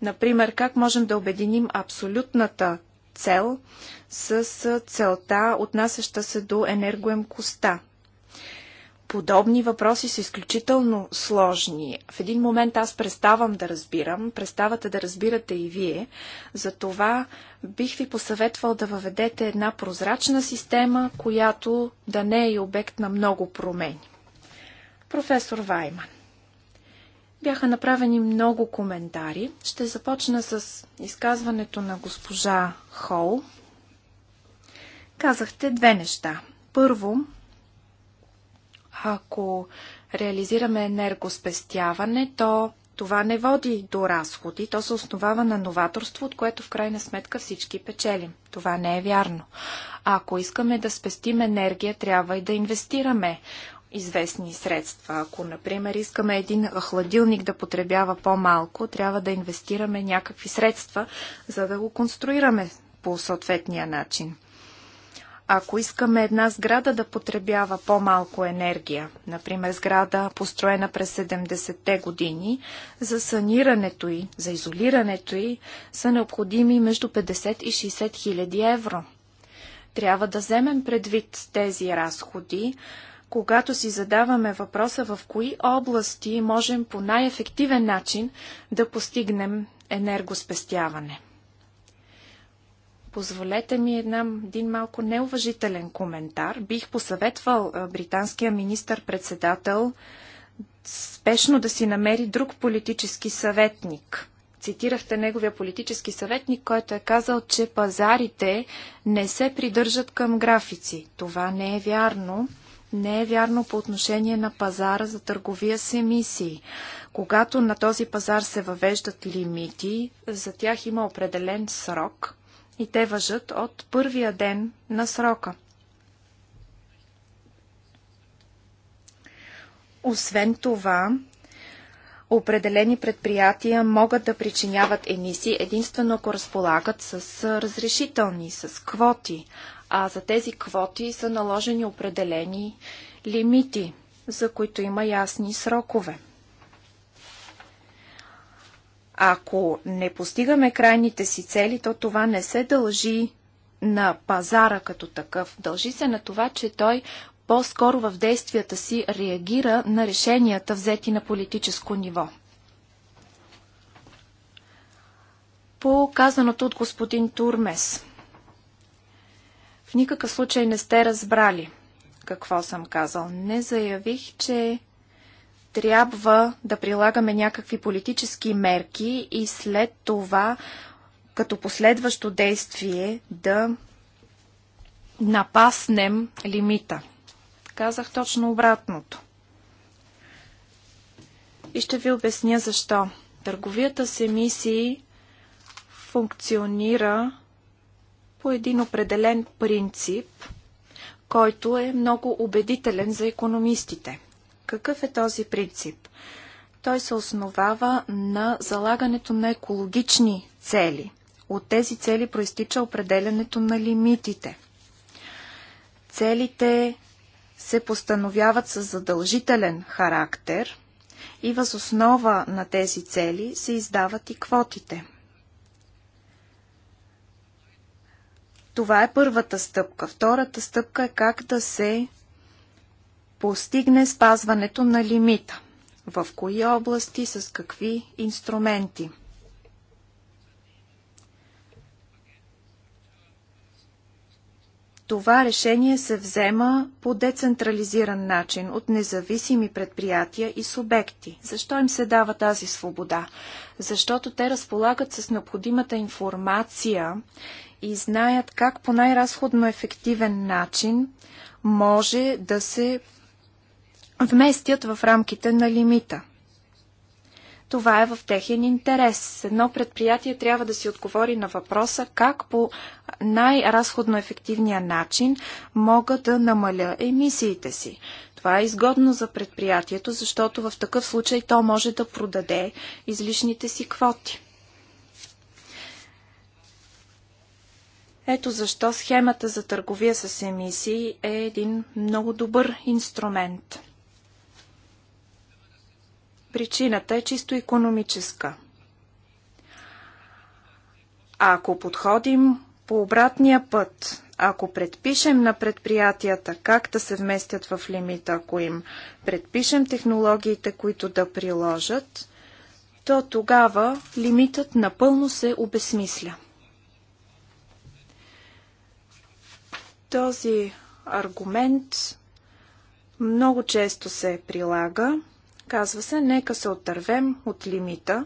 Например, как можем да обединим абсолютната цел – с целта, отнасяща се до енергоемкостта. Подобни въпроси са изключително сложни. В един момент аз преставам да разбирам, преставате да разбирате и вие. Затова бих ви посъветвал да въведете една прозрачна система, която да не е и обект на много промени. Професор Вайман. Бяха направени много коментари. Ще започна с изказването на госпожа Хол. Казахте две неща. Първо, ако реализираме енергоспестяване, то това не води до разходи, то се основава на новаторство, от което в крайна сметка всички печелим. Това не е вярно. А ако искаме да спестим енергия, трябва и да инвестираме известни средства. Ако, например, искаме един хладилник да потребява по-малко, трябва да инвестираме някакви средства, за да го конструираме по съответния начин. Ако искаме една сграда да потребява по-малко енергия, например сграда построена през 70-те години, за санирането й, за изолирането й са необходими между 50 и 60 хиляди евро. Трябва да вземем предвид тези разходи, когато си задаваме въпроса в кои области можем по най-ефективен начин да постигнем енергоспестяване. Позволете ми една, един малко неуважителен коментар. Бих посъветвал британския министър-председател спешно да си намери друг политически съветник. Цитирахте неговия политически съветник, който е казал, че пазарите не се придържат към графици. Това не е вярно. Не е вярно по отношение на пазара за търговия с емисии. Когато на този пазар се въвеждат лимити, за тях има определен срок, и те въжат от първия ден на срока. Освен това, определени предприятия могат да причиняват емисии единствено ако разполагат с разрешителни, с квоти, а за тези квоти са наложени определени лимити, за които има ясни срокове. Ако не постигаме крайните си цели, то това не се дължи на пазара като такъв. Дължи се на това, че той по-скоро в действията си реагира на решенията, взети на политическо ниво. По казаното от господин Турмес. В никакъв случай не сте разбрали какво съм казал. Не заявих, че трябва да прилагаме някакви политически мерки и след това като последващо действие да напаснем лимита. Казах точно обратното. И ще ви обясня защо. Търговията с емисии функционира по един определен принцип, който е много убедителен за економистите – какъв е този принцип? Той се основава на залагането на екологични цели. От тези цели проистича определенето на лимитите. Целите се постановяват с задължителен характер и възоснова на тези цели се издават и квотите. Това е първата стъпка. Втората стъпка е как да се постигне спазването на лимита? В кои области, с какви инструменти? Това решение се взема по децентрализиран начин от независими предприятия и субекти. Защо им се дава тази свобода? Защото те разполагат с необходимата информация и знаят как по най-разходно ефективен начин може да се вместят в рамките на лимита. Това е в техен интерес. Едно предприятие трябва да си отговори на въпроса как по най-разходно ефективния начин мога да намаля емисиите си. Това е изгодно за предприятието, защото в такъв случай то може да продаде излишните си квоти. Ето защо схемата за търговия с емисии е един много добър инструмент. Причината е чисто економическа. А ако подходим по обратния път, ако предпишем на предприятията как да се вместят в лимита, ако им предпишем технологиите, които да приложат, то тогава лимитът напълно се обесмисля. Този аргумент много често се прилага. Казва се, нека се отървем от лимита,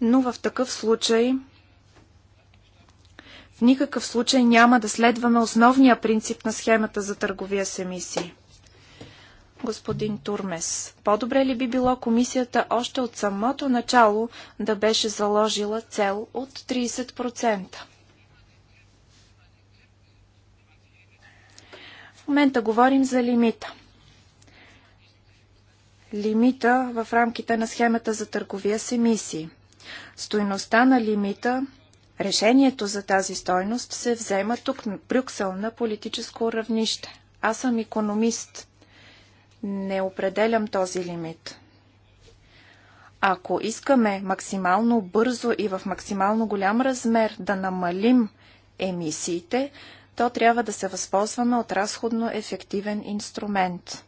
но в такъв случай в никакъв случай няма да следваме основния принцип на схемата за търговия с емисии. Господин Турмес, по-добре ли би било комисията още от самото начало да беше заложила цел от 30%? В момента говорим за лимита лимита в рамките на схемата за търговия с емисии. Стойността на лимита, решението за тази стойност се взема тук на Брюксел на политическо равнище. Аз съм економист. Не определям този лимит. Ако искаме максимално бързо и в максимално голям размер да намалим емисиите, то трябва да се възползваме от разходно ефективен инструмент.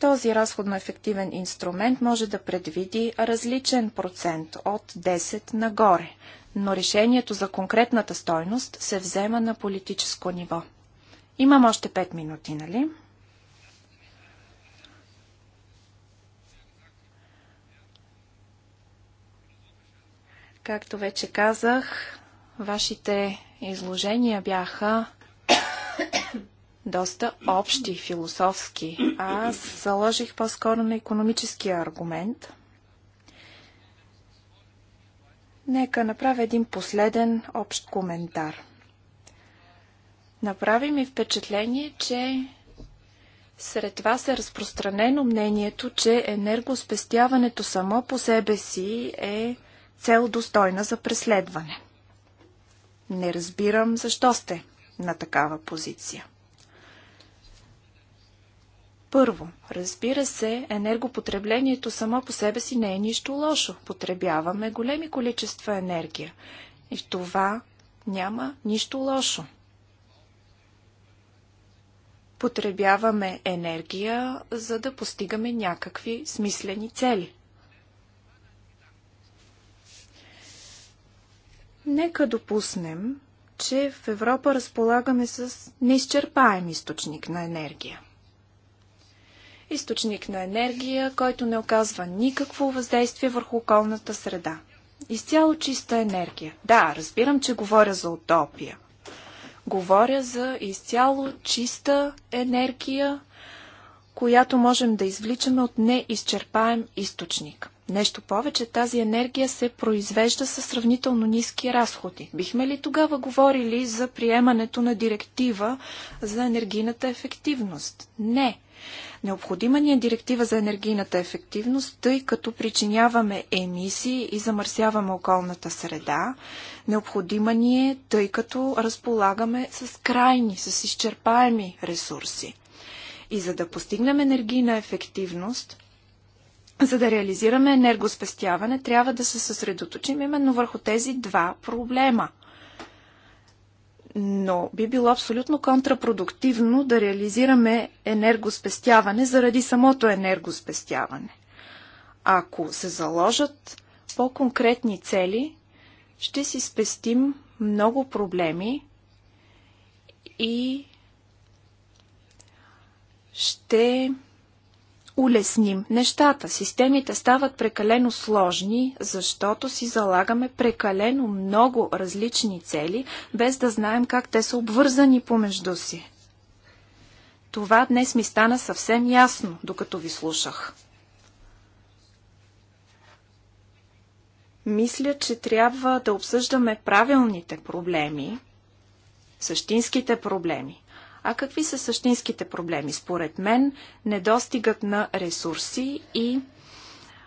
Този разходно-ефективен инструмент може да предвиди различен процент от 10 нагоре, но решението за конкретната стойност се взема на политическо ниво. Имам още 5 минути, нали? Както вече казах, вашите изложения бяха доста общи, философски. Аз заложих по-скоро на економическия аргумент. Нека направя един последен общ коментар. Направи ми впечатление, че сред вас е разпространено мнението, че енергоспестяването само по себе си е цел достойна за преследване. Не разбирам защо сте на такава позиция. Първо, разбира се, енергопотреблението само по себе си не е нищо лошо. Потребяваме големи количества енергия. И в това няма нищо лошо. Потребяваме енергия, за да постигаме някакви смислени цели. Нека допуснем, че в Европа разполагаме с неизчерпаем източник на енергия източник на енергия, който не оказва никакво въздействие върху околната среда. Изцяло чиста енергия. Да, разбирам, че говоря за утопия. Говоря за изцяло чиста енергия, която можем да извличаме от неизчерпаем източник. Нещо повече, тази енергия се произвежда със сравнително ниски разходи. Бихме ли тогава говорили за приемането на директива за енергийната ефективност? Не. Необходима ни е директива за енергийната ефективност, тъй като причиняваме емисии и замърсяваме околната среда. Необходима ни е, тъй като разполагаме с крайни, с изчерпаеми ресурси. И за да постигнем енергийна ефективност, за да реализираме енергоспестяване, трябва да се съсредоточим именно върху тези два проблема – но би било абсолютно контрапродуктивно да реализираме енергоспестяване заради самото енергоспестяване. Ако се заложат по-конкретни цели, ще си спестим много проблеми и ще улесним нещата. Системите стават прекалено сложни, защото си залагаме прекалено много различни цели, без да знаем как те са обвързани помежду си. Това днес ми стана съвсем ясно, докато ви слушах. Мисля, че трябва да обсъждаме правилните проблеми, същинските проблеми, а какви са същинските проблеми? Според мен, недостигът на ресурси и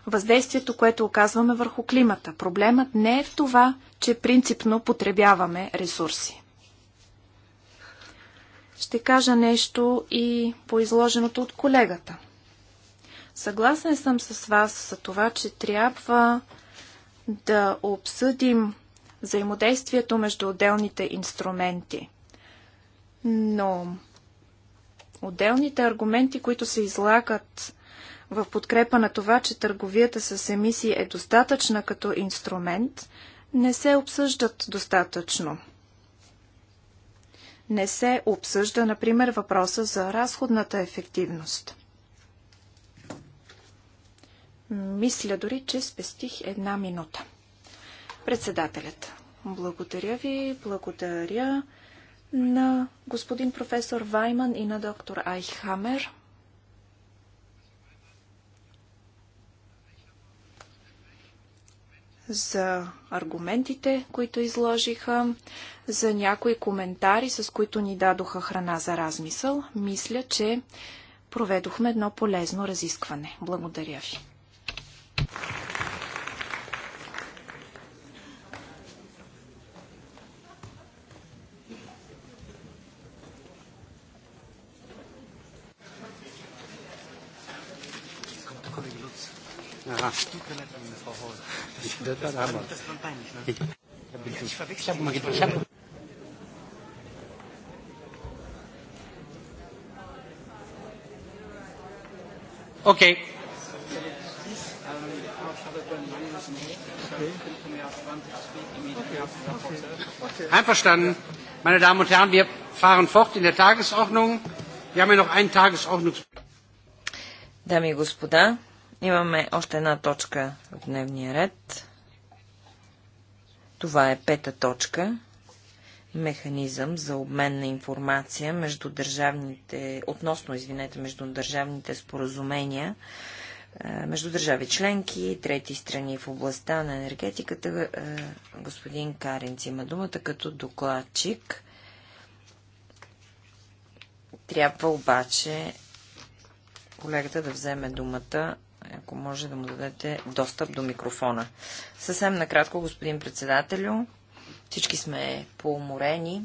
въздействието, което оказваме върху климата. Проблемът не е в това, че принципно потребяваме ресурси. Ще кажа нещо и по изложеното от колегата. Съгласен съм с вас за това, че трябва да обсъдим взаимодействието между отделните инструменти но отделните аргументи, които се излагат в подкрепа на това, че търговията с емисии е достатъчна като инструмент, не се обсъждат достатъчно. Не се обсъжда, например, въпроса за разходната ефективност. Мисля дори, че спестих една минута. Председателят. Благодаря ви, благодаря на господин професор Вайман и на доктор Айхамер. за аргументите, които изложиха, за някои коментари, с които ни дадоха храна за размисъл. Мисля, че проведохме едно полезно разискване. Благодаря ви. Okay. Einverstanden. Meine Damen und Herren, wir fahren fort in der Tagesordnung. Wir haben ja noch einen Tagesordnungspunkt. Dame и господа, Имаме още една точка от дневния ред. Това е пета точка. Механизъм за обмен на информация между държавните, относно, извинете, между държавните споразумения е, между държави членки и трети страни в областта на енергетиката. Е, господин Каренц има думата като докладчик. Трябва обаче колегата да вземе думата ако може да му дадете достъп до микрофона. Съвсем накратко, господин председателю, всички сме поуморени.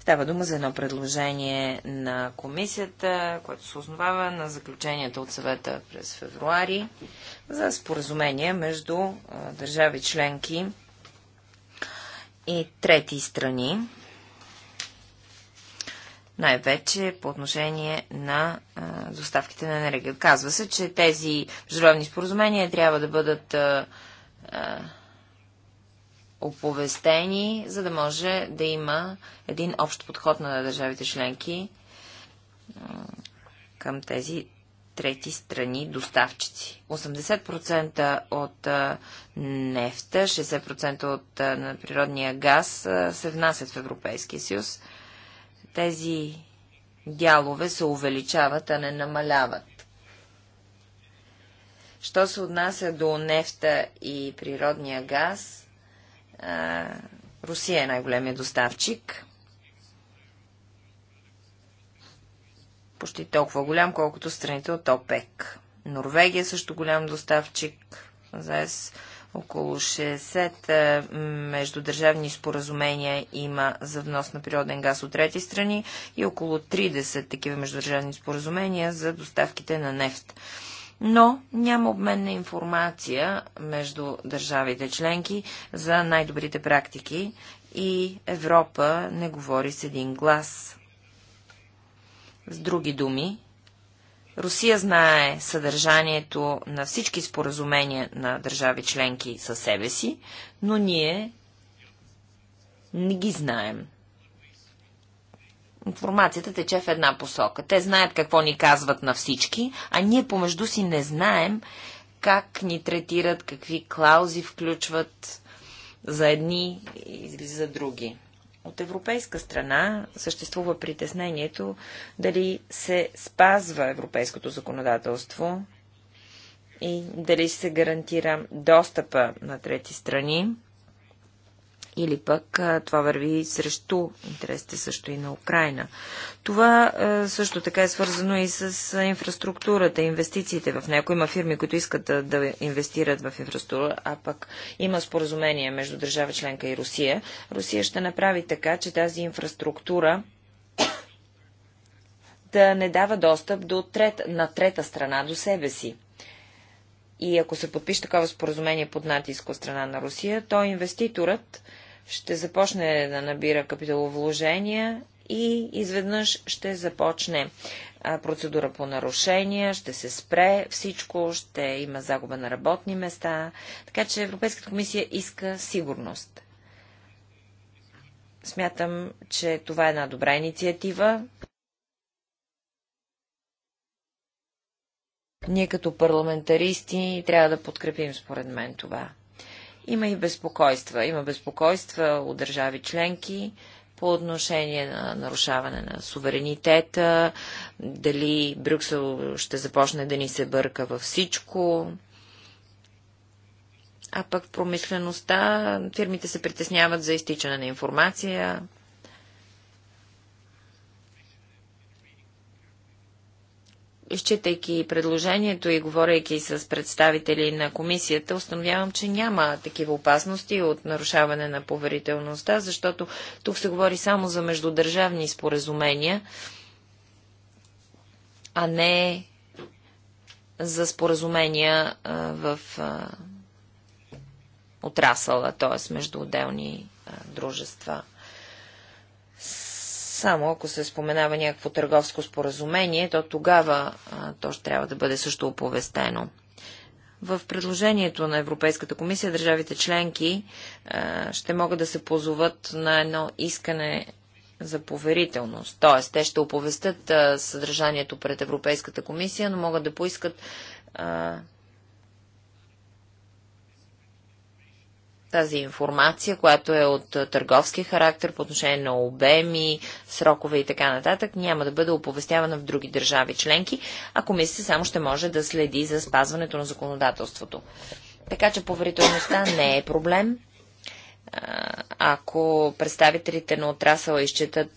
Става дума за едно предложение на комисията, което се основава на заключенията от съвета през февруари за споразумение между държави членки и трети страни най-вече по отношение на а, доставките на енергия. Казва се, че тези международни споразумения трябва да бъдат а, а, оповестени, за да може да има един общ подход на държавите членки към тези трети страни доставчици. 80% от нефта, 60% от природния газ се внасят в Европейския съюз тези дялове се увеличават, а не намаляват. Що се отнася до нефта и природния газ, а, Русия е най-големия доставчик. Почти толкова голям, колкото страните от ОПЕК. Норвегия е също голям доставчик за ЕС. Около 60 е, междудържавни споразумения има за внос на природен газ от трети страни и около 30 такива междудържавни споразумения за доставките на нефт. Но няма обмен на информация между държавите членки за най-добрите практики и Европа не говори с един глас. С други думи, Русия знае съдържанието на всички споразумения на държави членки със себе си, но ние не ги знаем. Информацията тече в една посока. Те знаят какво ни казват на всички, а ние помежду си не знаем как ни третират, какви клаузи включват за едни и за други. От европейска страна съществува притеснението дали се спазва европейското законодателство и дали се гарантира достъпа на трети страни или пък това върви срещу интересите също и на Украина. Това също така е свързано и с инфраструктурата, инвестициите в нея. Ако има фирми, които искат да, да инвестират в инфраструктура, а пък има споразумение между държава членка и Русия, Русия ще направи така, че тази инфраструктура да не дава достъп до трет, на трета страна до себе си. И ако се подпише такова споразумение под натиск от страна на Русия, то инвеститорът ще започне да набира капиталовложения и изведнъж ще започне процедура по нарушения, ще се спре всичко, ще има загуба на работни места. Така че Европейската комисия иска сигурност. Смятам, че това е една добра инициатива. Ние като парламентаристи трябва да подкрепим според мен това. Има и безпокойства. Има безпокойства от държави членки по отношение на нарушаване на суверенитета, дали Брюксел ще започне да ни се бърка във всичко. А пък промишлеността, фирмите се притесняват за изтичане на информация. Изчитайки предложението и говорейки с представители на комисията, установявам, че няма такива опасности от нарушаване на поверителността, защото тук се говори само за междудържавни споразумения, а не за споразумения в отрасъла, т.е. между отделни дружества. Само ако се споменава някакво търговско споразумение, то тогава а, то ще трябва да бъде също оповестено. В предложението на Европейската комисия държавите членки а, ще могат да се позоват на едно искане за поверителност. Т.е. те ще оповестят а, съдържанието пред Европейската комисия, но могат да поискат а, тази информация, която е от търговски характер по отношение на обеми, срокове и така нататък, няма да бъде оповестявана в други държави членки, а комисията само ще може да следи за спазването на законодателството. Така че поверителността не е проблем. Ако представителите на отрасъла изчитат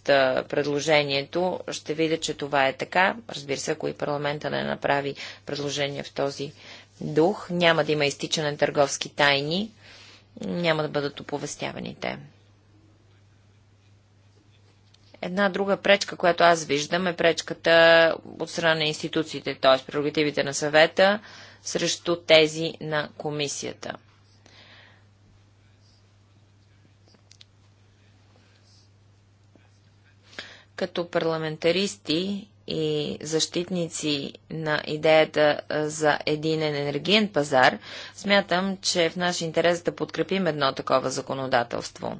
предложението, ще видят, че това е така. Разбира се, ако и парламента не направи предложение в този дух, няма да има изтичане на търговски тайни няма да бъдат оповестявани те. Една друга пречка, която аз виждам, е пречката от страна на институциите, т.е. прерогативите на съвета срещу тези на комисията. Като парламентаристи и защитници на идеята за един енергиен пазар, смятам, че в наш интерес да подкрепим едно такова законодателство.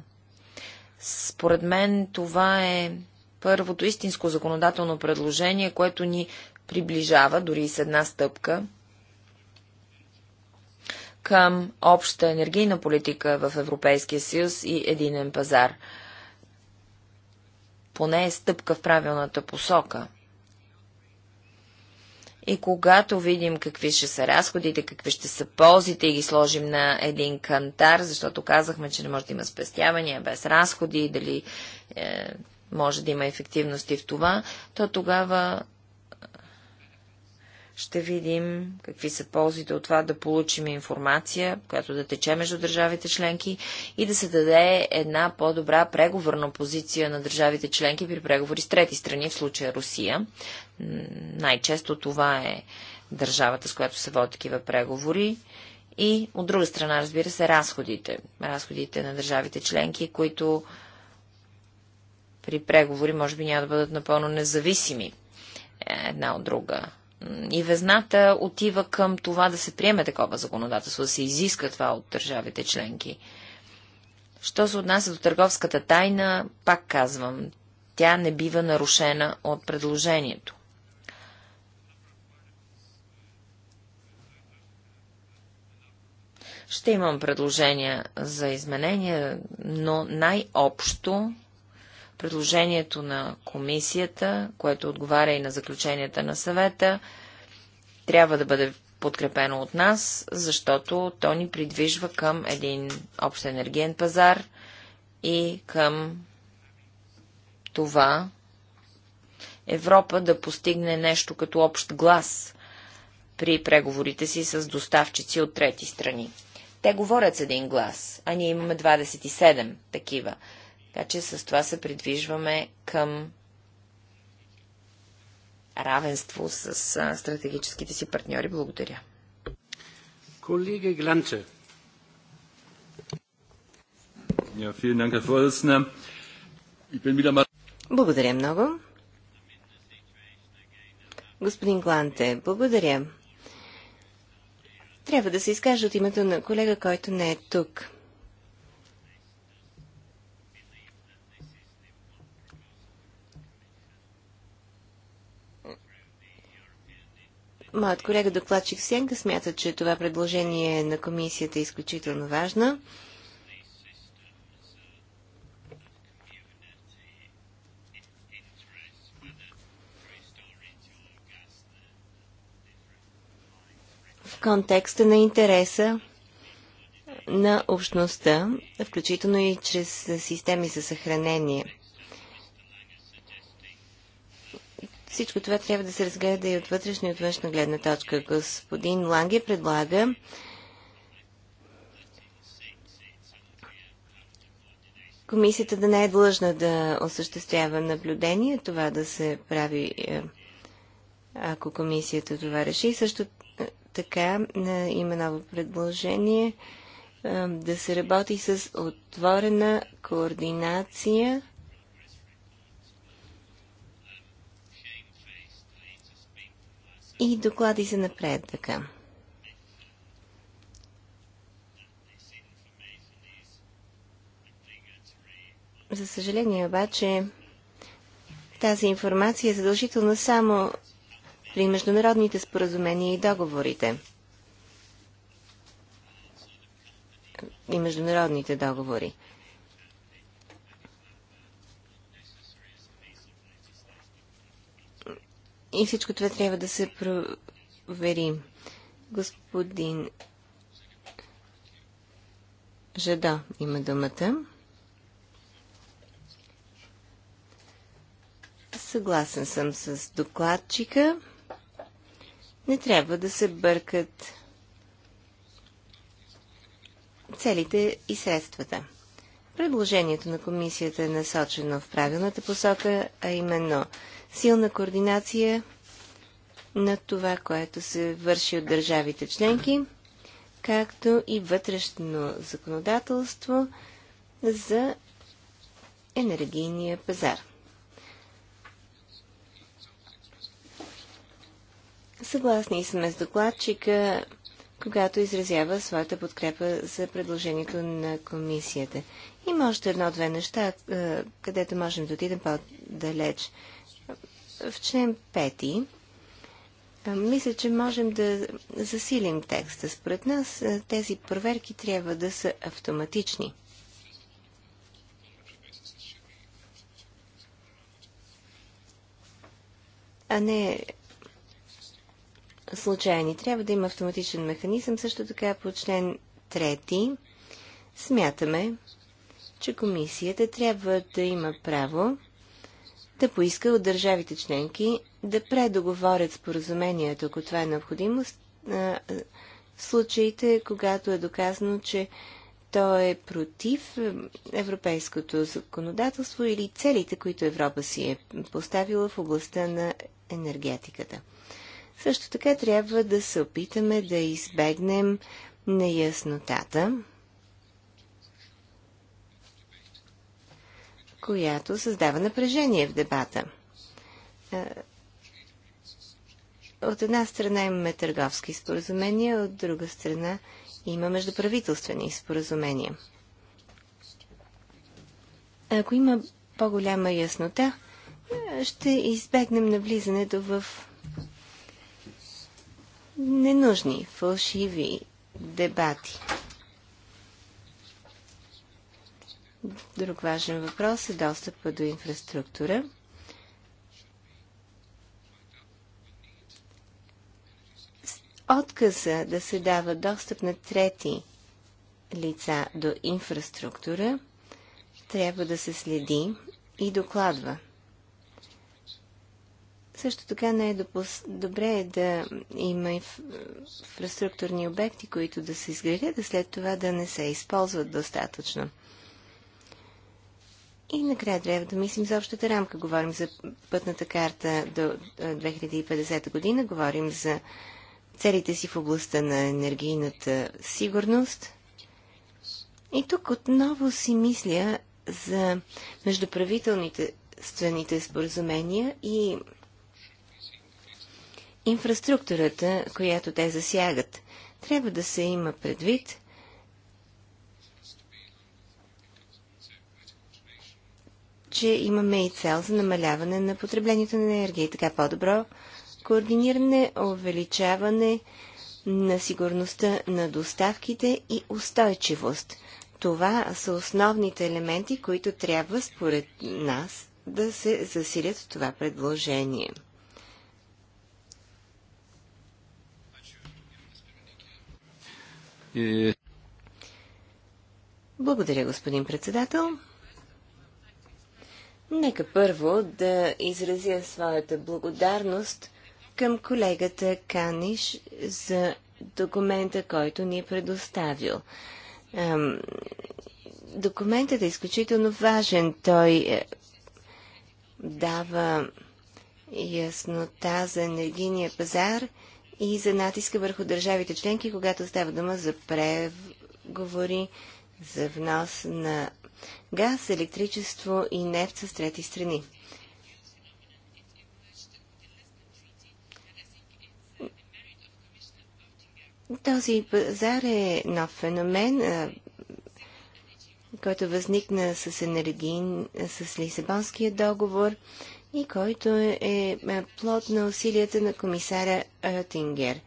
Според мен това е първото истинско законодателно предложение, което ни приближава дори с една стъпка към обща енергийна политика в Европейския съюз и единен пазар. Поне е стъпка в правилната посока. И когато видим какви ще са разходите, какви ще са ползите и ги сложим на един кантар, защото казахме, че не може да има спестявания без разходи, дали е, може да има ефективности в това, то тогава ще видим какви са ползите от това да получим информация, която да тече между държавите членки и да се даде една по-добра преговорна позиция на държавите членки при преговори с трети страни, в случая Русия. Най-често това е държавата, с която се водят такива преговори. И от друга страна, разбира се, разходите. Разходите на държавите членки, които при преговори може би няма да бъдат напълно независими е, една от друга и везната отива към това да се приеме такова законодателство, да се изиска това от държавите членки. Що се отнася до търговската тайна, пак казвам, тя не бива нарушена от предложението. Ще имам предложения за изменения, но най-общо Предложението на комисията, което отговаря и на заключенията на съвета, трябва да бъде подкрепено от нас, защото то ни придвижва към един общ енергиен пазар и към това Европа да постигне нещо като общ глас при преговорите си с доставчици от трети страни. Те говорят с един глас, а ние имаме 27 такива. Така че с това се придвижваме към равенство с стратегическите си партньори. Благодаря. Колега Гланче. Благодаря много. Господин Гланте, благодаря. Трябва да се изкажа от името на колега, който не е тук. Моят колега докладчик Сенка смята, че това предложение на комисията е изключително важно. В контекста на интереса на общността, включително и чрез системи за съхранение. Всичко това трябва да се разгледа и от вътрешна и от външна гледна точка. Господин Ланге предлага комисията да не е длъжна да осъществява наблюдение, това да се прави, е, ако комисията това реши. Също е, така е, има ново предложение да се работи с отворена координация и доклади за напредъка. За съжаление обаче, тази информация е задължителна само при международните споразумения и договорите. И международните договори. И всичко това трябва да се провери. Господин Жада има думата. Съгласен съм с докладчика. Не трябва да се бъркат целите и средствата. Предложението на комисията е насочено в правилната посока, а именно – силна координация на това, което се върши от държавите членки, както и вътрешно законодателство за енергийния пазар. Съгласни сме с докладчика, когато изразява своята подкрепа за предложението на комисията. Има още едно-две неща, където можем да отидем по-далеч в член 5 мисля, че можем да засилим текста. Според нас тези проверки трябва да са автоматични. А не случайни. Трябва да има автоматичен механизъм. Също така по член 3 смятаме, че комисията трябва да има право да поиска от държавите членки да предоговорят споразумението, ако това е необходимо, в случаите, когато е доказано, че то е против европейското законодателство или целите, които Европа си е поставила в областта на енергетиката. Също така трябва да се опитаме да избегнем неяснотата, която създава напрежение в дебата. Е, от една страна имаме търговски споразумения, от друга страна има междуправителствени споразумения. Ако има по-голяма яснота, ще избегнем навлизането в ненужни, фалшиви дебати. Друг важен въпрос е достъпа до инфраструктура. Отказа да се дава достъп на трети лица до инфраструктура трябва да се следи и докладва. Също така не е допус... добре е да има инфраструктурни обекти, които да се изградят, а след това да не се използват достатъчно. И накрая трябва да мислим за общата рамка. Говорим за пътната карта до 2050 е, година, говорим за целите си в областта на енергийната сигурност. И тук отново си мисля за междуправителните страните споразумения и инфраструктурата, която те засягат. Трябва да се има предвид, че имаме и цел за намаляване на потреблението на енергия и така по-добро координиране, увеличаване на сигурността на доставките и устойчивост. Това са основните елементи, които трябва според нас да се засилят в това предложение. Благодаря, господин председател. Нека първо да изразя своята благодарност към колегата Каниш за документа, който ни е предоставил. Документът е изключително важен. Той е, дава яснота за енергийния пазар и за натиска върху държавите членки, когато става дума за преговори за внос на газ, електричество и нефт с трети страни. Този пазар е нов феномен, който възникна с, енергиен, с Лисабонския договор и който е, е плод на усилията на комисаря Ротингер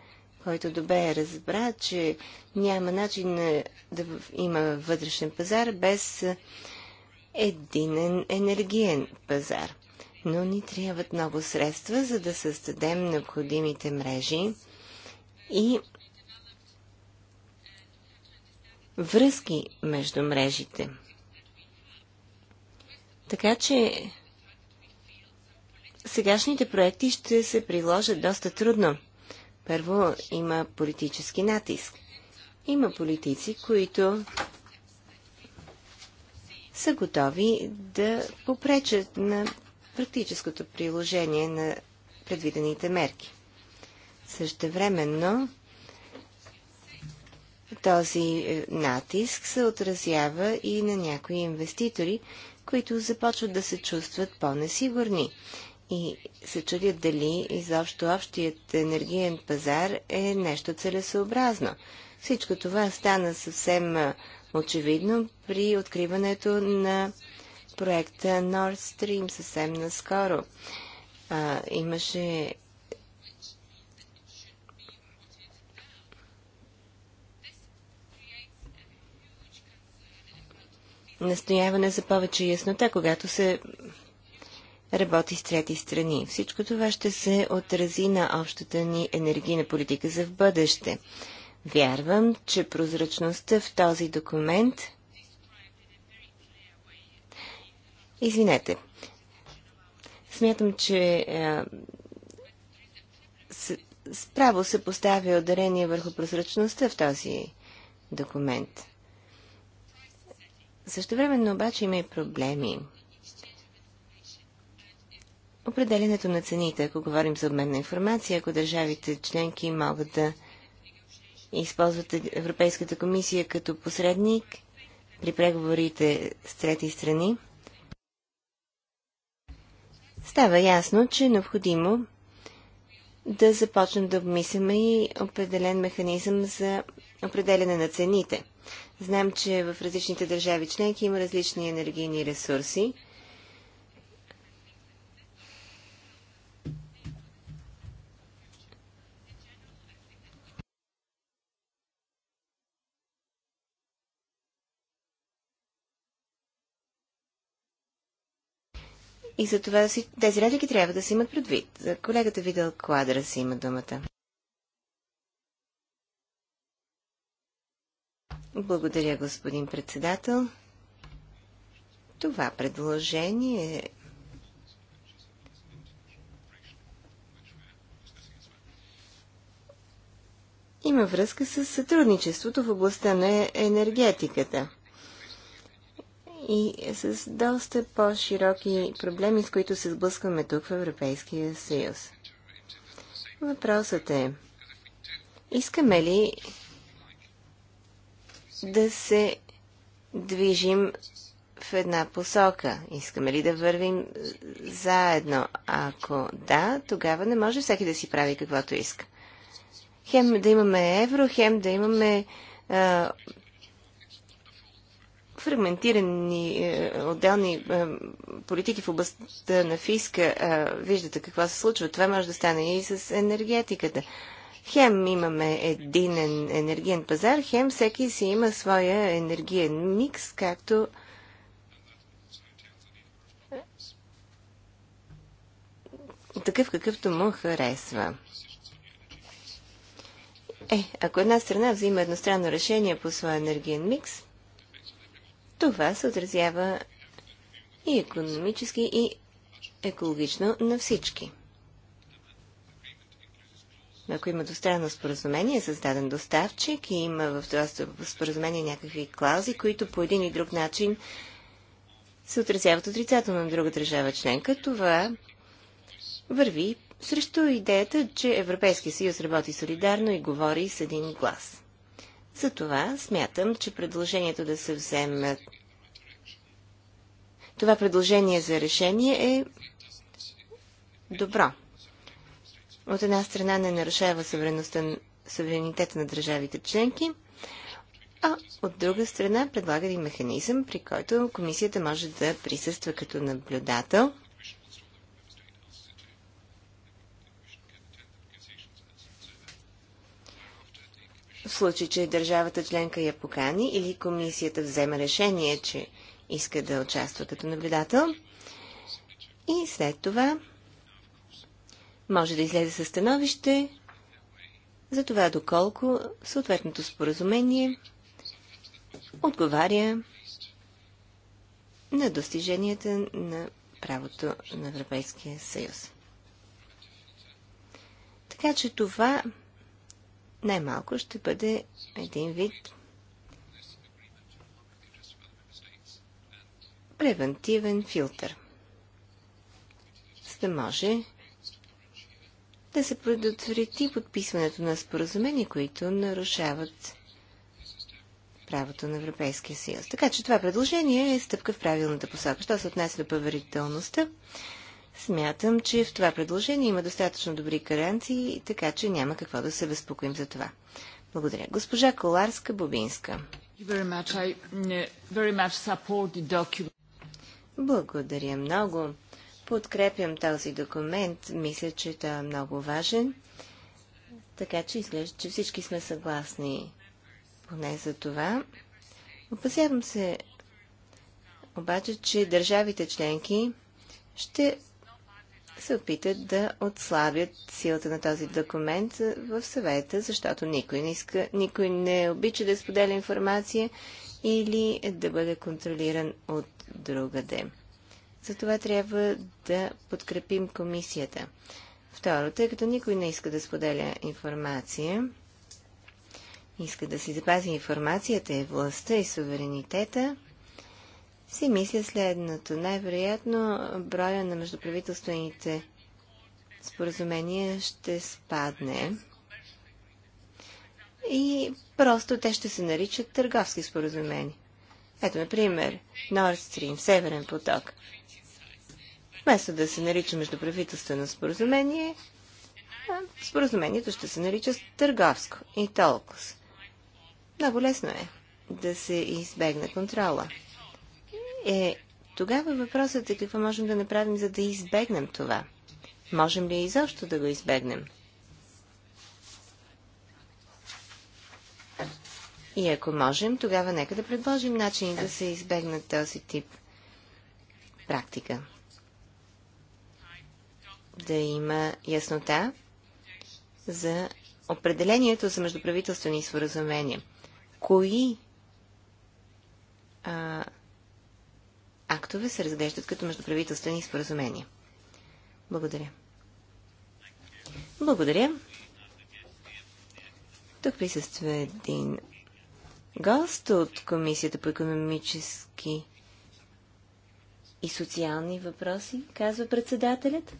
който добре е разбра, че няма начин е, да има вътрешен пазар без е, единен енергиен пазар. Но ни трябват много средства, за да създадем необходимите мрежи и връзки между мрежите. Така че сегашните проекти ще се приложат доста трудно – първо, има политически натиск. Има политици, които са готови да попречат на практическото приложение на предвидените мерки. Същевременно този е, натиск се отразява и на някои инвеститори, които започват да се чувстват по-несигурни и се чудят дали изобщо общият енергиен пазар е нещо целесообразно. Всичко това стана съвсем очевидно при откриването на проекта Nord Stream съвсем наскоро. А, имаше настояване за повече яснота, когато се работи с трети страни. Всичко това ще се отрази на общата ни енергийна политика за в бъдеще. Вярвам, че прозрачността в този документ Извинете. Смятам, че е, справо се поставя ударение върху прозрачността в този документ. Също времено обаче има и проблеми определенето на цените, ако говорим за обмен на информация, ако държавите членки могат да използват Европейската комисия като посредник при преговорите с трети страни, става ясно, че е необходимо да започнем да обмисляме и определен механизъм за определене на цените. Знам, че в различните държави членки има различни енергийни ресурси – И за това тези разлики трябва да се имат предвид. Колегата Видел Кладра си има думата. Благодаря, господин председател. Това предложение има връзка с сътрудничеството в областта на енергетиката и с доста по-широки проблеми, с които се сблъскваме тук в Европейския съюз. Въпросът е, искаме ли да се движим в една посока? Искаме ли да вървим заедно? Ако да, тогава не може всеки да си прави каквото иска. Хем да имаме евро, хем да имаме а, фрагментирани е, отделни е, политики в областта на фиска, е, виждате какво се случва. Това може да стане и с енергетиката. Хем имаме един енергиен пазар, хем всеки си има своя енергиен микс, както такъв какъвто му харесва. Е, ако една страна взима едностранно решение по своя енергиен микс, това се отразява и економически, и екологично на всички. Ако има двустранно споразумение създаден доставчик и има в това споразумение някакви клаузи, които по един и друг начин се отразяват отрицателно на друга държава членка, това върви срещу идеята, че Европейския съюз работи солидарно и говори с един глас. Затова смятам, че предложението да се вземе това предложение за решение е добро. От една страна не нарушава суверенитета на държавите членки, а от друга страна предлага и механизъм, при който комисията може да присъства като наблюдател – в случай, че държавата членка я покани или комисията взема решение, че иска да участва като наблюдател. И след това може да излезе със становище за това доколко съответното споразумение отговаря на достиженията на правото на Европейския съюз. Така че това най-малко ще бъде един вид превентивен филтър, за да може да се предотврати подписването на споразумения, които нарушават правото на Европейския съюз. Така че това предложение е стъпка в правилната посока. Що се отнася до поверителността, Смятам, че в това предложение има достатъчно добри гаранции, така че няма какво да се безпокоим за това. Благодаря. Госпожа Коларска-Бубинска. Благодаря много. Подкрепям този документ. Мисля, че той е много важен. Така че изглежда, че всички сме съгласни поне за това. Опасявам се обаче, че държавите членки ще се опитат да отслабят силата на този документ в съвета, защото никой не, иска, никой не обича да споделя информация или да бъде контролиран от другаде. Затова трябва да подкрепим комисията. Второ, тъй като никой не иска да споделя информация, иска да си запази информацията и властта и суверенитета, си мисля следното. Най-вероятно броя на междуправителствените споразумения ще спадне. И просто те ще се наричат търговски споразумения. Ето, например, Nord Stream, Северен поток. Вместо да се нарича междуправителствено споразумение, споразумението ще се нарича търговско и толкова. Много лесно е да се избегне контрола е тогава въпросът е какво можем да направим, за да избегнем това. Можем ли изобщо да го избегнем? И ако можем, тогава нека да предложим начини да се избегнат този тип практика. Да има яснота за определението за междуправителствени споразумения. Кои а, актове се разглеждат като междуправителствени споразумения. Благодаря. Благодаря. Тук присъства един гост от Комисията по економически и социални въпроси, казва председателят.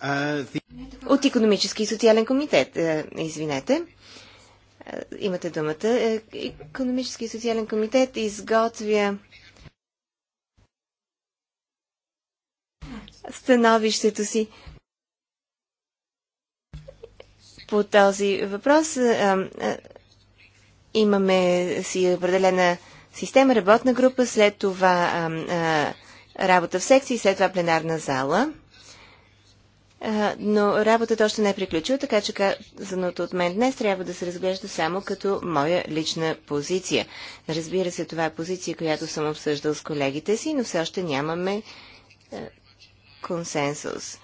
Uh, the... От економически и социален комитет, е, извинете. Е, имате думата. Е, економически и социален комитет изготвя становището си по този въпрос. Е, имаме си определена система, работна група, след това работа в секции, след това пленарна зала но работата още не е приключила, така че казаното от мен днес трябва да се разглежда само като моя лична позиция. Разбира се, това е позиция, която съм обсъждал с колегите си, но все още нямаме е, консенсус.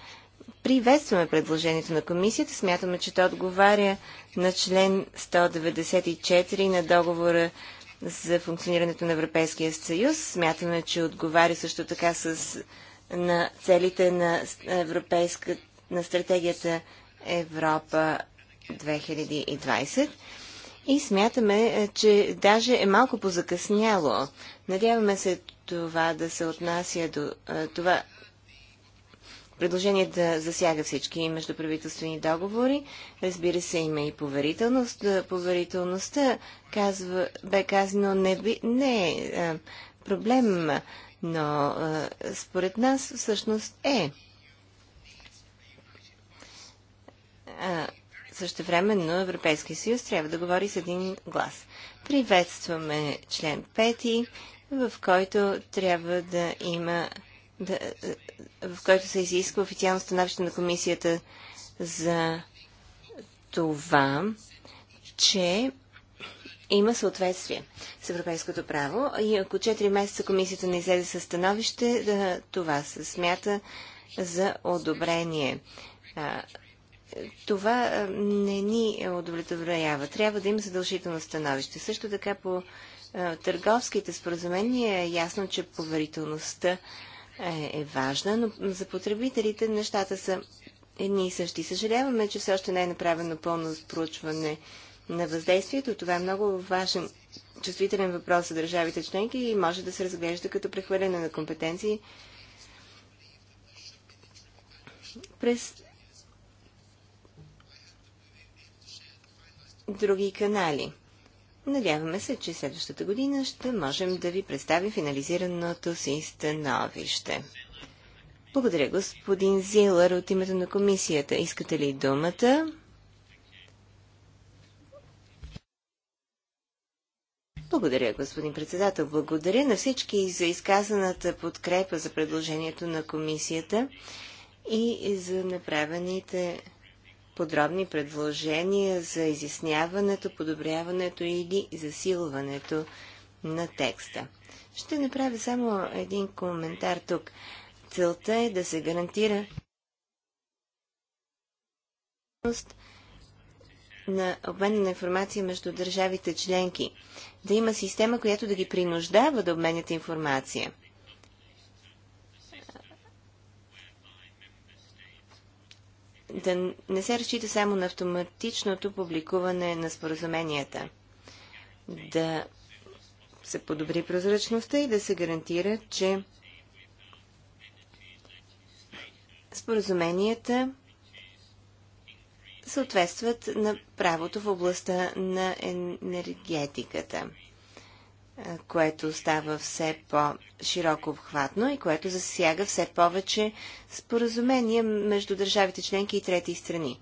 Приветстваме предложението на комисията, смятаме, че то отговаря на член 194 на договора за функционирането на Европейския съюз. Смятаме, че отговаря също така с на целите на европейска, на стратегията Европа 2020. И смятаме, е, че даже е малко позакъсняло. Надяваме се това да се отнася до е, това предложение да засяга всички междуправителствени договори. Разбира се, има и поверителност. Е, поверителността, казва, бе казано, не, би, не е проблем но според нас всъщност е. Също времено Европейския съюз трябва да говори с един глас. Приветстваме член 5, в който трябва да има да, в който се изисква официално становище на комисията за това, че има съответствие с европейското право и ако 4 месеца комисията не излезе със становище, да, това се смята за одобрение. това не ни удовлетворява. Трябва да има задължително становище. Също така по търговските споразумения е ясно, че поверителността е, е важна, но за потребителите нещата са едни и същи. Съжаляваме, че все още не е направено пълно проучване на въздействието. Това е много важен чувствителен въпрос за държавите членки и може да се разглежда като прехвърляне на компетенции през други канали. Надяваме се, че следващата година ще можем да ви представим финализираното си становище. Благодаря, господин Зилър, от името на комисията. Искате ли думата? Благодаря, господин председател. Благодаря на всички за изказаната подкрепа за предложението на комисията и за направените подробни предложения за изясняването, подобряването или засилването на текста. Ще направя само един коментар тук. Целта е да се гарантира на обмен на информация между държавите членки. Да има система, която да ги принуждава да обменят информация. Да не се разчита само на автоматичното публикуване на споразуменията. Да се подобри прозрачността и да се гарантира, че споразуменията съответстват на правото в областта на енергетиката, което става все по-широко обхватно и което засяга все повече споразумения между държавите членки и трети страни.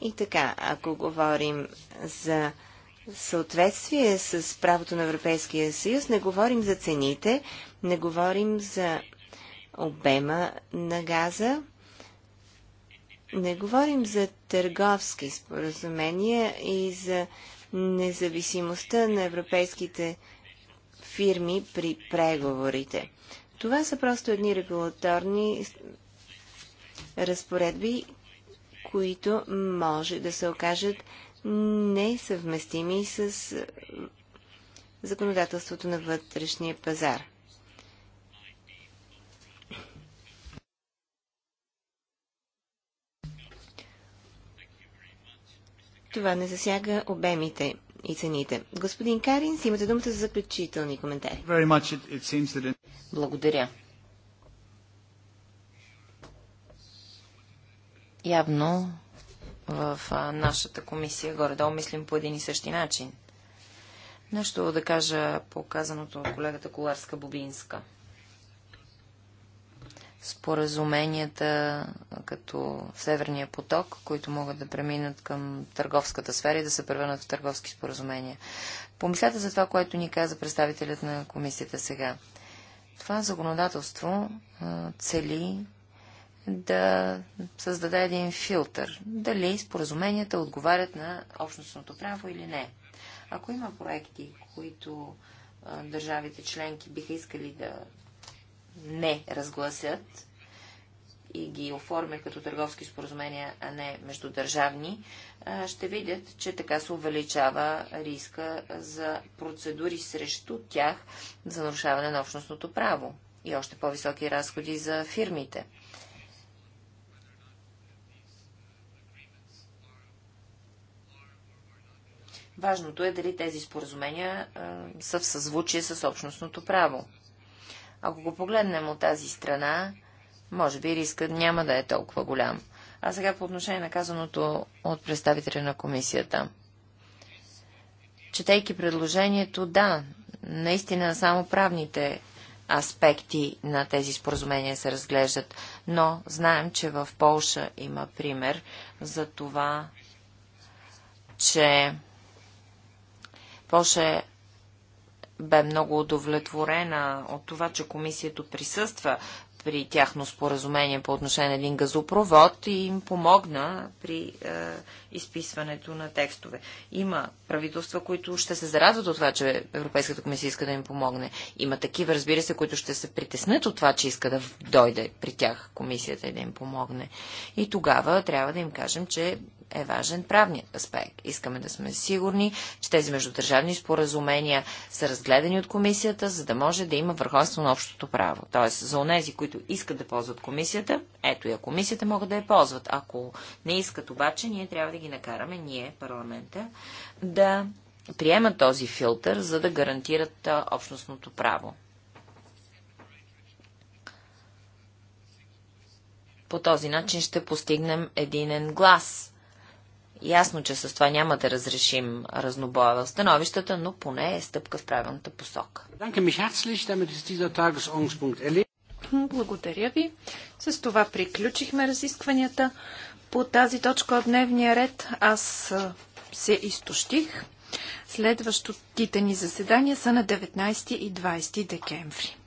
И така, ако говорим за съответствие с правото на Европейския съюз, не говорим за цените, не говорим за обема на газа, не говорим за търговски споразумения и за независимостта на европейските фирми при преговорите. Това са просто едни регулаторни разпоредби, които може да се окажат несъвместими с законодателството на вътрешния пазар. това не засяга обемите и цените. Господин Карин, си имате думата за заключителни коментари. Благодаря. Явно в нашата комисия горе-долу мислим по един и същи начин. Нещо да кажа по казаното от колегата Коларска-Бобинска споразуменията като Северния поток, които могат да преминат към търговската сфера и да се превърнат в търговски споразумения. Помислете за това, което ни каза представителят на комисията сега. Това законодателство цели да създаде един филтър. Дали споразуменията отговарят на общностното право или не. Ако има проекти, които държавите членки биха искали да не разгласят и ги оформят като търговски споразумения, а не междудържавни, ще видят, че така се увеличава риска за процедури срещу тях за нарушаване на общностното право и още по-високи разходи за фирмите. Важното е дали тези споразумения а, са в съзвучие с общностното право. Ако го погледнем от тази страна, може би рискът няма да е толкова голям. А сега по отношение на казаното от представителя на комисията. Четейки предложението, да, наистина само правните аспекти на тези споразумения се разглеждат, но знаем, че в Полша има пример за това, че Полша е бе много удовлетворена от това, че комисията присъства при тяхно споразумение по отношение на един газопровод и им помогна при е, изписването на текстове. Има правителства, които ще се зарадват от това, че Европейската комисия иска да им помогне. Има такива, разбира се, които ще се притеснат от това, че иска да дойде при тях комисията и да им помогне. И тогава трябва да им кажем, че е важен правният аспект. Искаме да сме сигурни, че тези междудържавни споразумения са разгледани от комисията, за да може да има върховенство на общото право. Тоест, за онези, които искат да ползват комисията, ето я комисията могат да я ползват. Ако не искат обаче, ние трябва да да ги накараме ние, парламента, да приемат този филтър, за да гарантират общностното право. По този начин ще постигнем единен глас. Ясно, че с това няма да разрешим разнобоя в становищата, но поне е стъпка в правилната посока. Благодаря ви. С това приключихме разискванията. По тази точка от дневния ред аз се изтощих. Следващото ни заседания са на 19 и 20 декември.